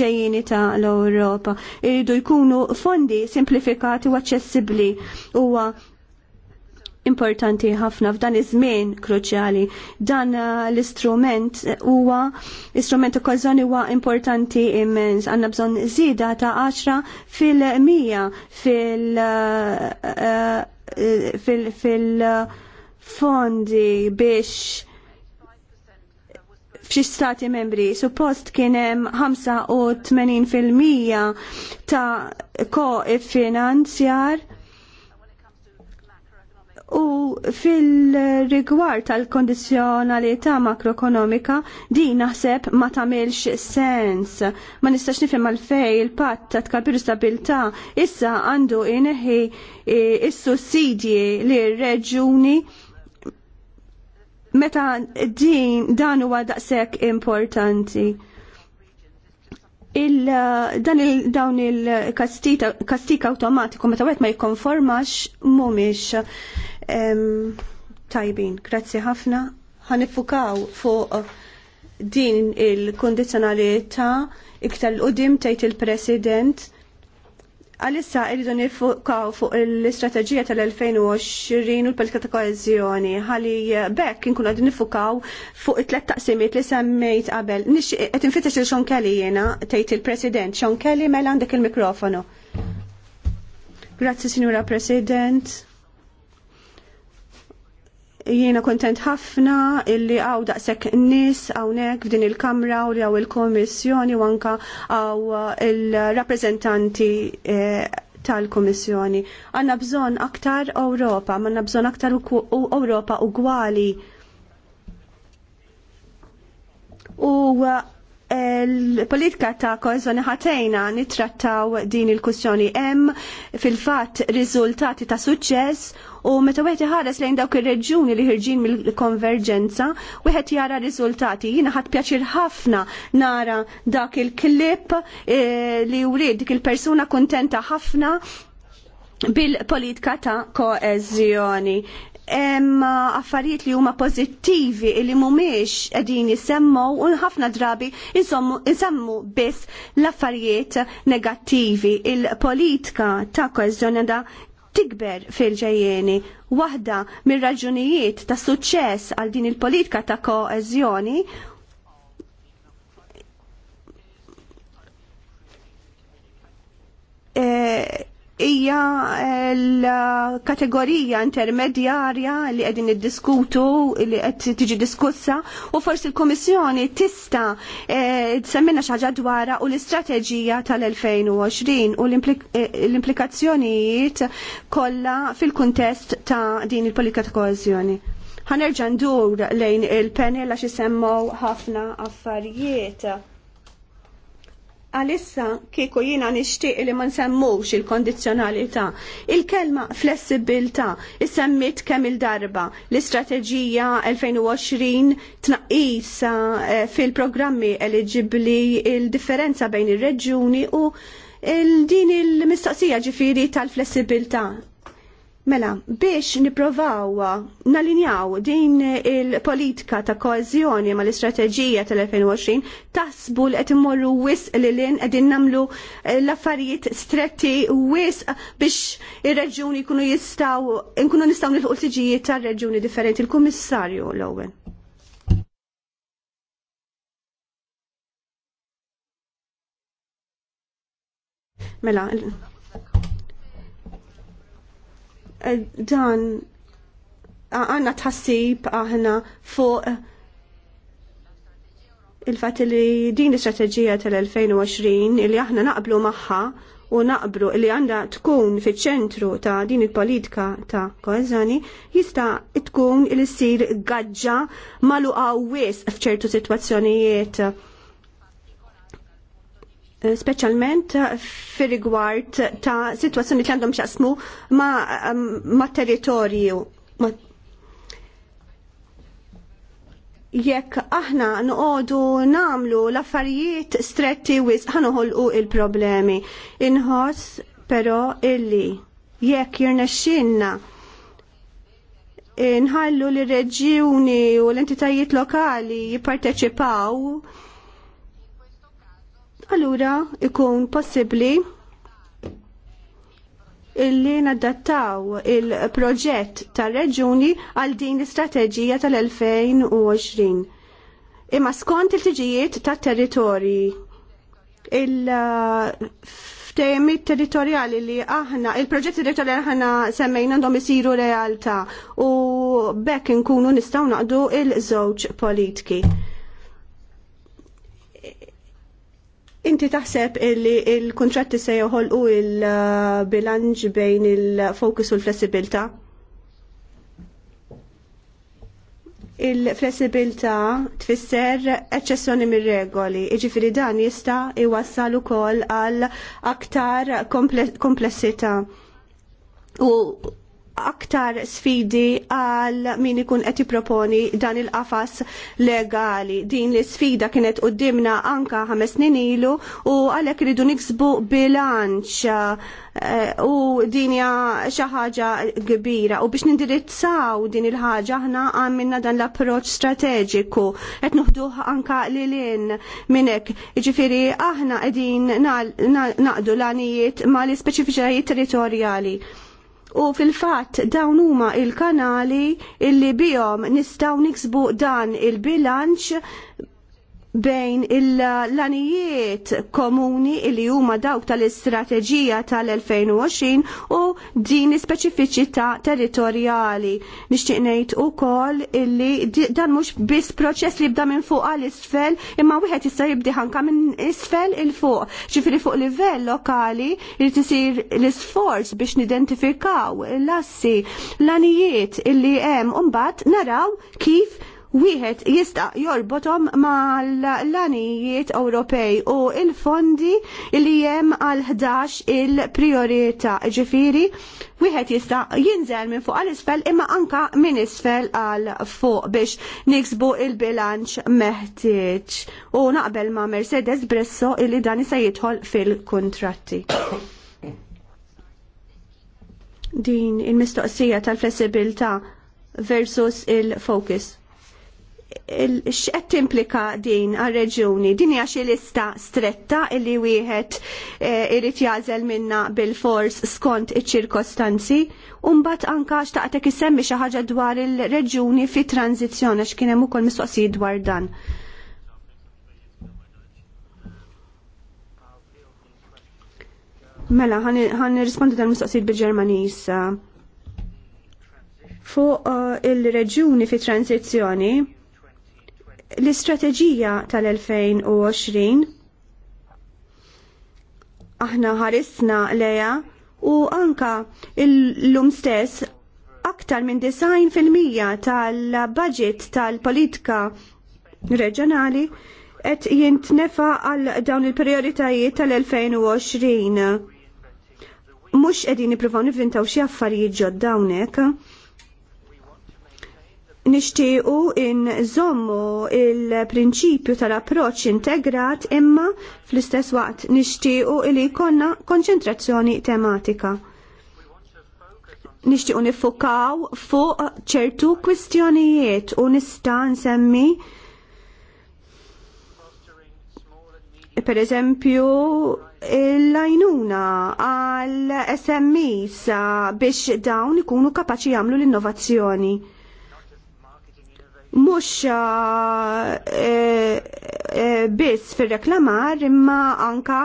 ġejjini ta' l-Ewropa. Iridu jkunu fondi simplifikati u aċċessibbli huwa importanti ħafna f'dan iż-żmien kruċjali. Dan uh, l-istrument huwa istrument okkażjoni huwa importanti immens. Għandna bżonn żieda ta' 10 fil-mija fil- uh, uh, fil- fil-fondi biex f'xi stati membri suppost kien hemm 85% ta' ko-finanzjar U fil-rigward tal-kondizjonalità makroekonomika, di naħseb ma tamilx sens. Ma nistax nifhem għalfej il-patt ta' tkabbir stabilità issa għandu ineħi is-sussidji li reġuni meta din dan huwa daqshekk importanti il, dan il, dawn il-kastik automatiku meta wieħed ma jikkonformax mhumiex tajbin. Grazzi ħafna. Ħanifukaw fuq din il-kondizjonalità iktar l-qudim tgħid il-President. Għalissa irridu nifukaw fuq l-istrateġija tal-2020 u l-politika ta' koezjoni. Ħalli bekk inkunu għadin nifukaw fuq it-tlet taqsimiet li semmejt qabel. Nix qed infittex il Sean Kelly jiena tgħid il-President. Sean Kelly mela għandek il-mikrofonu. Grazzi, Sinjura President jiena kontent ħafna illi għaw daqsek nis għawnek f'din il-kamra u li għaw il-komissjoni u anka għaw eh, il-rappresentanti eh, tal-komissjoni. Għanna bżon aktar Ewropa, manna bżon aktar Ewropa ugwali. U eh, il-politika ta' koezjoni ħatejna nittrattaw din il-kussjoni hemm fil-fatt riżultati ta' suċċess u meta wieħed iħares lejn dawk ir-reġjuni li ħirġin mill-konverġenza wieħed jara riżultati. Jiena ħadd pjaċir ħafna nara dak il-klip eh, li wrid dik il-persuna kuntenta ħafna bil-politika ta' koezjoni hemm uh, affarijiet li huma pożittivi li mhumiex qegħdin jisemmew u ħafna drabi jisemmu biss l-affarijiet negattivi. Il-politika ta' koeżjoni da tikber fil-ġejjeni. Waħda mir-raġunijiet ta' suċċess għal din il-politika ta' koeżjoni e hija l-kategorija intermedjarja li qegħdin diskutu li qed tiġi diskussa u forsi l-Kummissjoni tista' eh, t xi ħaġa dwarha u l-istrateġija tal-2020 u eh, l-implikazzjonijiet kollha fil-kuntest ta' din il-politika ta' koezjoni. Ħanerġa' ndur lejn il-panel għax isemmew ħafna affarijiet għalissa kieku jina nishtiq li ma nsemmux il-kondizjonalità. Il-kelma flessibilità issemmit kemm il-darba l-istrateġija 2020 tnaqqis eh, fil-programmi eligibli il-differenza bejn ir-reġjuni u il-din il-mistoqsija ġifiri tal-flessibilità Mela, biex niprovaw nalinjaw din il-politika ta' koezjoni ma' l-istrateġija tal-2020, tasbu li qed immorru wis li lin qegħdin namlu eh, l-affarijiet stretti wis biex ir-reġuni jkunu jistgħu nkunu nistgħu nifqu l-tiġijiet tar-reġuni differenti il-Kummissarju l-ewwel. Mela, dan għanna tħassib aħna fuq il-fat li din l-istrateġija tal-2020 li aħna naqblu maħħa u naqblu li għanda tkun fiċ ċentru ta' din il-politika ta' koezjoni jista' tkun il-sir gaġġa malu għawis f'ċertu situazzjonijiet Eh, specialment eh, fir rigward ta' situazzjoni li għandhom xasmu ma', eh, ma territorju. Jekk aħna noqogħdu namlu l-affarijiet stretti wis ħanoħolqu il-problemi. Inħoss però illi jekk jirnexxinna nħallu li reġjuni u l-entitajiet lokali jipparteċipaw allura ikun possibbli illi nadattaw il-proġett tal-reġuni għal din l-istrateġija tal-2020. Imma skont il-tiġijiet tat territorji il-ftejmi territorjali li aħna, il-proġetti territorjali aħna semmejna għandhom isiru realtà u bekk nkunu nistgħu naqdu il-żewġ politiki. Inti taħseb li il-kontratti se joħolqu il-bilanġ bejn il-fokus u l-flessibilta? Il-flessibilta tfisser eċċessjoni mir-regoli, iġifiri dan jista' iwassal ukoll għal aktar komplessità. U aktar sfidi għal min ikun qed proponi dan il-qafas legali. Din l-sfida kienet qudimna anka ħames snin ilu u għalhekk iridu niksbu bilanċ eh, u din hija xi ħaġa kbira u biex nindirizzaw din il-ħaġa aħna għamilna dan l-approċċ strateġiku qed nuħduh anka lilin minn hekk. Jiġifieri aħna qegħdin naqdu l-għanijiet mal-ispeċifiċajiet territorjali u fil-fatt dawn huma il-kanali illi bihom nistgħu niksbu dan il-bilanċ bejn il-lanijiet komuni li huma dawk tal-istrateġija tal-2020 u din speċifiċità territorjali. Nixtieq ngħid ukoll illi dan mhux biss proċess li jibda minn fuq għal isfel imma wieħed jista' jibdi ħanka minn isfel il fuq. Ġifieri fuq livell lokali li tisir l-isforz biex nidentifikaw l-assi lanijiet illi hemm u mbagħad naraw kif wieħed jista' jorbothom mal-lanijiet Ewropej u il-fondi li hemm għal 11 il-priorità. Ġifieri, wieħed jista' jinżel minn fuq għal isfel imma anka minn isfel għal fuq biex niksbu il-bilanċ meħtieġ. U naqbel ma' Mercedes Bresso illi dan se jidħol fil-kuntratti. Din il-mistoqsija tal-flessibilità versus il-focus x'qed timplika din għar-reġjuni? Din hija xi lista stretta li wieħed eh, irid jażel minna bil-fors skont iċ-ċirkostanzi u mbagħad anke x'taqtek isemmi xi ħaġa dwar il-reġjuni fi tranzizzjoni kien hemm ukoll mistoqsijiet dwar dan. Mela, ħan nirrispondi tal-mistoqsijiet bil-Ġermanis. Eh. Fuq eh, il-reġjuni fi tranzizzjoni, L-istrateġija tal-2020 aħna ħarisna leja u anka l-lum stess aktar minn 90% tal-budget tal-politika reġjonali qed jintnefa għal dawn il-prioritajiet tal-2020. Mhux qegħdin nippruvaw nivvintaw xi affarijiet ġodda hawnhekk nixtiequ inżommu il-prinċipju tal-approċċ integrat imma fl-istess waqt nixtiequ li jkollna konċentrazzjoni tematika. Nixtiequ nifukaw fuq ċertu kwistjonijiet u nista' nsemmi per eżempju il lajnuna għal SMEs biex dawn ikunu kapaċi jagħmlu l-innovazzjoni mux eh, eh, eh, biss fil-reklamar imma anka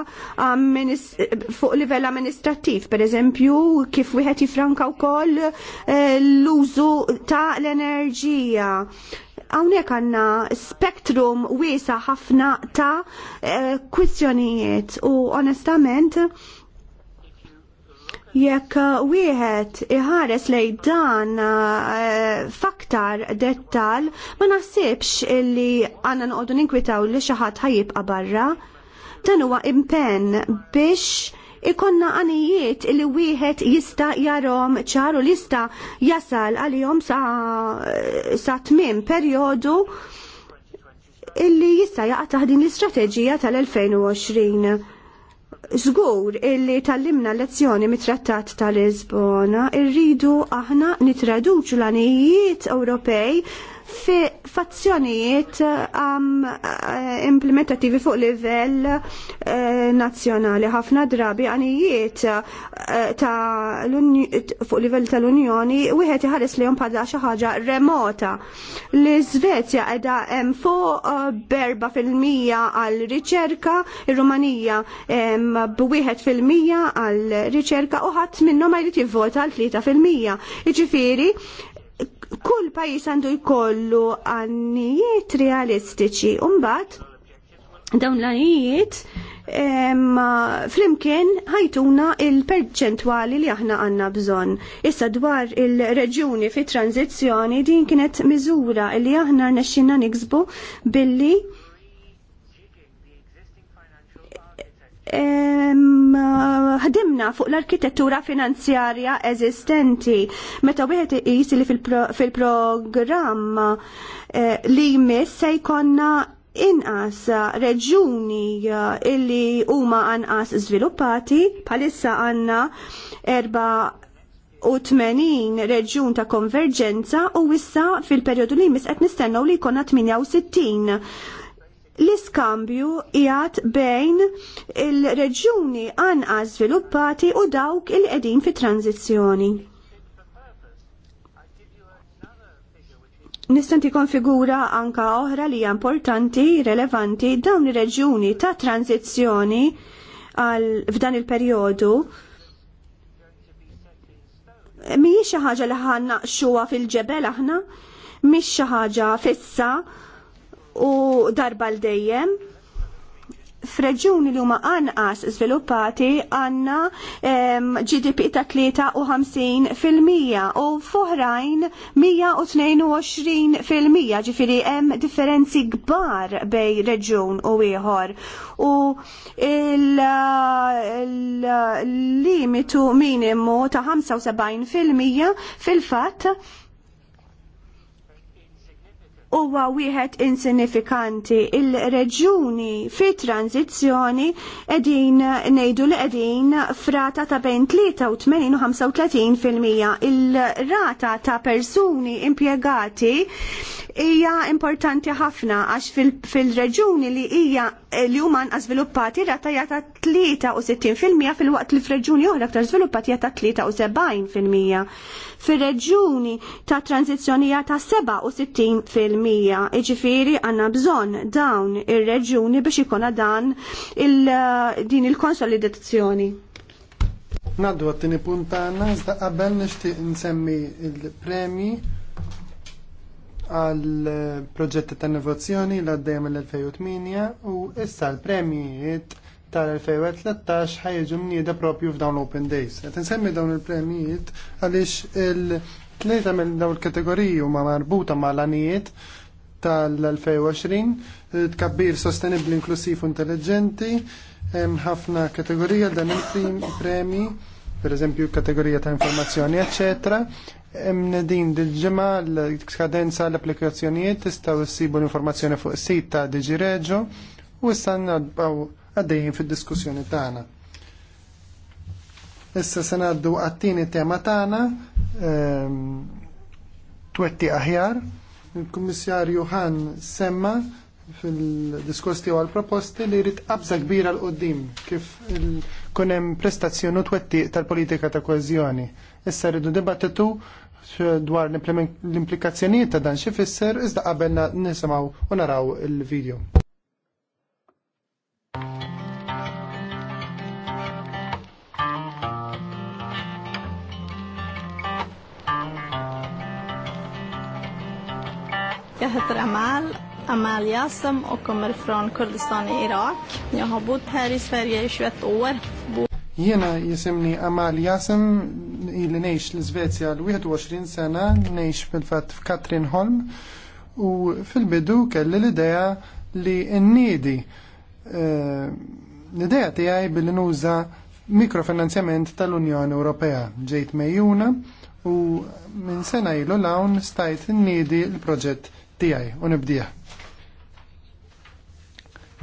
fuq livell amministrativ, per eżempju, kif wieħed jifranka wkoll l-użu ta' l-enerġija. Hawnhekk għandna spektrum wiesa ħafna ta' kwistjonijiet u onestament Jekk uh, wieħed iħares lej dan uh, faktar dettal, ma naħsibx illi għandna noqogħdu ninkwitaw li xi ħadd ħajjibqa' barra. Dan huwa impenn biex ikonna għanijiet li wieħed jista jarom ċaru li jista jasal għalihom sa, uh, sa tmim perjodu illi jista jaqa' taħdin l-istrateġija tal-2020 Zgur illi tal-limna lezzjoni mit-trattat tal-Lisbona, irridu aħna nitraduċu l-anijiet Ewropej fi fazzjonijiet um, eh, implementativi fuq livell uh, nazzjonali ħafna drabi għanijiet uh, fuq livell tal-Unjoni wieħed iħares lihom bħala xi ħaġa remota. L-Iżvezja qiegħda em fuq uh, berba fil-mija għal riċerka, ir-Rumanija b'wieħed fil-mija għal riċerka u ħadd minnhom ma jrid jivvota għal 3 fil-mija. Iġifiri, kull pajis għandu jkollu għannijiet realistiċi. Umbat, dawn l-għannijiet flimkien ħajtuna il-perċentwali li aħna għanna bżon. Issa dwar il-reġjuni fi tranzizjoni din kienet miżura li aħna nexxinna niksbu billi ħdimna fuq l-arkitettura finanzjarja eżistenti. Meta wieħed iqis li fil-programm eh, li jmiss se jkollna inqas reġuni eh, illi huma anqas żviluppati bħalissa għandna erba' u 80 reġjun ta' konverġenza u issa fil-perjodu li jmiss qed nistennew li jkollna 68 l-iskambju jgħat bejn il-reġjuni għanqa sviluppati u dawk il qedin fi tranzizzjoni. Nistanti konfigura anka oħra li hija importanti, relevanti, dawn ir-reġjuni ta' tranzizzjoni f'dan il-perjodu mhijiex xi ħaġa li ħannaqxuha fil-ġebel aħna, mhix xi ħaġa fissa, u darba l-dejjem f'reġjuni li huma anqas żviluppati għandna ehm, GDP ta' 53 fil-mija u f'oħrajn 122 fil-mija ġifieri hemm differenzi kbar bej reġjun u ieħor. U l-limitu minimu ta' 75 fil-mija fil-fatt huwa wieħed insinifikanti. Il-reġjuni fi tranzizzjoni qegħdin ngħidu li qegħdin frata ta' bejn 83 u 35 fil-mija. Il-rata ta' persuni impjegati hija importanti ħafna għax fil-reġjuni li hija li huma nqas żviluppati rata hija 63 fil-mija fil-waqt li f'reġjuni oħra aktar żviluppati hija ta' 73 fil-mija. Fir-reġjuni ta' tranzizzjoni hija ta' 67 fil mija Iġifiri għanna bżon dawn ir-reġjuni biex ikona dan il uh, din il-konsolidazzjoni. Naddu għattini puntana, zda qabel nishtiq nsemmi il-premi għal proġetti ta' innovazzjoni l għaddejjem l-2008 u issa l-premijiet tal-2013 ħajġu mnieda propju f'dawn l-Open Days. Qed insemmi dawn il-premijiet għaliex il-, Tlieta minn dawn il-kategoriji huma marbuta mal-anijiet tal-2020, tkabbir sostenibli inklusiv u intelligenti, hemm ħafna kategorija dan il-premi, per eżempju kategorija ta' informazzjoni, eccetera. Hemm din dil-ġimgħa l-skadenza l-applikazzjonijiet tistgħu issibu l-informazzjoni fuq sit ta' Digireġo u issa għaddejjin fid-diskussjoni tagħna. Issa se ngħaddu għat-tieni tema tagħna ehm, twetti aħjar. Il-Kummissarju Han semma fil diskosti tiegħu għall-proposti li jrid qabża kbira l qoddim kif kun hemm prestazzjoni u twettiq tal-politika ta' koeżjoni. Issa rridu dibattitu dwar l-implikazzjonijiet ta' dan xi fisser iżda qabel nisimgħu u naraw il-video. Jag heter Amal. Amal Yasem och kommer från Kurdistan i Irak. Jag har bott här i Sverige i 21 år. Jena jisimni Amal Jasem il nejx l-Svezja l-21 sena, nejx fil-fat f'Katrinholm u fil-bidu kelli l-idea li n-nidi eh, l-idea tijaj billi nuża mikrofinanzjament tal-Unjoni Ewropea ġejt mejjuna u minn sena ilu lawn stajt n-nidi l-proġett tijaj u nibdih.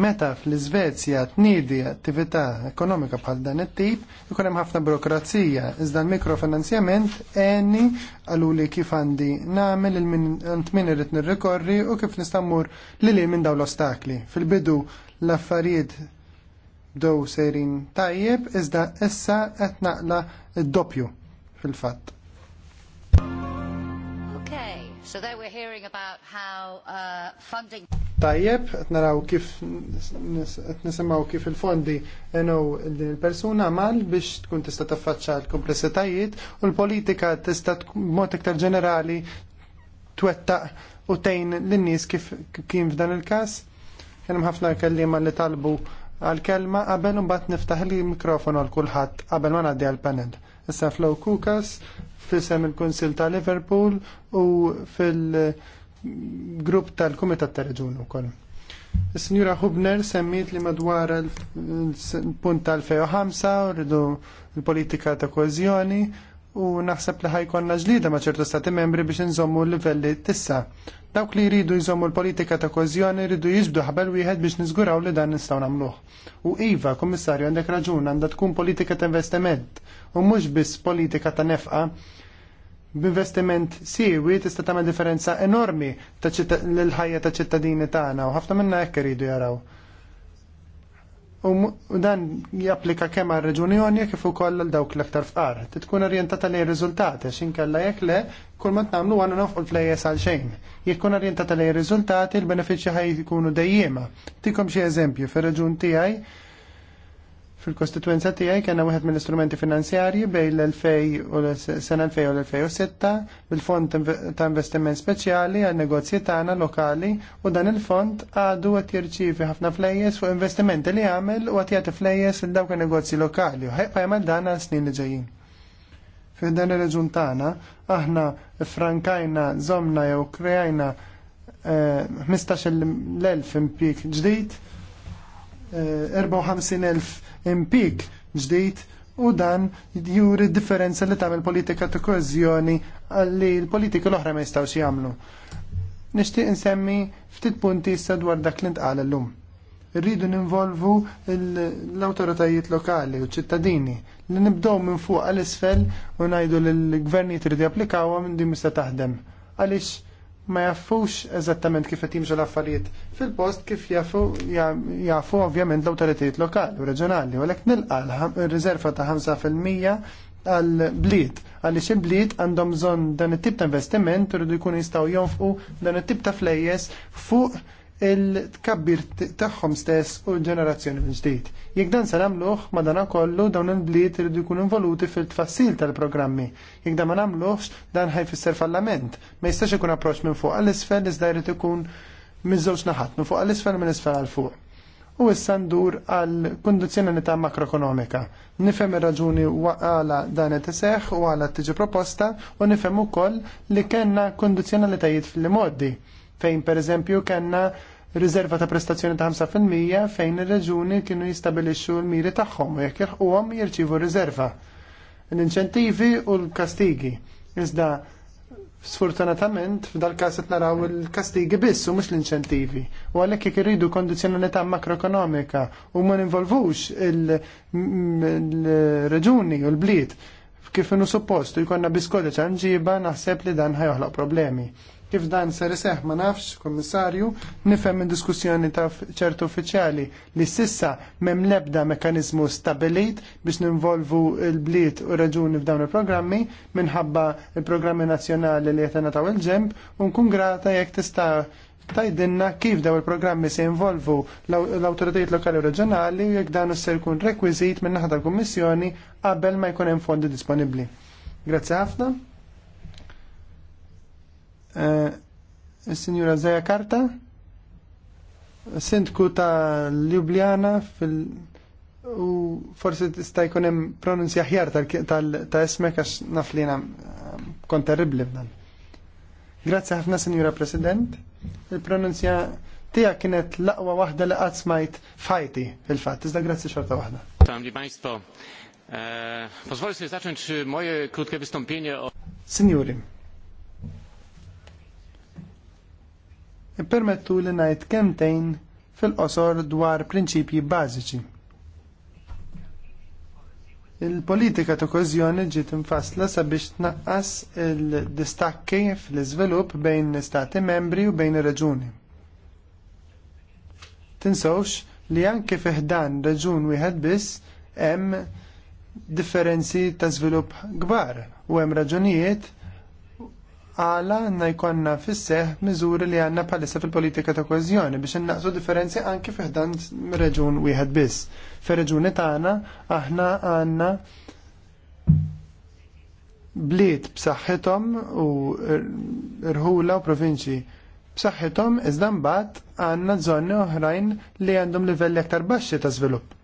Meta fl-Iżvezja tniedi attività ekonomika bħal dan it-tip, ikun hemm ħafna burokrazija, iżda l-mikrofinanzjament għeni għaluli kif għandi nagħmel il-mint min irid nirrikorri u kif nista' mmur lil minn dawn l-ostakli. Fil-bidu l-affarijiet bdew sejrin tajjeb, iżda issa qed naqla d-doppju fil-fatt. So there we're hearing about how uh, funding Tajjeb, naraw kif nisimaw kif il-fondi enow din il-persuna mal biex tkun tista' taffaċċa l-komplessitajiet u l-politika tista' mod iktar ġenerali twettaq u tejn lin-nies kif kien f'dan il-każ. Kien hemm ħafna kelliema li talbu għal-kelma qabel u bat niftaħ il-mikrofon għal kulħadd qabel ma ngħaddi għall-panel. Issa Flow Kukas fisem il-Kunsil ta' Liverpool u fil-grupp tal-Kumitat ta' Reġun ukoll. Is-Sinjura Hubner semmit li madwar il-punt tal-2005 rridu l-politika ta' koezjoni u naħseb li ħajkonna ġlida ma' ċertu stati membri biex nżommu l-livelli tissa. Dawk li jridu jżommu l-politika ta' kozjoni jridu jiġbdu ħabel wieħed biex niżguraw li dan nistgħu nagħmluh. U iva, kummissarju, għandek raġun għandha tkun politika ta' investiment u mhux biss politika ta' nefqa b'investiment siewi tista' tagħmel differenza enormi ta' l-ħajja ta' ċittadini tagħna u ħafna minna hekk iridu jaraw. U dan japplika kemm għal reġunjoni kif ukoll għal dawk l-aktar fqar. Titkun orjentata lejn riżultati x'in kella jekk le kull ma tnamlu għandna nafqu l-flejjes għal xejn. Jekk kun orjentata lejn riżultati l-benefiċċji ħaj jkunu dejjema. Tikom xi eżempju fir-reġun tiegħi Fil-kostituenza tiegħi kena wieħed mill-istrumenti finanzjarji bejn l-2000 u l-sena 2000 u l-2006 bil-fond ta' investiment speċjali għal negozji tagħna lokali u dan il-fond għadu qed jirċievi ħafna flejjes fuq investimenti li għamel u għat jagħti flejjes il dawk negozji lokali u ħejqa jagħmel dan għal snin li ġejjin. fil dan ir-reġun tagħna aħna frankajna zomna jew krejajna 15 eh, l-1000 impik ġdid 54.000 eh, impik ġdid u dan juri differenza li tagħmel politika ta' koeżjoni li l-politika l-oħra ma jistgħux jagħmlu. Nixtieq insemmi ftit punti issa dwar dak li ntqal illum. Irridu ninvolvu l-awtoritajiet lokali u ċittadini li nibdew minn fuq għal isfel u ngħidu li l-gvernijiet irridu japplikawhom din mista taħdem. Għaliex ma jaffux eżattament kif qed jimxu l-affarijiet fil-post kif jafu jafu ovvjament l-awtoritajiet lokali u reġjonali u għalhekk nilqal: riserva ta' 5% għal-bliet, għaliex il-bliet għandhom bżonn dan it-tip ta' investiment, rridu jkunu jistgħu jonfqu dan it-tip ta' flejjes fuq il-tkabbir tagħhom stess u l-ġenerazzjoni minn ġdid Jekk dan se nagħmluh madankollu dawn il-bliet iridu jkunu involuti fil-tfassil tal-programmi. Jekk dan ma nagħmluhx dan ħajfisser fallament. Ma jistax ikun approċċ minn fuq għall-isfel iżda jrid ikun minn żewġ naħat, minn fuq għall-isfel minn isfel għal fuq. U issa ndur għal kundizzjonalità makroekonomika. Nifhem ir-raġuni għala dan qed iseħħ u għala tiġi proposta u nifhem ukoll li kellna kundizzjonalitajiet fil-modi fejn pereżempju kellna riserva ta' prestazzjoni ta' 5% fejn ir-reġuni kienu jistabilixxu l-miri tagħhom u jekk jilħquhom jirċievu riserva. L-inċentivi u l-kastigi. Iżda sfortunatament f'dal każ qed naraw il-kastigi biss u mhux l-inċentivi. U għalhekk jekk irridu kondizzjonalità makroekonomika u ma ninvolvux il-reġuni u l-bliet kif inhu suppost u jkollna biskodeċ ġiba naħseb li dan ħajoħloq problemi. Kif dan ser seħ ma nafx, komissarju nifhem minn diskussjoni ta' ċertu uffiċjali li sissa m'hemm l-ebda mekanizmu stabilit biex ninvolvu l-bliet u raġuni f'dawn il-programmi minħabba il-programmi nazzjonali li qed nataw il-ġemp u nkun grata jekk tista' tajdinna kif daw il-programmi se involvu l-autoritajiet lokali u reġjonali u jekk dan se jkun rekwiżit minn naħa tal-Kummissjoni qabel ma jkun hemm fondi disponibbli. Grazzi ħafna. Eh, signora Zaja Karta, sindku ta' Ljubljana fil- u forse tista' jkun pronunzja ħjar ta' ismek għax naf li eh, kont terribli f'dan. Grazzi ħafna, Signora President. Il-pronunzja tiegħek kienet laqwa aqwa waħda li qatt smajt fajti fil-fatt. Iżda grazzi xorta waħda. Szanowni Państwo, e, pozwolę sobie zacząć moje krótkie wystąpienie o... Signori, Permettu li ngħid kemtejn fil-qosor dwar prinċipji bażiċi. Il-politika ta' kożjoni ġiet infassla sabiex tnaqqas il-distakki fl-iżvilupp bejn l-istati membri u bejn ir-reġuni. Tinsewx li anke fi ħdan reġun wieħed biss hemm differenzi ta' żvilupp kbar u hemm raġunijiet għala għanna jkonna fisseħ miżuri li għanna palissa fil-politika ta' kohezjoni biex innaqsu differenzi anki fiħdan reġun wieħed biss. Fir-reġuni tagħna aħna għanna bliet b'saħħithom u rħula u provinċi b'saħħithom iżda mbagħad għandna żonni oħrajn li għandhom livelli aktar baxxi ta' żvilupp.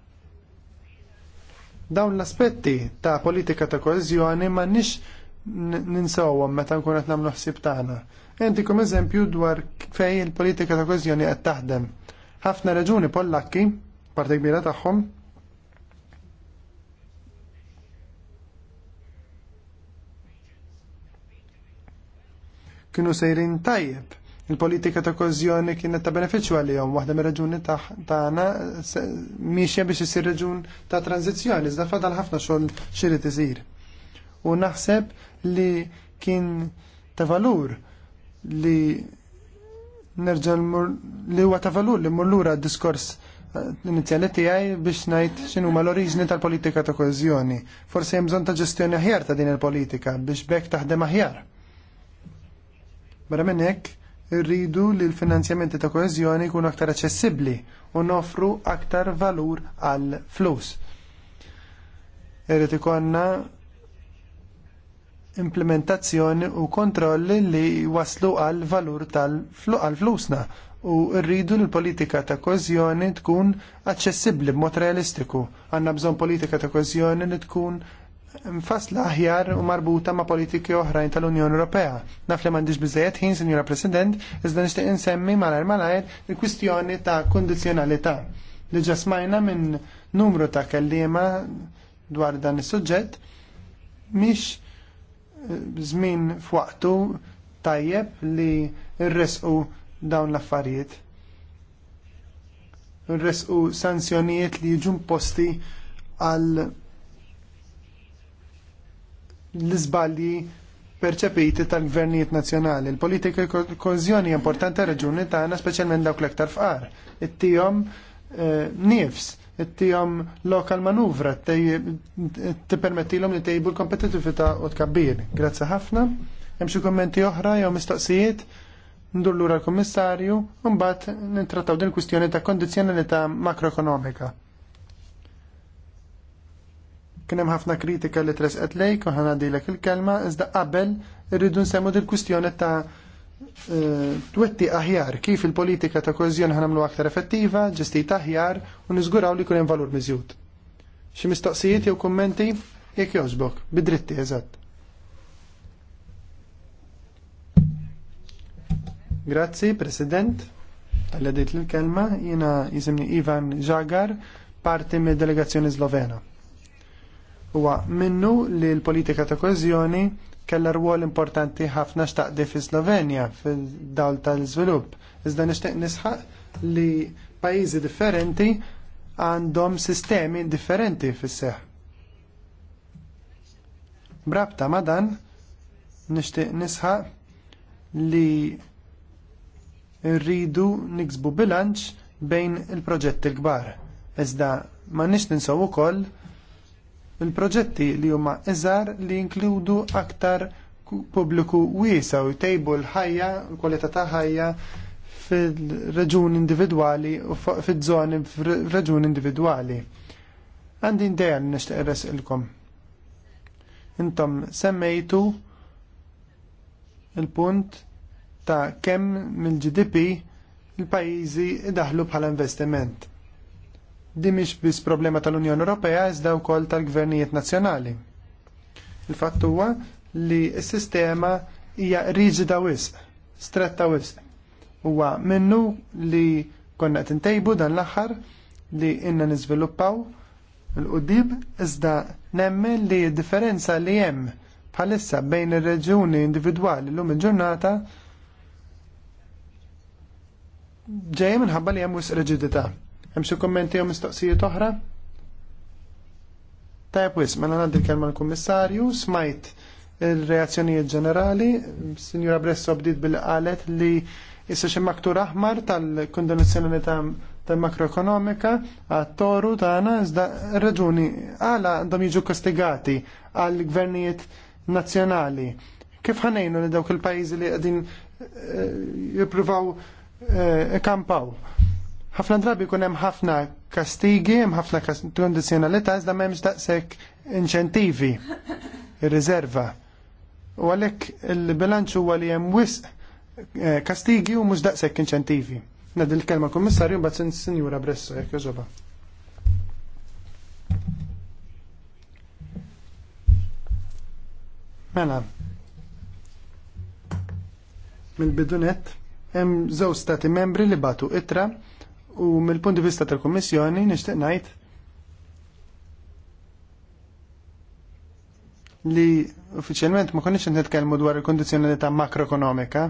Dawn l-aspetti ta' politika ta' ma' m'għandniex ninsawwa meta nkun qed nagħmlu ħsieb tagħna. Entikom eżempju dwar fejn il-politika ta' kożjoni qed taħdem. Ħafna raġuni Pollakki, parti kbira tagħhom, kienu sejrin tajjeb. Il-politika ta' kozjoni kienet ta' beneficju għalihom, waħda mir-raġuni tagħna miexja biex isir raġun ta' tranzizzjoni, iżda fadal ħafna xogħol rid iżir. U naħseb li kien ta' valur li nerġa' li huwa ta' valur li mur lura d-diskors l-inizjali eh, tiegħi biex ngħid x'inhu ma l-oriġini tal-politika ta' koeżjoni. Forsi hemm bżonn ta' ġestjoni aħjar ta' din il-politika biex bekk taħdem aħjar. Barra minn hekk irridu li l-finanzjamenti ta' koeżjoni jkunu aktar aċċessibbli u nofru aktar valur għal flus. Irrid ikonna implementazzjoni u kontrolli li waslu għal valur tal-flusna u rridu l-politika ta' kozjoni tkun aċċessibbli b'mod realistiku. Għanna bżonn politika ta' kozjoni li tkun mfasla aħjar u marbuta ma' politiki oħrajn tal-Unjoni Ewropea. Naf li m'għandix biżejjed ħin, Sinjura President, iżda nixtieq insemmi malajr malajr il-kwistjoni ta' kondizzjonalità. Li ġa smajna minn numru ta' kelliema dwar dan is-suġġett miex żmien f'waqtu tajjeb li rresqu dawn l-affarijiet. Rresqu sanzjonijiet li jiġu imposti għal l-izbalji perċepiti tal-gvernijiet nazzjonali. Il-politika e kozjoni importanti raġuni tagħna speċjalment dawk l-aktar fqar. it-tihom eh, nifs tijom lokal manuvra, t om li tijibu l-kompetitivita u tkabbir. Grazzi ħafna. Hemm xi kommenti oħra jew mistoqsijiet? Ndur lura l-Kummissarju, mbagħad nintrattaw din kwistjoni ta' kondizzjonalità makroekonomika. Kien hemm ħafna kritika li tresqet lejk u ħanadilek il-kelma iżda qabel irridu nsemmu din kwistjoni ta' twetti aħjar kif il-politika ta' kohezjoni ħanamlu aktar effettiva, ġestit aħjar u niżguraw li kun hemm valur miżjud. Xi mistoqsijiet jew kummenti jekk jogħġbok, bidritti eżatt. Grazzi, President, għalli għedit l-kelma, jina jizimni Ivan Žagar, parti mid delegazzjoni slovena. Huwa minnu li l-politika ta' koezjoni kella rwol importanti ħafna xtaqdi fi Slovenja fil-dawl tal-izvilupp. Iżda nixtieq nisħaq li pajjiżi differenti għandhom sistemi differenti fis-seħ. Brabta ma dan nixtieq nisħaq li rridu niksbu bilanċ bejn il-proġetti l-kbar. Iżda ma nix ninsaw ukoll il-proġetti li huma iżgħar li jinkludu aktar pubbliku wiesa u jtejbu l-ħajja, l-kwalità ta' ħajja fil-reġun individwali u fil-żoni fil individwali. Għandi ndeja nixtieq resqilkom. Intom semmejtu il-punt ta' kemm mill-GDP il-pajjiżi daħlu bħala investiment Di mhix biss problema tal-Unjoni Ewropea iżda wkoll tal-gvernijiet nazzjonali. Il-fatt huwa li s-sistema hija riġida wisq, stretta wisq. Huwa minnu li konna qed intejbu dan l-aħħar li inna niżviluppaw l-qudib iżda nemmen li differenza li hemm bħalissa bejn ir-reġjuni individwali llum lum il-ġurnata ġejja minħabba li hemm wisq reġidità. Hemm xi kummenti jew mistoqsijiet oħra? Tajab wis, mela ngħaddi l-kelma l-Kummissarju, smajt il-reazzjonijiet ġenerali, Sinjura Bresso bdiet bil-qalet li issa xi maktur aħmar tal-kondizzjoni tal-makroekonomika għat-toru tagħna iżda raġuni għala għandhom jiġu kastigati għall gvernijiet nazzjonali. Kif ħanejnu li dawk il-pajjiżi li qegħdin eh, jippruvaw eh, ikampaw? ħafna drabi kunem hemm ħafna kastigi, hemm ħafna kondizzjonalità iżda m'hemmx daqshekk inċentivi ir-riserva. U għalhekk il-bilanċ huwa li hemm wisq eh, kastigi u mhux daqshekk inċentivi. Nadil il-kelma kummissarju mbagħad sinjura Bresso jekk jożoba. Mela, mill-bidunet hemm żewġ stati membri li batu itra U mill-punt di vista tal-Kummissjoni nixtieq ngħid li uffiċjalment ma konniex qed nitkellmu dwar il-kondizzjonalità makroekonomika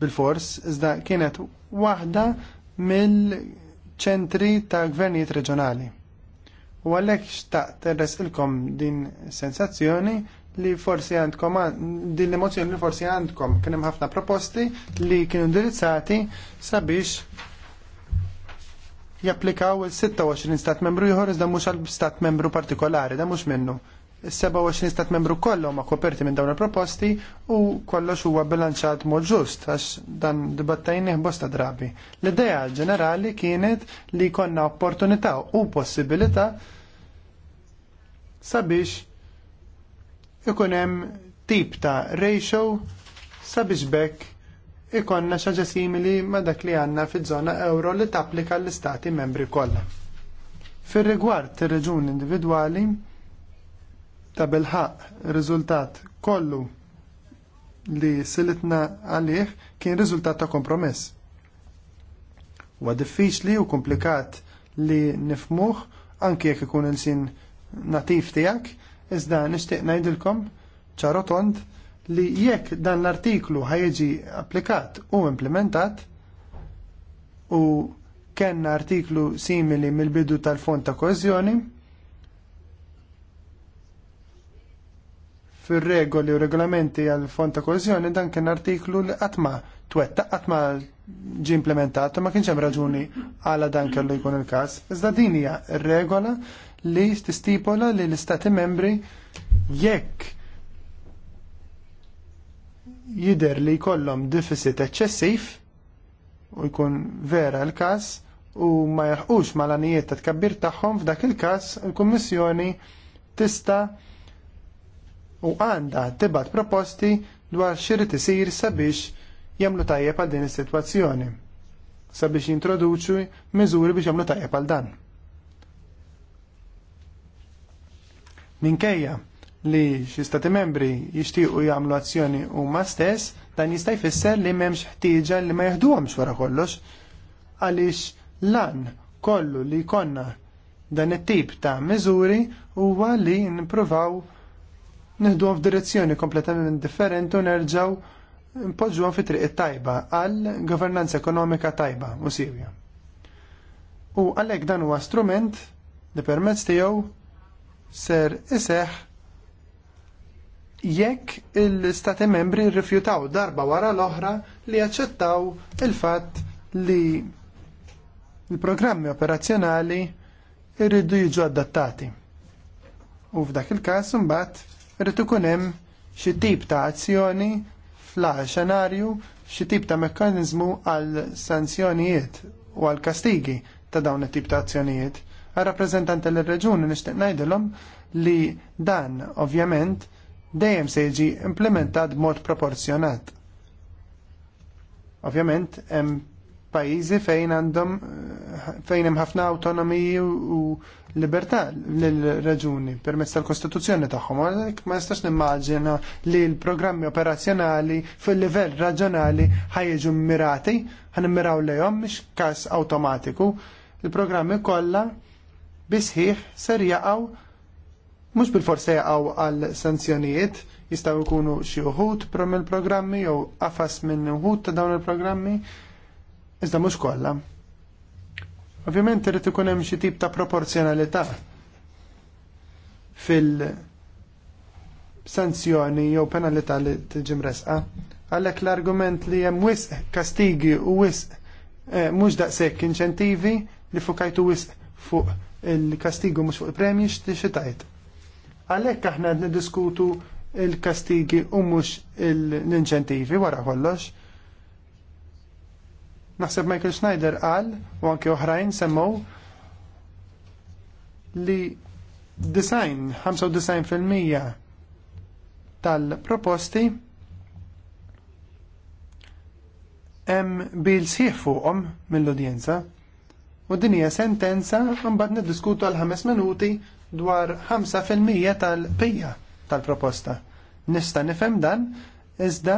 bil-fors, iżda kienet waħda mill-ċentri ta' gvernijiet reġjonali. U għalhekk xtaqt ilkom din sensazzjoni li forsi għandkom din l-emozjoni li forsi għandkom kien hemm ħafna proposti li kienu indirizzati sabiex japplikaw il-26 stat membru jħor iżda mhux għal stat membru partikolari, da mhux minnu. Is-27 stat membru kollhom ma koperti minn dawn il-proposti u kollox huwa bilanċat mod ġust għax dan dibattajn bosta drabi. L-idea ġenerali kienet li konna opportunità u possibilità sabiex ikun hemm tip ta' ratio sabiex bekk ikonna xaġa simili ma' dak li għanna fiż-żona euro li tapplika l-istati membri kollha. Fir-rigward ir-reġun individwali, ta' bilħaq riżultat kollu li silitna għalih kien riżultat ta' kompromess. Huwa diffiċli u komplikat li nifmuħ anki jekk ikun il-sin natif tiegħek, iżda nixtieq ngħidilkom ċarotont li jekk dan l-artiklu ħajġi applikat u implementat u kenna artiklu simili mill-bidu tal-fond ta' koezjoni fir-regoli u regolamenti għal fond ta' koezjoni dan kien artiklu li għatma twetta għatma ġi implementat ma kienx hemm raġuni għala dan kellu jkun il-każ. Iżda din hija regola li stistipola li l-istati membri jekk jider li jkollhom deficit eċċessiv u jkun vera l-każ u ma jaħqux mal-anijiet ta' tkabbir tagħhom f'dak il-każ il-Kummissjoni tista' u għandha tibgħat proposti dwar xirrid isir sabiex jagħmlu tajjeb għal din is-sitwazzjoni sabiex jintroduċu miżuri biex jagħmlu tajjeb għal dan. Minkejja li xi stati membri jixtiequ jagħmlu azzjoni huma stess, dan jista' jfisser li m'hemmx ħtieġa li ma jeħduhomx wara kollox għaliex lan kollu li jkollna dan it-tip ta' miżuri huwa li nippruvaw nieħduhom f'direzzjoni kompletament differenti u nerġgħu npoġġuhom fi triq tajba għal governanza ekonomika tajba u sirja. U għalhekk dan huwa strument li permezz tiegħu ser iseħħ jekk il-Stati membri rrifjutaw darba wara l-oħra li jaċċettaw il-fatt li il-programmi operazzjonali irridu jiġu adattati. U f'dak il-każ imbagħad irid ikun hemm xi tip ta' azzjoni fl xenarju xi tip ta' mekkaniżmu għal sanzjonijiet u għal kastigi ta' dawn it-tip ta' azzjonijiet. Għal rappreżentanti l-reġuni nixtieq ngħidilhom li dan ovvjament dejjem se jiġi implementat b'mod proporzjonat. Ovvjament, hemm pajjiżi fejn għandhom fejn hemm ħafna awtonomiji u libertà lill-raġuni permezz tal-Kostituzzjoni tagħhom. Għalhekk ma nistax nimmaġina li l-programmi operazzjonali fil-livell raġjonali ħajġu mirati, ħanimmiraw lejhom mhix każ awtomatiku. Il-programmi kollha bisħiħ ser jaqgħu Mhux bil-forse jaqgħu għal sanzjonijiet, jistgħu jkunu xi uħut prom il-programmi jew għafas minn uħud ta' dawn il-programmi, iżda mhux kollha. Ovvjament irid ikun hemm xi tip ta' proporzjonalità fil-sanzjoni jew penalità li tiġi mresqa. Għalhekk l-argument li hemm wisq kastigi u wisq eh, mhux daqshekk inċentivi li fukajtu wisq fuq il-kastigu mhux fuq il-premji xi tajt. Għalhekk aħna qed niddiskutu il-kastigi u mhux l-inċentivi wara kollox. Naħseb Michael Schneider qal u anke oħrajn semmow li design, 95% tal-proposti hemm bil fuqom fuqhom mill-udjenza u din hija sentenza mbagħad niddiskutu għal ħames minuti dwar 5% tal-pija tal-proposta. Nista nifhem dan iżda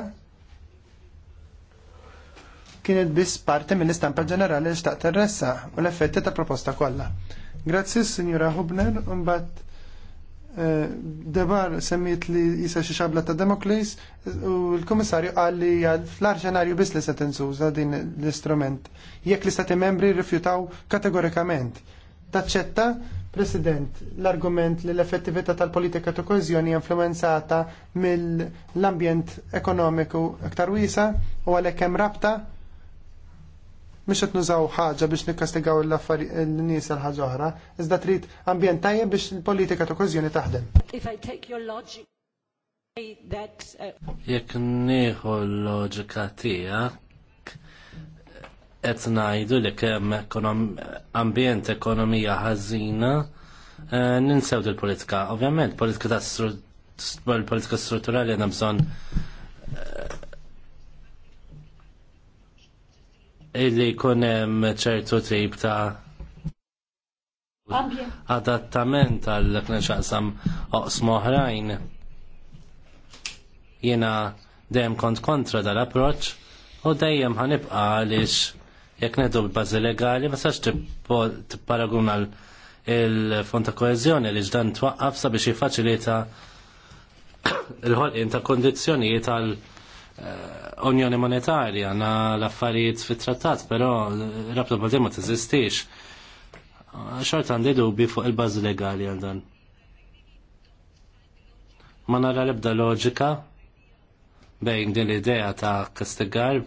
kienet biss parti mill-istampa ġenerali li xtaqt terressa u l-effetti ta' proposta kollha. Grazzi signora Hubner, mbagħad eh, Debar semmiet li jisa xi xabla ta' Democles u l-Kummissarju qal li fl-arġenarju biss li se tinsuża din l-istrument. Jekk li stati membri rifjutaw kategorikament. Taċċetta President, l-argument li l-effettività tal-politika ta' kohezjoni influenzata mill-ambjent ekonomiku aktar wiesa u għalhekk hemm rabta mhux qed nużaw ħaġa biex nikkastigaw l-nies għal ħaġa oħra, iżda trid ambjent tajjeb biex il-politika ta' kohezjoni taħdem. Uh, Jekk nieħu l-loġika tiegħek qed ngħidu li kemm ekonom ambjent ekonomija ħażina eh, ninsew il politika Ovvjament, politika ta' politika strutturali għandna bżonn eh, illi jkun hemm ċertu tip ta' adattament għal sam oqsm oħrajn. Jiena dejjem kont kontra dal-approċċ u dejjem ħanibqa għaliex jekk nedu l-bazi legali, ma sax tipparaguna il-fond ta' koezjoni li ġdan twaqqaf sabiex jiffaċilita l ħolqin ta' kondizjonijiet tal eh, Unjoni Monetarja na l-affarijiet fit-trattat, però rabta bħal ma teżistix. ċort għandi dubi fuq il-bażi legali għal dan. Ma nara l-ebda loġika bejn din l-idea ta' kastigar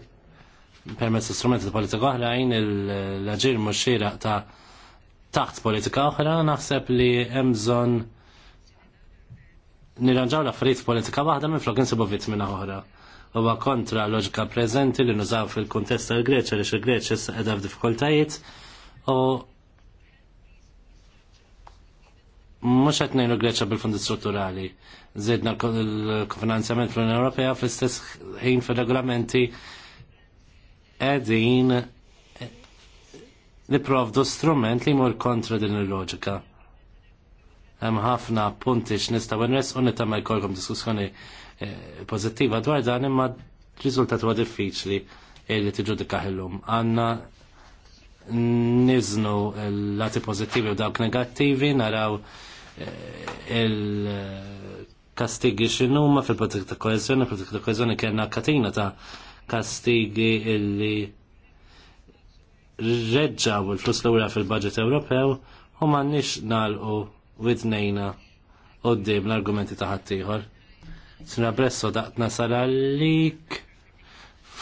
permezz istrumenti ta' politika oħra għajn l-ġir muxxira ta' taħt politika oħra naħseb li hemm bżonn nirranġaw l-affarijiet politika waħda minn flok insibu vittmina oħra. Huwa kontra loġika preżenti li nużaw fil-kuntest tal-Greċja li il-Greċja issa qiegħda f'diffikultajiet u mux qed nejlu Greċa bil-fondi strutturali. Zidna l-kofinanzjament fl-Unjoni Ewropea fl-istess ħin fil-regolamenti edin niprovdu strument li jmur kontra din il-loġika. Hemm ħafna punti x'nistgħu nres u ma kolkom diskussjoni eh, pożittiva dwar dan imma riżultat huwa diffiċli li tiġudika ħillum. Għandna niznu l-lati pożittivi u dawk negattivi, naraw eh, il-kastigi x'inhuma fil-proġett koezjoni, koeżjoni, il-proġett kellna katina ta' kastigi illi reġġaw il-flus l-ura fil-budget Ewropew u ma nix nalqu widnejna u d-dim l-argumenti taħattijħor. Sina Bresso daqtna sarallik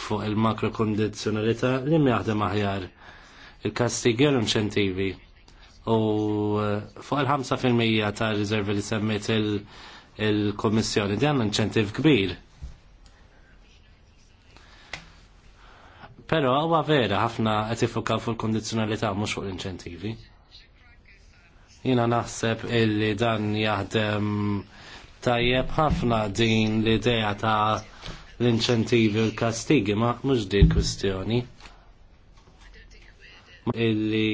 fuq il-makro kondizjonalita li mjaħdem aħjar il kastigi l inċentivi u eh, fuq il-5% ta' riservi li semmet il-Komissjoni għanna inċentiv kbir Pero huwa vera ħafna qed ifukaw fuq il-kondizzjonalità mhux fuq l-inċentivi. Jiena naħseb illi dan jaħdem tajjeb ħafna din l-idea ta' l-inċentivi u l-kastigi ma mhux din kwistjoni. Illi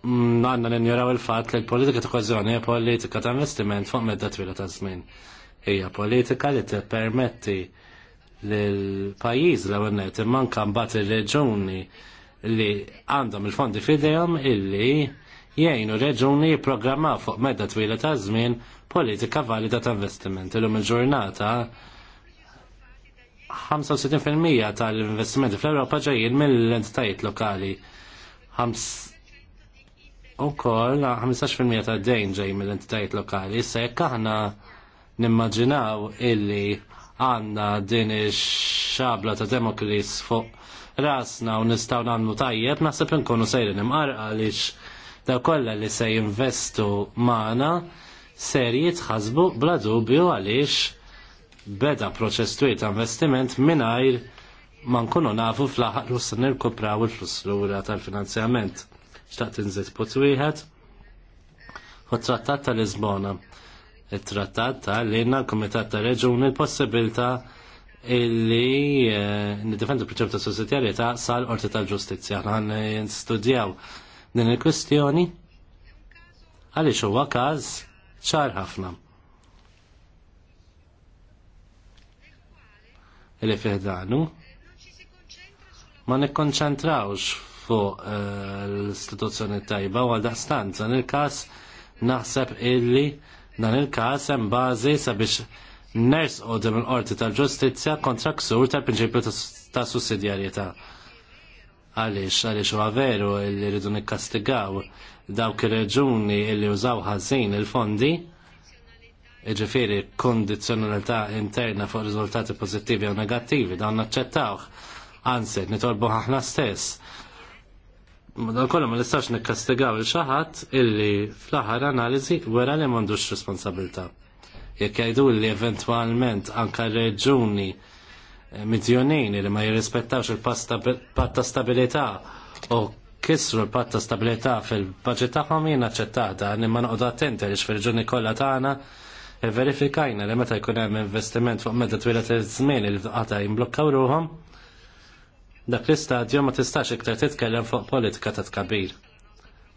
Mm, għanna ninjuraw il-fat li l-politika ta' kważjoni hija politika ta' investiment fuq medda twila ta' żmien. Hija politika li tippermetti l-pajjiż l għonet manka mbagħad ir-reġuni li għandhom il-fondi fidejhom illi jgħinu reġuni jipprogrammaw fuq medda twila ta' żmien politika valida ta' investiment. Illum il-ġurnata 65% tal-investimenti fl-Ewropa ġejjin mill-entitajiet lokali u koll 15% ta' dejn ġej mill-entitajiet lokali, se aħna nimmaġinaw illi għanna din xabla ta' Demokris fuq rasna u nistaw nannu tajjeb, naħseb nkunu sejrin imqarqa għaliex da' kolla li se jinvestu maħna ser jitħasbu bla dubju għaliex beda proċess twil ta' investiment mingħajr ma nkunu nafu fl-aħħar s-nirkupraw il-frustrura tal-finanzjament xtaqt inżid put wieħed u trattat ta' Lisbona. Il-trattat ta' li jenna l-Komitat ta' Reġuni l-possibilta illi eh, nidifendu prinċip ta' sussidjarjetà sal-Qorti tal-Ġustizzja. Għan studjaw din il kwestjoni għaliex huwa każ ċar ħafna. Illi fiħdanu ma nikkonċentrawx fuq eh, l-istituzzjoni tajba u għal daqstant dan il-kas naħseb illi dan il-kas hemm bażi sabiex ners qodem il-qorti tal-ġustizzja kontra ksur tal-prinċipju ta' sussidjarjetà. Għaliex, għaliex huwa veru li rridu nikkastigaw dawk ir-reġuni li użaw ħażin il-fondi iġifiri kondizjonalità interna fuq riżultati pożittivi u negattivi, dawn naċċettawh. Anzi, nitolbu ħahna stess Madankollu ma nistax nikkastigaw il-xaħat illi fl-aħħar analiżi wera li m'għandux responsabilità. Jekk jgħidu li eventwalment anka reġuni eh, midjonin li ma jirrispettawx il-patt ta' stabilità u kisru l-patt ta' stabilità fil-budget tagħhom jien aċċettata imma noqgħod attenti għaliex fir-reġuni kollha tagħna e verifikajna li meta jkun hemm investiment fuq meta twila żmien li qata jimblokkaw ruhom dak l-istadju ma tistax iktar titkellem fuq politika ta' tkabbir.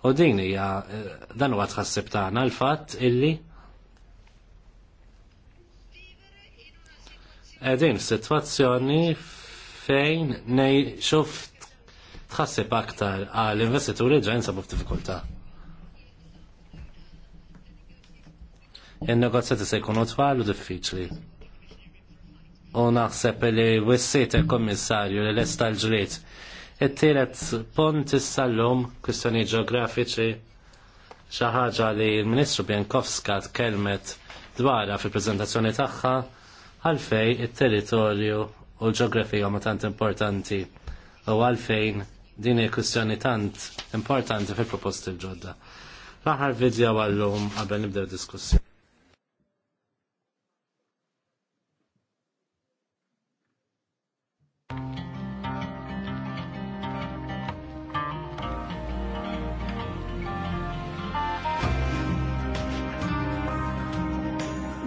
U din hija eh, dan huwa tħassib tagħna l-fatt illi qegħdin f'sitwazzjoni fejn nej xuf tħassib aktar għal investituri ġejn sabu f'diffikultà. Il-negozjati se jkunu tfal u diffiċli u naħseb li wissiet il-Kommissarju li l esta ġrit It-tielet punt issa-lum kwistjoni ġeografiċi xaħġa ħaġa li l-Ministru Bjankowska tkellmet dwarha fil-preżentazzjoni tagħha għalfej it-territorju u l-ġeografija huma tant importanti u għalfejn din hija kwistjoni tant importanti fil-proposti l-ġodda. L-aħħar video għallum qabel nibdew diskussjoni.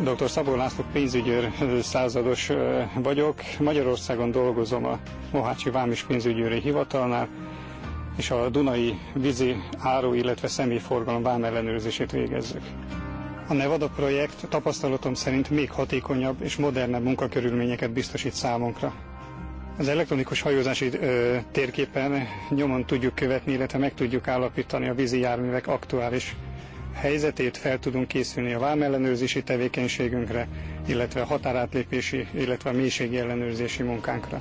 Dr. Szabó László pénzügyőr százados vagyok. Magyarországon dolgozom a Mohácsi Vámis pénzügyőri hivatalnál, és a Dunai vízi áru, illetve személyforgalom ellenőrzését végezzük. A Nevada projekt tapasztalatom szerint még hatékonyabb és modernebb munkakörülményeket biztosít számunkra. Az elektronikus hajózási ö, térképen nyomon tudjuk követni, illetve meg tudjuk állapítani a vízi járművek aktuális helyzetét fel tudunk készülni a vámellenőrzési tevékenységünkre, illetve a határátlépési, illetve mélységi ellenőrzési munkánkra.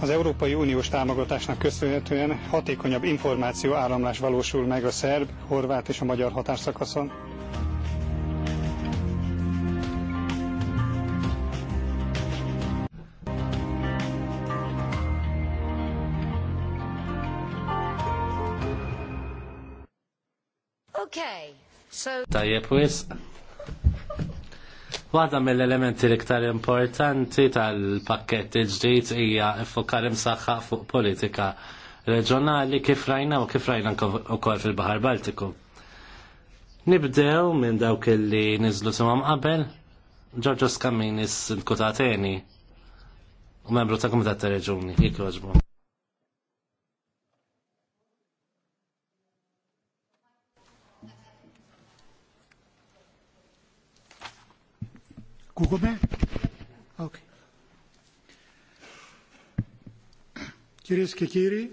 Az Európai Uniós támogatásnak köszönhetően hatékonyabb információ áramlás valósul meg a szerb, horvát és a magyar határszakaszon, Okay, so... Tajjeb wis. Waħda mill-elementi l-iktar importanti tal-pakket il-ġdijt hija fokar imsaħħa fuq politika reġjonali kif rajna u kif rajna wkoll fil-Baħar Baltiku. Nibdew minn dawk li niżlu simam qabel, Giorgio Scamminis, il-kutateni, u membru ta' Kumitat ta' Reġuni, Jikroġbu. Kukume? Okay. Κυρίες και κύριοι,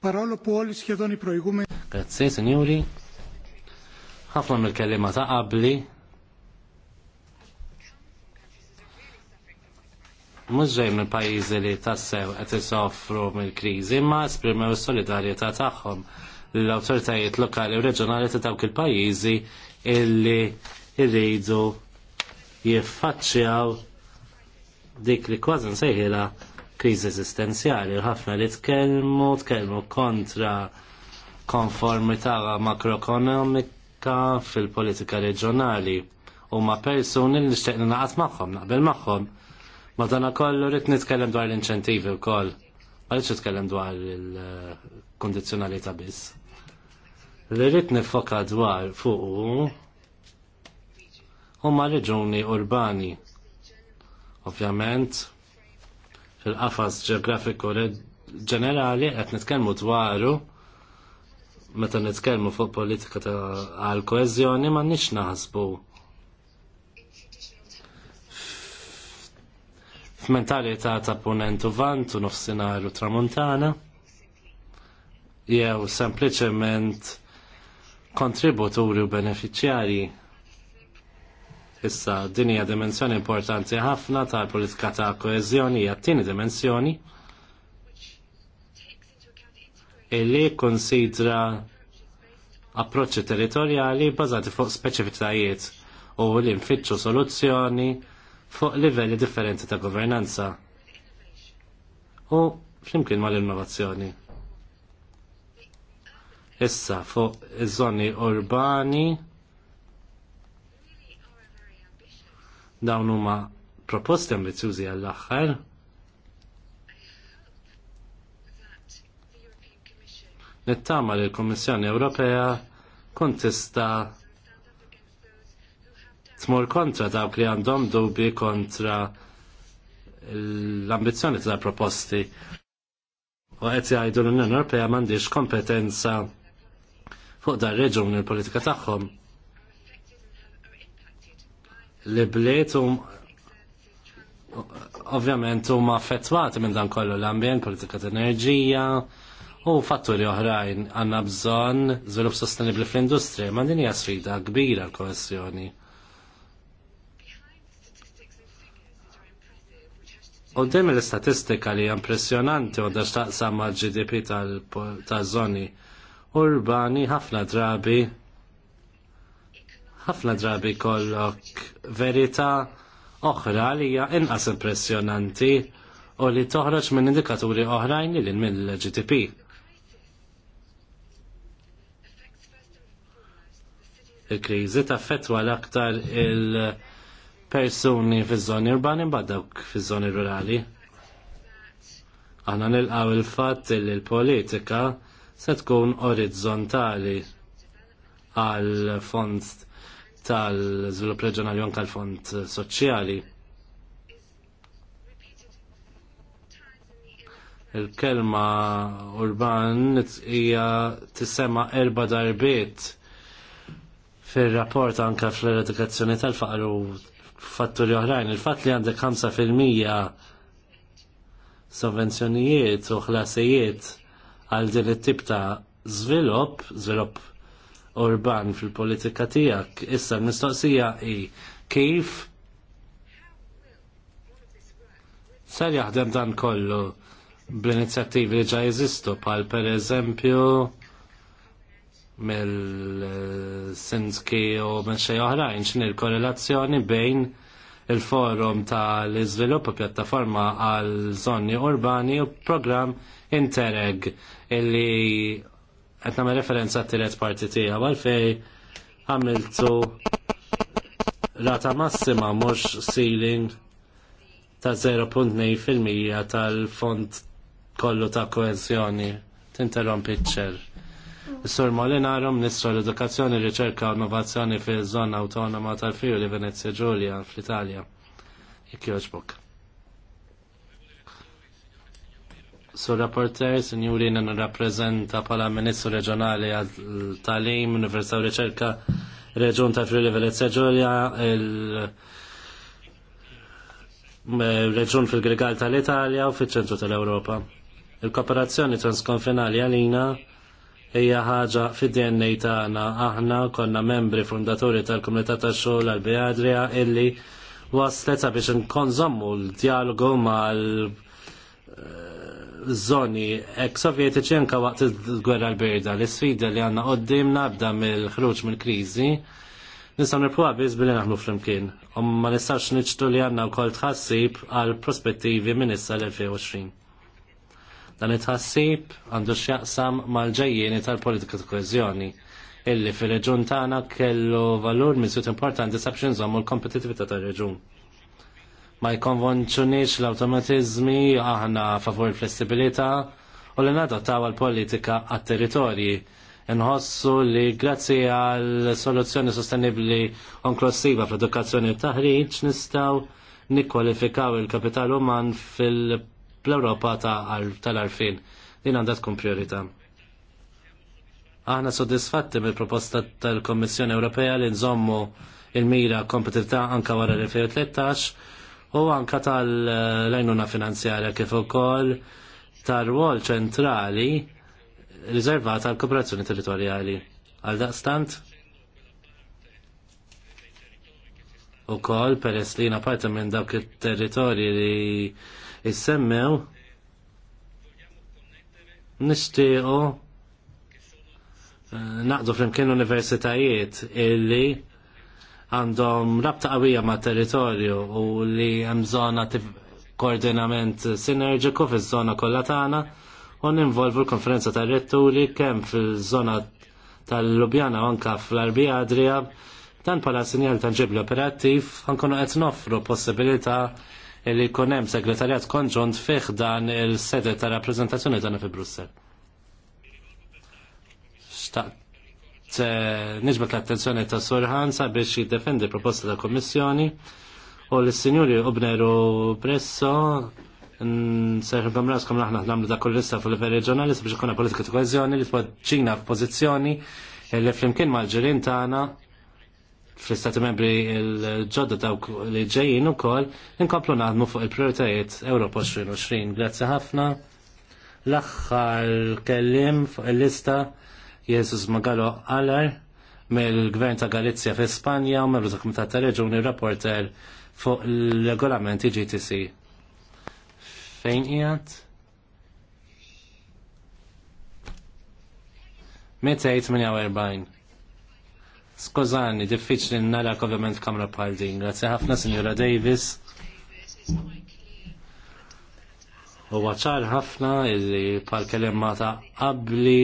παρόλο που όλοι σχεδόν οι προηγούμενοι... Grazie, signori. Ħafna με kelima ta' qabli. Mhux ġej mill-pajjiżi li tassew qed isofru mill-kriżi, imma esprimew is-solidarjetà tagħhom lill-awtoritajiet lokali u reġjonali ta' dawk il-pajjiżi illi irridu jiffaċċjaw dik li kważi nsejħila kriżi esistenzjali. Ħafna li tkellmu, tkellmu kontra konformità makroekonomika fil-politika reġjonali u ma persuni li nixtieq naqat magħhom, naqbel magħhom. Madonna kollu rrit nitkellem dwar l-inċentivi wkoll. Għaliex nitkellem dwar il kundizzjonalità biss. Li rrit nifoka dwar fuq huma reġuni urbani. Ovvjament, fil-qafas ġeografiku ġenerali qed nitkellmu dwaru meta nitkellmu fuq politika ta' għal koeżjoni ma nix naħsbu f'mentalità ta' punentu vantu vant u nofsinhar u tramuntana jew sempliċement kontributuri u beneficjarji Issa din hija dimensjoni importanti ħafna tal-politika ta' koeżjoni hija t-tieni dimensjoni illi konsidra approċċi territorjali bażati fuq speċifitajiet u li nfittxu soluzzjoni fuq livelli differenti ta' governanza u flimkien mal-innovazzjoni. Issa fuq iż-żoni urbani Dawn huma proposti ambizjużi għall-aħħar. Nittama li l-Kommissjoni Ewropea kun tista' tmur kontra dawk li għandhom dubi kontra l-ambizzjoni ta' proposti. U għet jgħidu l-Unjoni Ewropea m'għandix kompetenza fuq dar reġun il-politika tagħhom li bliet u ovvjament huma affettwati minn dan kollu l-ambjent, politika t enerġija u fatturi oħrajn għanna bżonn żvilupp sostenibbli fl-industrija, ma' din hija sfida kbira l-kohessjoni. U dim l-istatistika li impressjonanti u da xtaqsam ma' GDP tal-żoni urbani ħafna drabi ħafna drabi kollok verità oħra li hija inqas impressjonanti u li toħroġ minn indikaturi oħrajn li mill-GDP. Il-kriżi taffettwa l-aktar il-persuni fiż-żoni urbani dawk fiż-żoni rurali. Aħna nilqaw il-fatt li l-politika se tkun orizzontali għal fond tal-żvilupp reġjonali anke l-fond soċjali. Il-kelma urban hija tisema erba' darbiet fir-rapport anke fl-eradikazzjoni tal-faqar u fatturi oħrajn. Il-fatt li għandek 5% sovvenzjonijiet u ħlasijiet għal din it-tip ta' żvilupp, żvilupp Urban fil-politika tiegħek. Issa mistoqsija hi kif ser jaħdem dan kollu bl-inizjattivi li ġa jeżistu bħal pereżempju mill-Sinski u minn xej oħrajn x'in il-korrelazzjoni bejn il-forum tal u pjattaforma għal zonni urbani u program Interreg illi qed nagħmel referenza t-tielet parti tiegħu għalfej għamiltu rata massima mhux ceiling ta' fil-mija tal-fond kollu ta' koezjoni. t ċer. Sur Molinarum, Ministru l-Edukazzjoni, Riċerka u Innovazzjoni fil zona autonoma tal-Friuli Venezia Giulia fl-Italja. Ikkjoġbuk. Sur rapporter, signori, n-rapprezenta pala ministru reġjonali għal-talim, Università u Riċerka, Reġun ta' Friuli Venezia Giulia, il-Reġun eh, fil-Grigal tal-Italja u fil-ċentru tal-Europa. Il-kooperazzjoni transkonfinali għalina hija ħaġa fid-DNA tagħna aħna konna membri fundaturi tal-Komunità tax-Xogħol għall beadria illi waslet sabiex inkonżommu l-dialogu mal zoni ek-sovjetiċi anka waqt il-gwerra l-berda, l-sfida li għanna qoddimna bda mill-ħruġ mill-krizi, nistaw nirpuwa biz billi naħmu flimkien, u ma nistax niċtu li għanna u kol tħassib għal prospettivi minn issa l-2020. Dan it-tħassib għandu xjaqsam mal-ġejjieni tal-politika ta' koezjoni illi fil-reġun tagħna kellu valur miżjut importanti sabxin zommu l-kompetitività tar-reġun ma jkonvonċunix l-automatizmi aħna favur flessibilità u li nadottaw għal-politika għat-territorji. Nħossu li grazzi għal soluzzjoni sostenibli onklossiva fl-edukazzjoni u taħriġ nistaw nikkwalifikaw il-kapital uman fil-Europa tal-arfin. Din għandha tkun priorità. Aħna soddisfatti mill-proposta tal-Kommissjoni Ewropea li nżommu il-mira kompetitività anka wara l-2013 u anka tal-lajnuna finanzjarja kif ukoll tar-rwol ċentrali riservata għal kooperazzjoni territorjali. Għal daqstant, u kol peress li parta minn dawk il-territorji li jissemmew nishtiqu eh, naqdu flimkien universitajiet illi għandhom rabta qawwija ma' territorju u li hemm żona koordinament sinerġiku fiż-żona kollha tagħna u ninvolvu l-konferenza tar-retturi kemm fil-żona tal-Lubjana u anka fl-Arbija Adria dan pala sinjal ta ġibli operattiv ħankunu qed noffru possibilità li jkun hemm segretarjat konġunt fih dan il-sede ta' rappreżentazzjoni tagħna fi Brussell. Xtaqt Eh, nġbet l-attenzjoni ta' Surħan sabiex jiddefendi proposta ta' kommissjoni u l-Sinjuri Ubneru Presso Serħibkom raskom laħna namlu da kull lista fil-livell reġjonali sabiex ikuna politika ta' koezjoni li tpoġġina f'pożizzjoni li flimkien mal-ġirin tagħna fl-Istati Membri l-ġodda ta' li ġejjin ukoll inkomplu naħdmu fuq il-prioritajiet Ewropa 2020. Grazzi ħafna. L-aħħar kellim fuq il-lista Jesus Magalo Alar mill-Gvern ta' Galizja fi Spanja u membru ta' Komitat ta' Reġuni rapporter fuq l-regolamenti GTC. Fejn qiegħed? Mitejt minn erbajn. Skużani, diffiċli nara ovvjament kamra bħal din. Grazzi ħafna, Signora Davis. U ħafna illi pal kelimma ta' qabli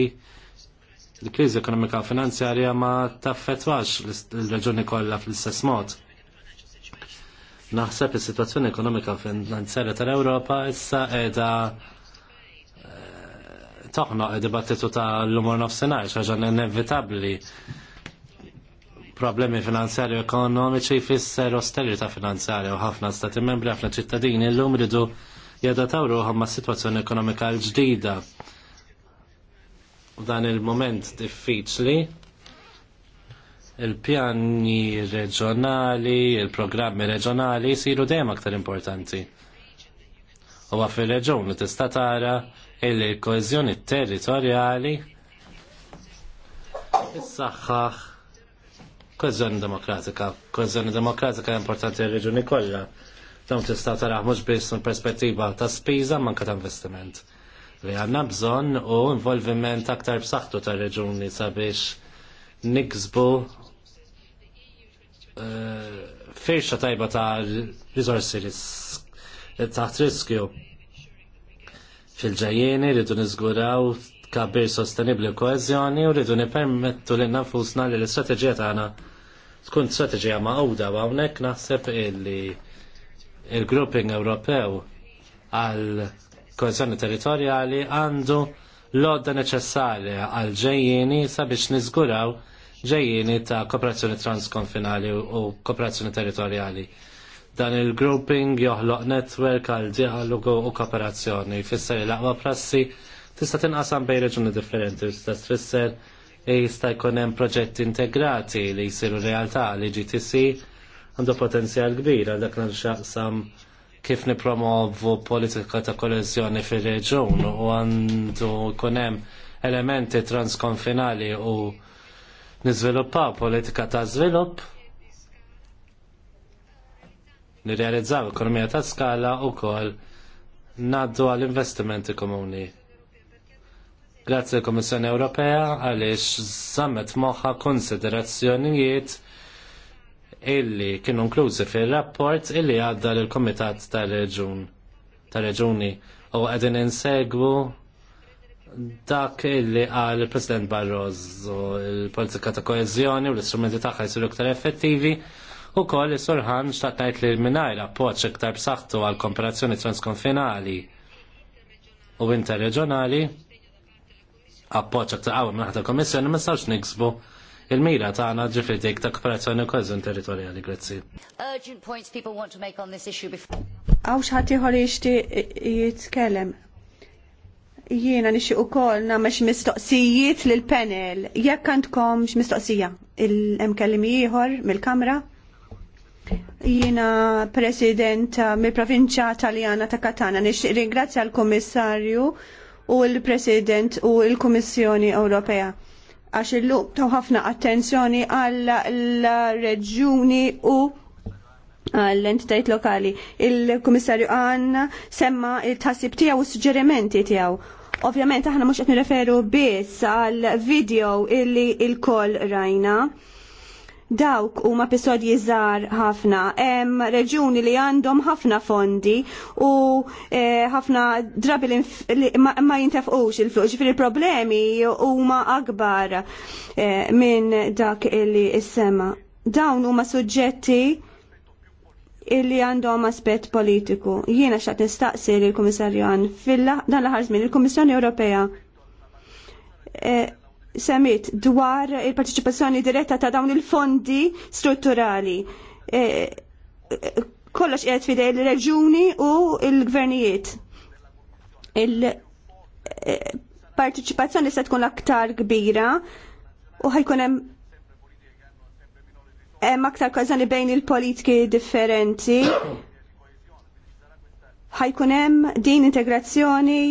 Il-kriżi ekonomika u finanzjarja ma taffetwax l-reġuni kollha fl-istess mod. Naħseb is-sitwazzjoni ekonomika u finanzjarja tal-Ewropa issa qiegħda eh, toħna dibattitu ta' l-umor nofsenar, xaġan inevitabli problemi finanzjari ekonomiċi fisser osterita finanzjarja u ħafna stati membri, ħafna ċittadini l-lum ridu jadataw ruħom ma' situazzjoni ekonomika l-ġdida f'dan il-moment diffiċli il-pjani reġjonali, il-programmi reġjonali jsiru dejjem aktar importanti. U fil reġjun li tista' tara illi l-koeżjoni territorjali is-saħħaħ koeżjoni demokratika. Koeżjoni demokratika importanti għal-reġuni kollha. Dawn tista' tara mhux biss perspettiva ta' spiża manka ta' investiment li għanna bżon u involviment aktar b'saħħtu ta' reġuni sabiex nikzbu eh, firxa tajba ta' rizorsi taħt riskju fil-ġajjeni rridu nizguraw kabir sostenibli u koezjoni u rridu nipermettu li nafusna li l-istrateġija tagħna tkun strateġija maqgħuda u hawnhekk naħseb illi il-grouping Ewropew għal kohezjoni territorjali għandu l-odda neċessarja għal ġejjini sabiex niżguraw ġejjini ta' kooperazzjoni transkonfinali u kooperazzjoni territorjali. Dan il-grouping joħloq netwerk għal dialogu u kooperazzjoni. Fisser il-aqwa prassi tista' tinqasam bej reġuni differenti tista' tfisser e jista' jkun hemm proġetti integrati li jsiru realtà li GTC għandu potenzjal kbir għal dak l-xaqsam kif nipromovu politika ta' koleżjoni fir-reġun u għandu jkun hemm elementi transkonfinali u niżviluppaw politika ta' żvilupp nirrealizzaw ekonomija ta' skala u kol naddu għal-investimenti komuni. Grazie l-Komissjoni Ewropea għaliex zammet moħħa konsiderazzjonijiet illi kienu inklużi fil-rapport illi għadda l-Komitat tal-Reġun tal-Reġuni u għadin insegwu dak illi għal President u l politika ta' koezjoni u l-istrumenti tagħha jsiru iktar effettivi u koll is-surħan xtaqtajt li minnaj rapport appoċ iktar b'saħħtu għal komparazzjoni transkonfinali u interreġjonali appoċċa ta' għawem naħta komissjoni ma sawx niksbu il-mira tagħna ġifri dik ta' kooperazzjoni kważun territorjali, grazzi. Urgent points people want to make on this issue before. Għaw xħati jħor jishti jitkellem. Jiena nixi u kol namma mistoqsijiet l-panel. Jekk għandkom mistoqsija il-emkellim jħor mill-kamra? Jiena president mill-provinċja taljana ta' Katana. nixi ringrazzja l-Kummissarju u l-President u l komissjoni Ewropea għax il taw ħafna attenzjoni għall reġjuni u l-entitajt lokali. Il-Komissarju għan semma il-tħassib tijaw u suġġerimenti tijaw. Ovvjament aħna mux qed nirreferu biss għal video illi il kol rajna. Dawk huma episodji jizzar ħafna. Hemm reġuni li għandhom ħafna fondi u eh, ħafna eh, drabi li ma, ma jintefqux il fluq Ġifri problemi huma akbar eh, minn dak li sema Dawn huma suġġetti illi għandhom aspett politiku. Jiena xat nistaqsi il komissarju għan fil-dan l żmien il-Kummissjoni Ewropea. Eh, semmit dwar il-parteċipazzjoni diretta ta' dawn il-fondi strutturali. E, kollox qiegħed fidej il-reġuni u l-gvernijiet. Il-parteċipazzjoni e, se tkun aktar kbira u ħajkun hemm hemm aktar kważani bejn il-politiki differenti. Ħajkun hemm din integrazzjoni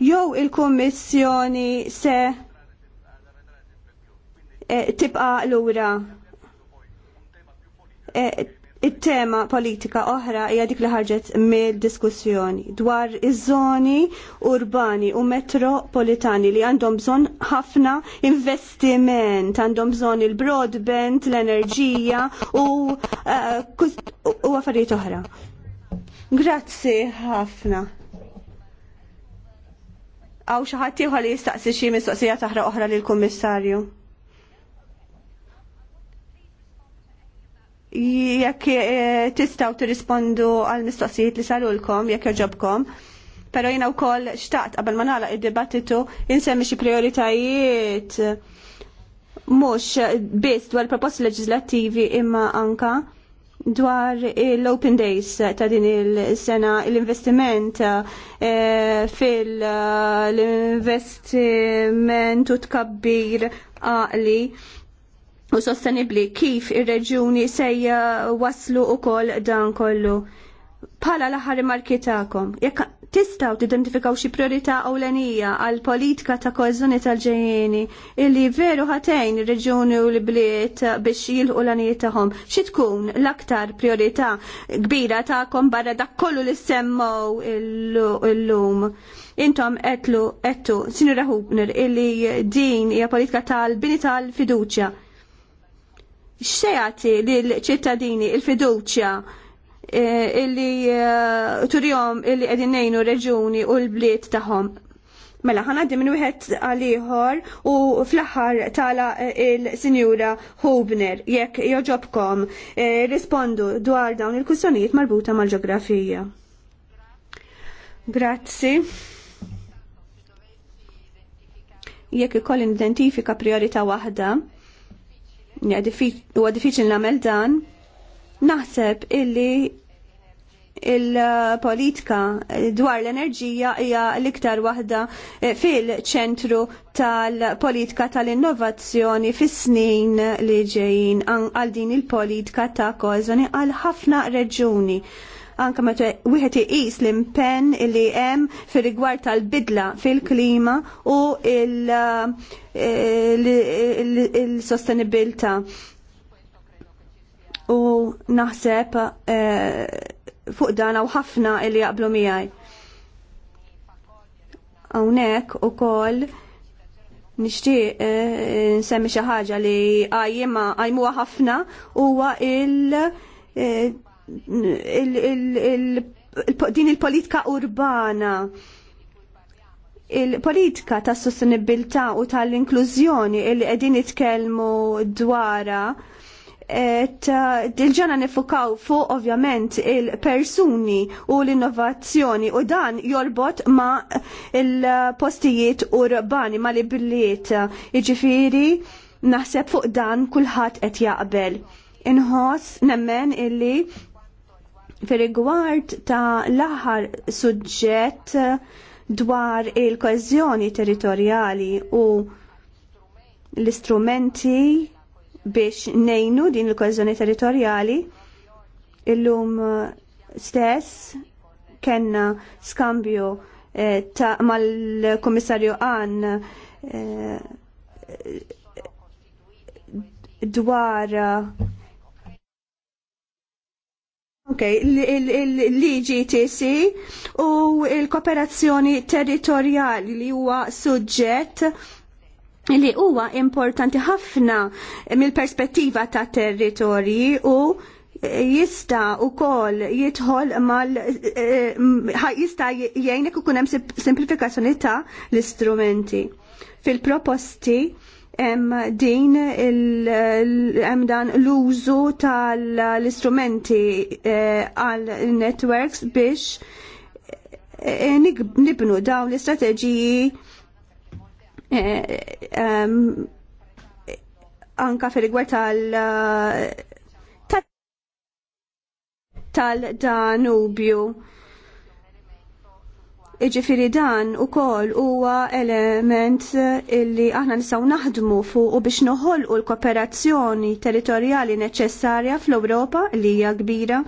jew il-Kummissjoni se Eh, tibqa lura eh, it-tema politika oħra hija dik li ħarġet mill-diskussjoni dwar iż-żoni urbani u metropolitani li għandhom bżonn ħafna investiment, għandhom bżonn il-broadband, l-enerġija u uh, affarijiet oħra. Grazzi ħafna. Għaw xaħat tiħu li jistaqsi xie mistoqsija taħra oħra lill kummissarju jekk eh, tistaw tirrispondu għal mistoqsijiet li sarulkom jekk joġobkom. Pero jina u koll xtaqt qabel ma nalaq id-dibattitu insemmi xi prioritajiet mhux biss dwar proposti leġislattivi imma anka dwar l-Open Days ta' din il-sena l-investiment eh, fil-investiment eh, u tkabbir għali u sostenibli kif ir-reġuni sejja eh, waslu u dan kollu. Pala l-aħħar rimarki tagħkom, jekk tistgħu tidentifikaw xi priorità ewlenija għal politika ta' koeżjoni tal ġejjeni illi veru ħatejn ir-reġuni u l-bliet biex jilħu l anijiet tagħhom. Xi tkun l-aktar priorità kbira tagħkom barra dak kollu li semmow il-lum. Intom etlu, qedtu, Sinjura Hubner, illi din hija politika tal-bini tal-fiduċja xsejati l-ċittadini il-fiduċja eh, illi eh, turjom illi qegħdin ngħinu reġuni u l-bliet tagħhom. Mela, ħanaddi minn wieħed għal-ieħor u fl-aħħar tala eh, il-Sinjura Hubner, jekk joġobkom, rispondu dwar dawn il-kustonijiet marbuta mal-ġeografija. Grazzi. Jekk ikoll identifika priorità waħda, huwa diffiċli nagħmel dan, naħseb illi il-politika dwar l-enerġija hija l-iktar waħda eh, fil-ċentru tal-politika tal-innovazzjoni fis-snin li ġejjin għal din il-politika ta' kożoni għal ħafna reġuni anke meta wieħed iqis l-impenn li hemm fir-rigward tal-bidla fil-klima u l eh, sostenibilità U naħseb eh, fuq dan hawn ħafna li jaqblu miegħi. Hawnhekk ukoll nixtieq eh, nsemmi xi ħaġa li għajjima għajmuha ħafna huwa il din il-politika urbana il-politika ta' sostenibilità u tal-inklużjoni li qegħdin nitkellmu dwara eh, il-ġana nifukaw fuq ovvjament il-persuni u l-innovazzjoni u dan jorbot ma il-postijiet urbani ma li bliet iġifiri naħseb fuq dan kulħadd qed jaqbel. Inħoss nemmen illi Fir-rigward ta' l-aħħar suġġett dwar il-koezjoni territorjali u l-istrumenti biex nejnu din il-koezjoni territorjali illum eh, stess kenna skambju eh, mal-komissarju għan eh, dwar eh, Ok, l liġi TC u l kooperazzjoni territorjali li huwa suġġett li huwa importanti ħafna mill-perspettiva ta' territorji u jista u kol jitħol mal eh, jista jgħinek u kunem simplifikazzjoni ta' l-istrumenti. Fil-proposti hemm din hemm dan l-użu tal-istrumenti eh, għal networks biex eh, nibnu dawn l-istrateġiji eh, ehm, anka fil-rigward tal tal-Danubju. Iġifiri dan u kol huwa element eh, illi aħna nisaw naħdmu fuq u biex noħolqu l-kooperazzjoni territorjali neċessarja fl-Ewropa li hija kbira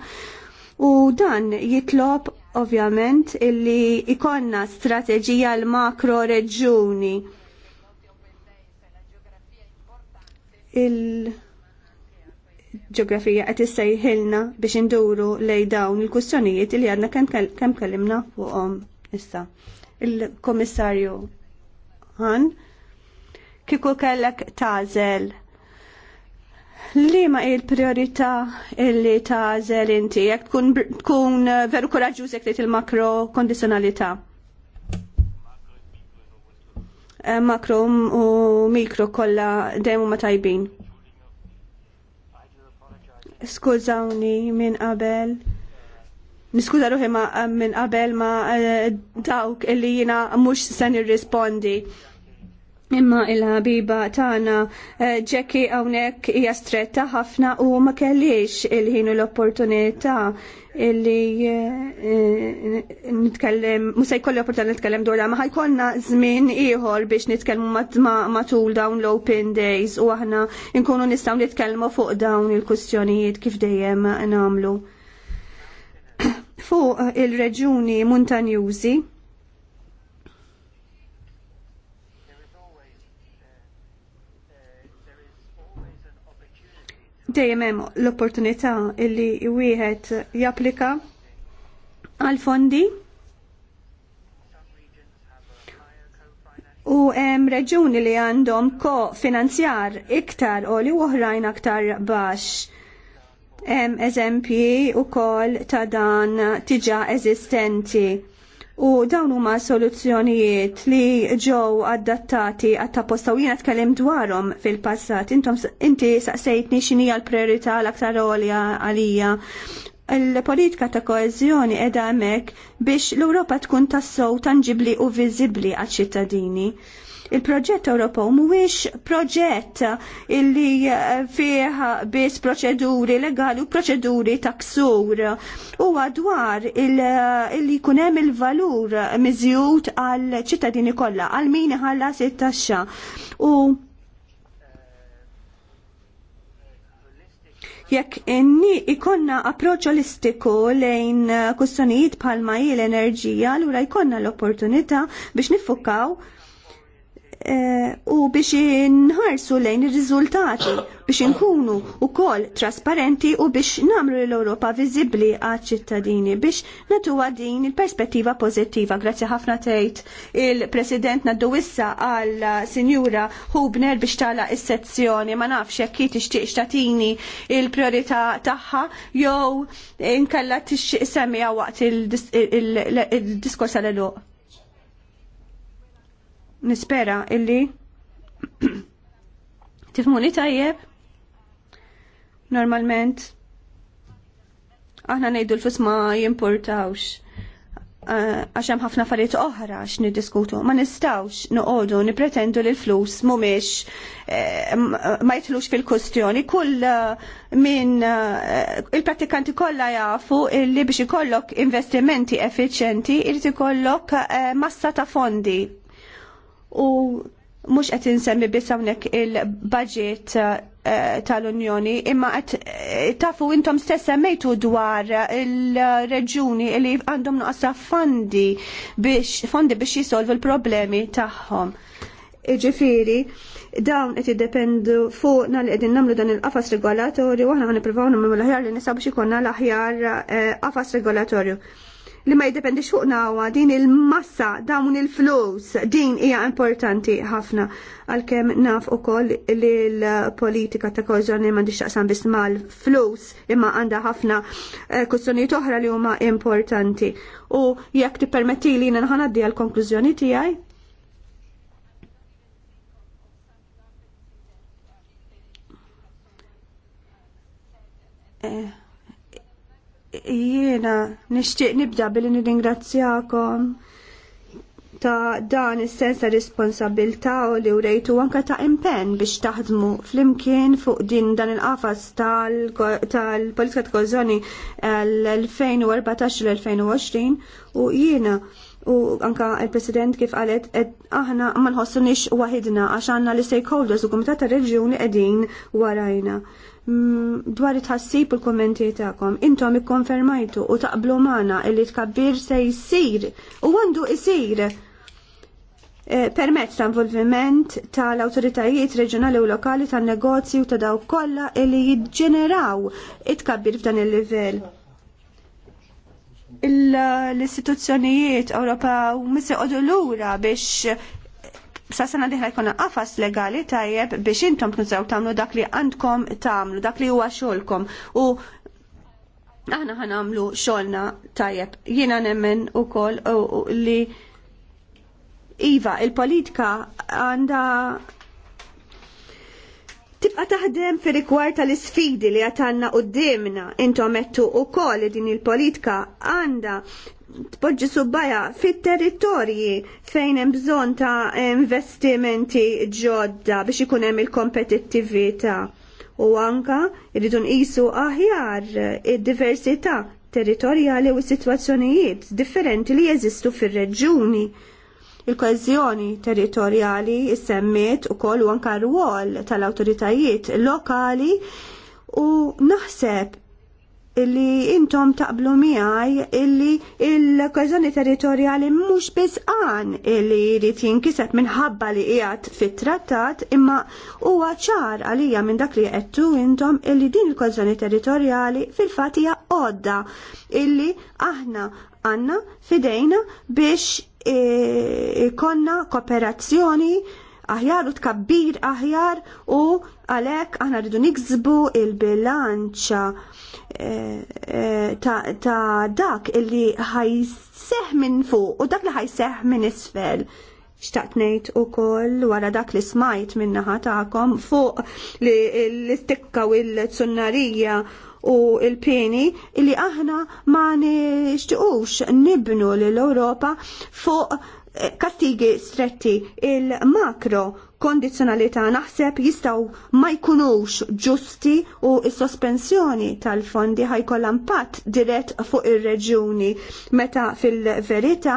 u dan jitlob ovvjament illi ikonna strateġija l-makro reġuni. Il ġeografija qed issejħilna biex induru lejn dawn il-kustjonijiet li għadna kemm kellimna fuqhom. Issa, il-komissarju għan kiku kellek tażel li ma il-priorità illi tażel inti, jek tkun, tkun eh, veru koraġuż jek il-makro kondizjonalità eh, makro u mikro kolla demu ma tajbin. Skużawni minn qabel niskuza ruħi ma eh, minn qabel ma eh, dawk illi jina mux sen irrispondi. Imma il-ħabiba tana ġeki eh, għawnek hija stretta ħafna u ma kellix il-ħinu l-opportunità illi nitkellem, musa jkolli opportunità nitkellem dwar ma ħajkonna żmien ieħor biex nitkellmu matul dawn l-open days u aħna nkunu nistgħu nitkellmu fuq dawn il-kwistjonijiet kif dejjem nagħmlu fuq il-reġuni montanjużi. Dejjem hemm l-opportunità li wieħed japplika għal fondi u hemm reġuni li għandhom ko finanzjar iktar u li oħrajn aktar baxx Hemm eżempji wkoll ta' dan tiġa eżistenti u dawn huma soluzzjonijiet li ġew adattati għat posta u jiena tkellem dwarhom fil-passat. Intom inti saqsejtni x'inhi l prijorità l-aktar għolja għalija. Il-politika ta' koeżjoni qiegħda hemmhekk biex l-Ewropa tkun tassew tanġibli u viżibbli għaċ-ċittadini. Il-proġett Ewropew mhuwiex proġett illi eh, fih biss proċeduri legali u proċeduri ta' ksur. Huwa dwar eh, illi jkun hemm il-valur miżjud għal ċittadini kollha għal min iħallas it-taxxa. U jekk inni ikonna approċ olistiku lejn kustonijiet palma il enerġija l ura jkonna l-opportunità biex nifukaw Eh, u biex nħarsu lejn ir-riżultati biex nkunu wkoll trasparenti u biex nagħmlu l-Ewropa viżibbli għaċ-ċittadini biex natuha din il-perspettiva pożittiva. Grazzi ħafna tgħid il-President naddu għal Sinjura Hubner biex tala is-sezzjoni ma nafx jekk hi tixtieq xtatini il-priorità tagħha jew inkella tixtieq semmiha waqt il-diskors għal eluq nispera illi tifmuni tajjeb normalment aħna nejdu l-fus ma jimportawx eh, għax hemm ħafna affarijiet oħra x niddiskutu. Ma nistawx noqogħdu nipretendu li l-flus mhumiex eh, ma jitlux fil-kustjoni. Kull uh, il-prattikanti kollha jafu li biex ikollok investimenti effiċjenti irid ikollok massa ta' fondi u mhux qed insemmi biss hawnhekk il-budget eh, tal-Unjoni imma qed eh, tafu intom stess semmejtu dwar il-reġuni li għandhom nuqqasa fondi biex fondi biex jisolvu l-problemi tagħhom. Ġifiri, dawn qed jiddependu fuqna li qegħdin nagħmlu dan il-qafas regolatorju aħna għan nippruvaw nagħmlu l-aħjar li nisa biex ikollna l-aħjar eh, qafas regolatorju li ma jidependix fuq nawa, din il-massa, dawn il-flus, din hija importanti ħafna. Għalkemm naf ukoll li l-politika ta' kożjoni mandi xaqsan biss mal-flus imma għandha ħafna eh, kustjonijiet oħra li huma importanti. U jekk tippermetti li nħanaddi għal-konklużjoni tiegħi, Eh jiena nixtieq nibda billi nirringrazzjakom ta' dan is-sens ta' responsabilità u li wrejtu anka ta' impenn biex taħdmu flimkien fuq din dan il-qafas tal-politika ta' kozzoni l-2014 l-2020 u jiena u anka il-President kif qalet aħna ma nix waħidna għax għandna li stakeholders u komitata tar-reġjuni qegħdin warajna. Mm, dwar it-ħassib u kommenti ta'kom, intom ikkonfermajtu u taqblu magħna li tkabbir se jsir u għandu jsir eh, permezz ta' involviment tal-autoritajiet reġjonali u lokali tan negozju ta' dawk kollha li jiġġeneraw it-kabbir f'dan il-livell l-istituzzjonijiet Ewropew mis joqogħdu lura biex sa sena diħla jkun qafas legali tajjeb biex intom tnużaw tagħmlu dak li għandkom tagħmlu dak li huwa xogħolkom u aħna għamlu xogħolna tajjeb. Jiena nemmen ukoll li Iva, il-politika għandha tibqa taħdem fi rikwar tal-isfidi li għatanna u d-demna intom ettu u koll din il-politika għanda tpoġġi subbaja fit-territorji fejn hemm bżonn ta' investimenti ġodda biex ikun hemm il-kompetittività u anka irridu nqisu aħjar id-diversità territorjali u s-sitwazzjonijiet differenti li jeżistu fir-reġjuni. Il-koezjoni territorjali semmiet ukoll u anka rwol tal-awtoritajiet lokali u naħseb illi intom taqblu miħaj illi il kwezzjoni territorjali mux bizqan illi jrid jinkiseb minħabba li qiegħed fit-trattat imma huwa ċar għalija minn dak li jgħettu intom illi din il kwezzjoni territorjali fil-fatt hija illi aħna għanna fidejna biex ikonna kooperazzjoni aħjar u tkabbir aħjar u għalek aħna rridu nikzbu il-bilanċa eh, eh, ta' dak illi ħajseħ minn fuq u dak li ħajseħ minn isfel. Xtaqt ngħid ukoll wara dak li smajt min-naħa tagħkom fuq l-istikka u l-tsunnarija u il-pieni li aħna ma nixtiqux nibnu l-Europa fuq kastigi stretti il-makro kondizjonalità naħseb jistaw ma jkunux ġusti u s-sospensjoni tal-fondi ħajkollha impatt dirett fuq ir-reġjuni meta fil-verità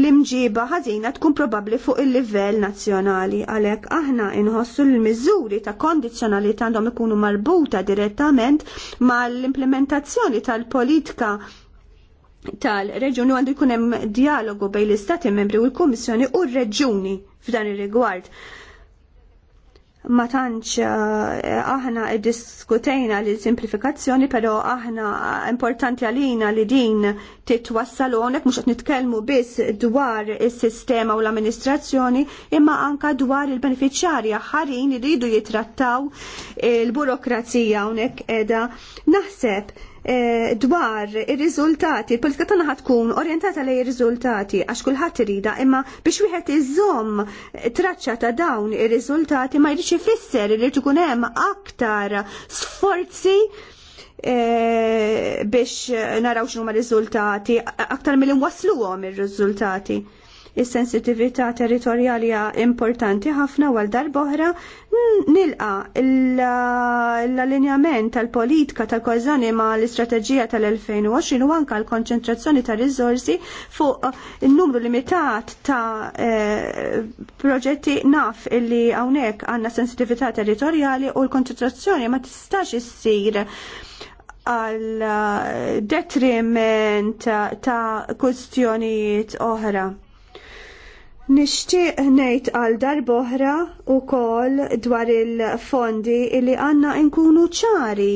l-imġiba ħażina tkun probabbli fuq il-livell nazzjonali għalhekk aħna inħossu l-miżuri ta' kondizjonalità għandhom ikunu marbuta direttament mal-implementazzjoni tal-politika tal-reġuni għandu jkun hemm dialogu bejn l-Istati membri u l-Kummissjoni u r-reġuni f'dan ir-rigward. Ma tantx eh, aħna diskutejna li simplifikazzjoni, però aħna importanti għalina li din titwassal u għonek mhux qed nitkellmu biss dwar is-sistema u l-amministrazzjoni, imma anka dwar il-beneficjarja ħarin li jitrattaw il-burokrazija hawnhekk qiegħda naħseb Eh, dwar ir-riżultati, il-politika tagħna ħatkun tkun lej lejn ir-riżultati għax kulħadd rida, imma biex wieħed iżomm traċċa ta' dawn ir-riżultati ma jridx ifisser irid ikun hemm aktar sforzi eh, biex naraw x'huma riżultati aktar milli nwassluhom ir-riżultati is-sensitività territorjali importanti ħafna għal darboħra nilqa l-allinjament tal-politika ta' kozzani ma l-istrateġija tal-2020 u anka l-konċentrazzjoni ta' rizorsi fuq il-numru limitat ta' eh, proġetti naf illi hawnhekk għandna sensitività territorjali u l-konċentrazzjoni ma tistax issir għal eh, detriment ta' kustjonijiet oħra. Nixtieq ngħid għal darboħra u kol dwar il-fondi li għandna nkunu ċari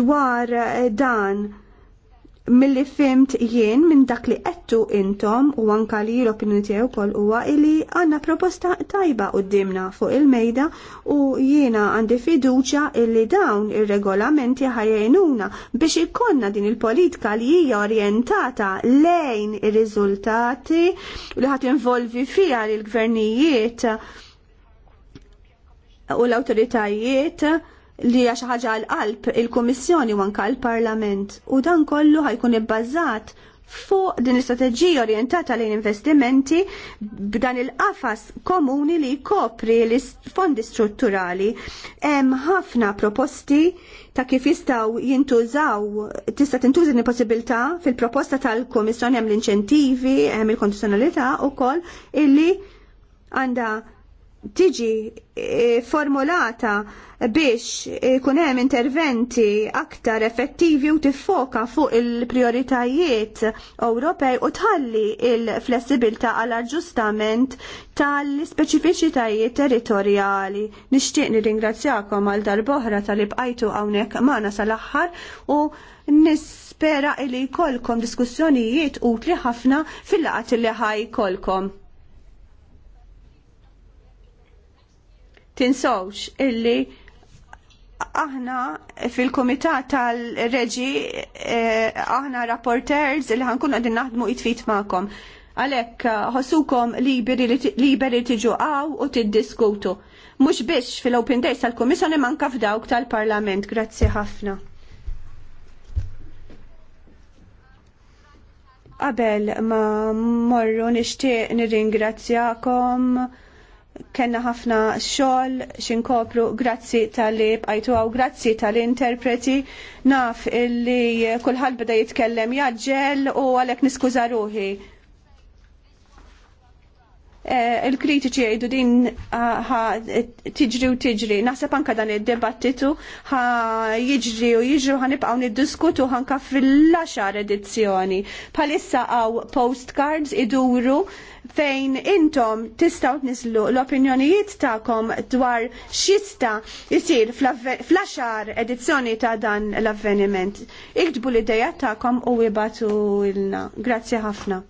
dwar dan Milli fimt jien minn dak li qettu intom u anka li l-opinjoni tiegħu wkoll huwa li għandna proposta tajba qudiemna fuq il-mejda u jiena għandi fiduċja illi dawn ir-regolamenti il ħajjejnuna biex ikonna din il-politika li hija orjentata lejn ir-riżultati li ħad involvi fiha l-gvernijiet u l-awtoritajiet li għax xi ħaġa għall-qalb il-Kummissjoni u anke l-Parlament u dan kollu ħajkun ibbażat fuq din l-istrateġija orjentata lejn investimenti b'dan il-qafas komuni li jkopri l-fondi strutturali. Hemm ħafna proposti ta' kif jistgħu jintużaw tista' tintuża din possibilità fil-proposta tal-Kummissjoni hemm l-inċentivi, hemm il-kondizzjonalità wkoll illi għandha tiġi eh, formulata biex ikun hemm interventi aktar effettivi u tiffoka fuq il-prioritajiet Ewropej u tħalli il-flessibilta għal aġġustament tal-speċifiċitajiet territorjali. Nixtieq nirringrazzjakom għal darbohra tal-ibqajtu hawnhekk magħna sal-aħħar u nispera li jkollkom diskussjonijiet utli ħafna fil-laqat li ħaj kolkom. tinsawx illi aħna fil-komitat tal-reġi eh, aħna rapporters li ħankun għadin naħdmu it-fit ma'kom. Għalek eh, ħosukom liberi tiġu għaw u tiddiskutu. Mux biex fil-Open Days tal-Komissjoni manka f'dawk tal-Parlament. Grazzi ħafna. Qabel ma morru nixtieq nirringrazzjakom kena ħafna xol xinkopru grazzi tal-li bqajtu għaw grazzi tal-interpreti naf illi kullħal beda jitkellem jaġġel u għalek niskuza ruħi. Eh, il-kritiċi jgħidu din ah, tiġri u tiġri. Naħseb anka dan id-debattitu ħa jiġri u jiġri u ħanibqaw niddiskutu ħanka fil-laxar edizzjoni. Palissa għaw postcards iduru fejn intom tistaw tnislu l-opinjonijiet ta'kom dwar xista jisir fl-axar edizzjoni ta' dan l-avveniment. Iktbu l-ideja ta'kom u ibatu ilna. Grazie ħafna.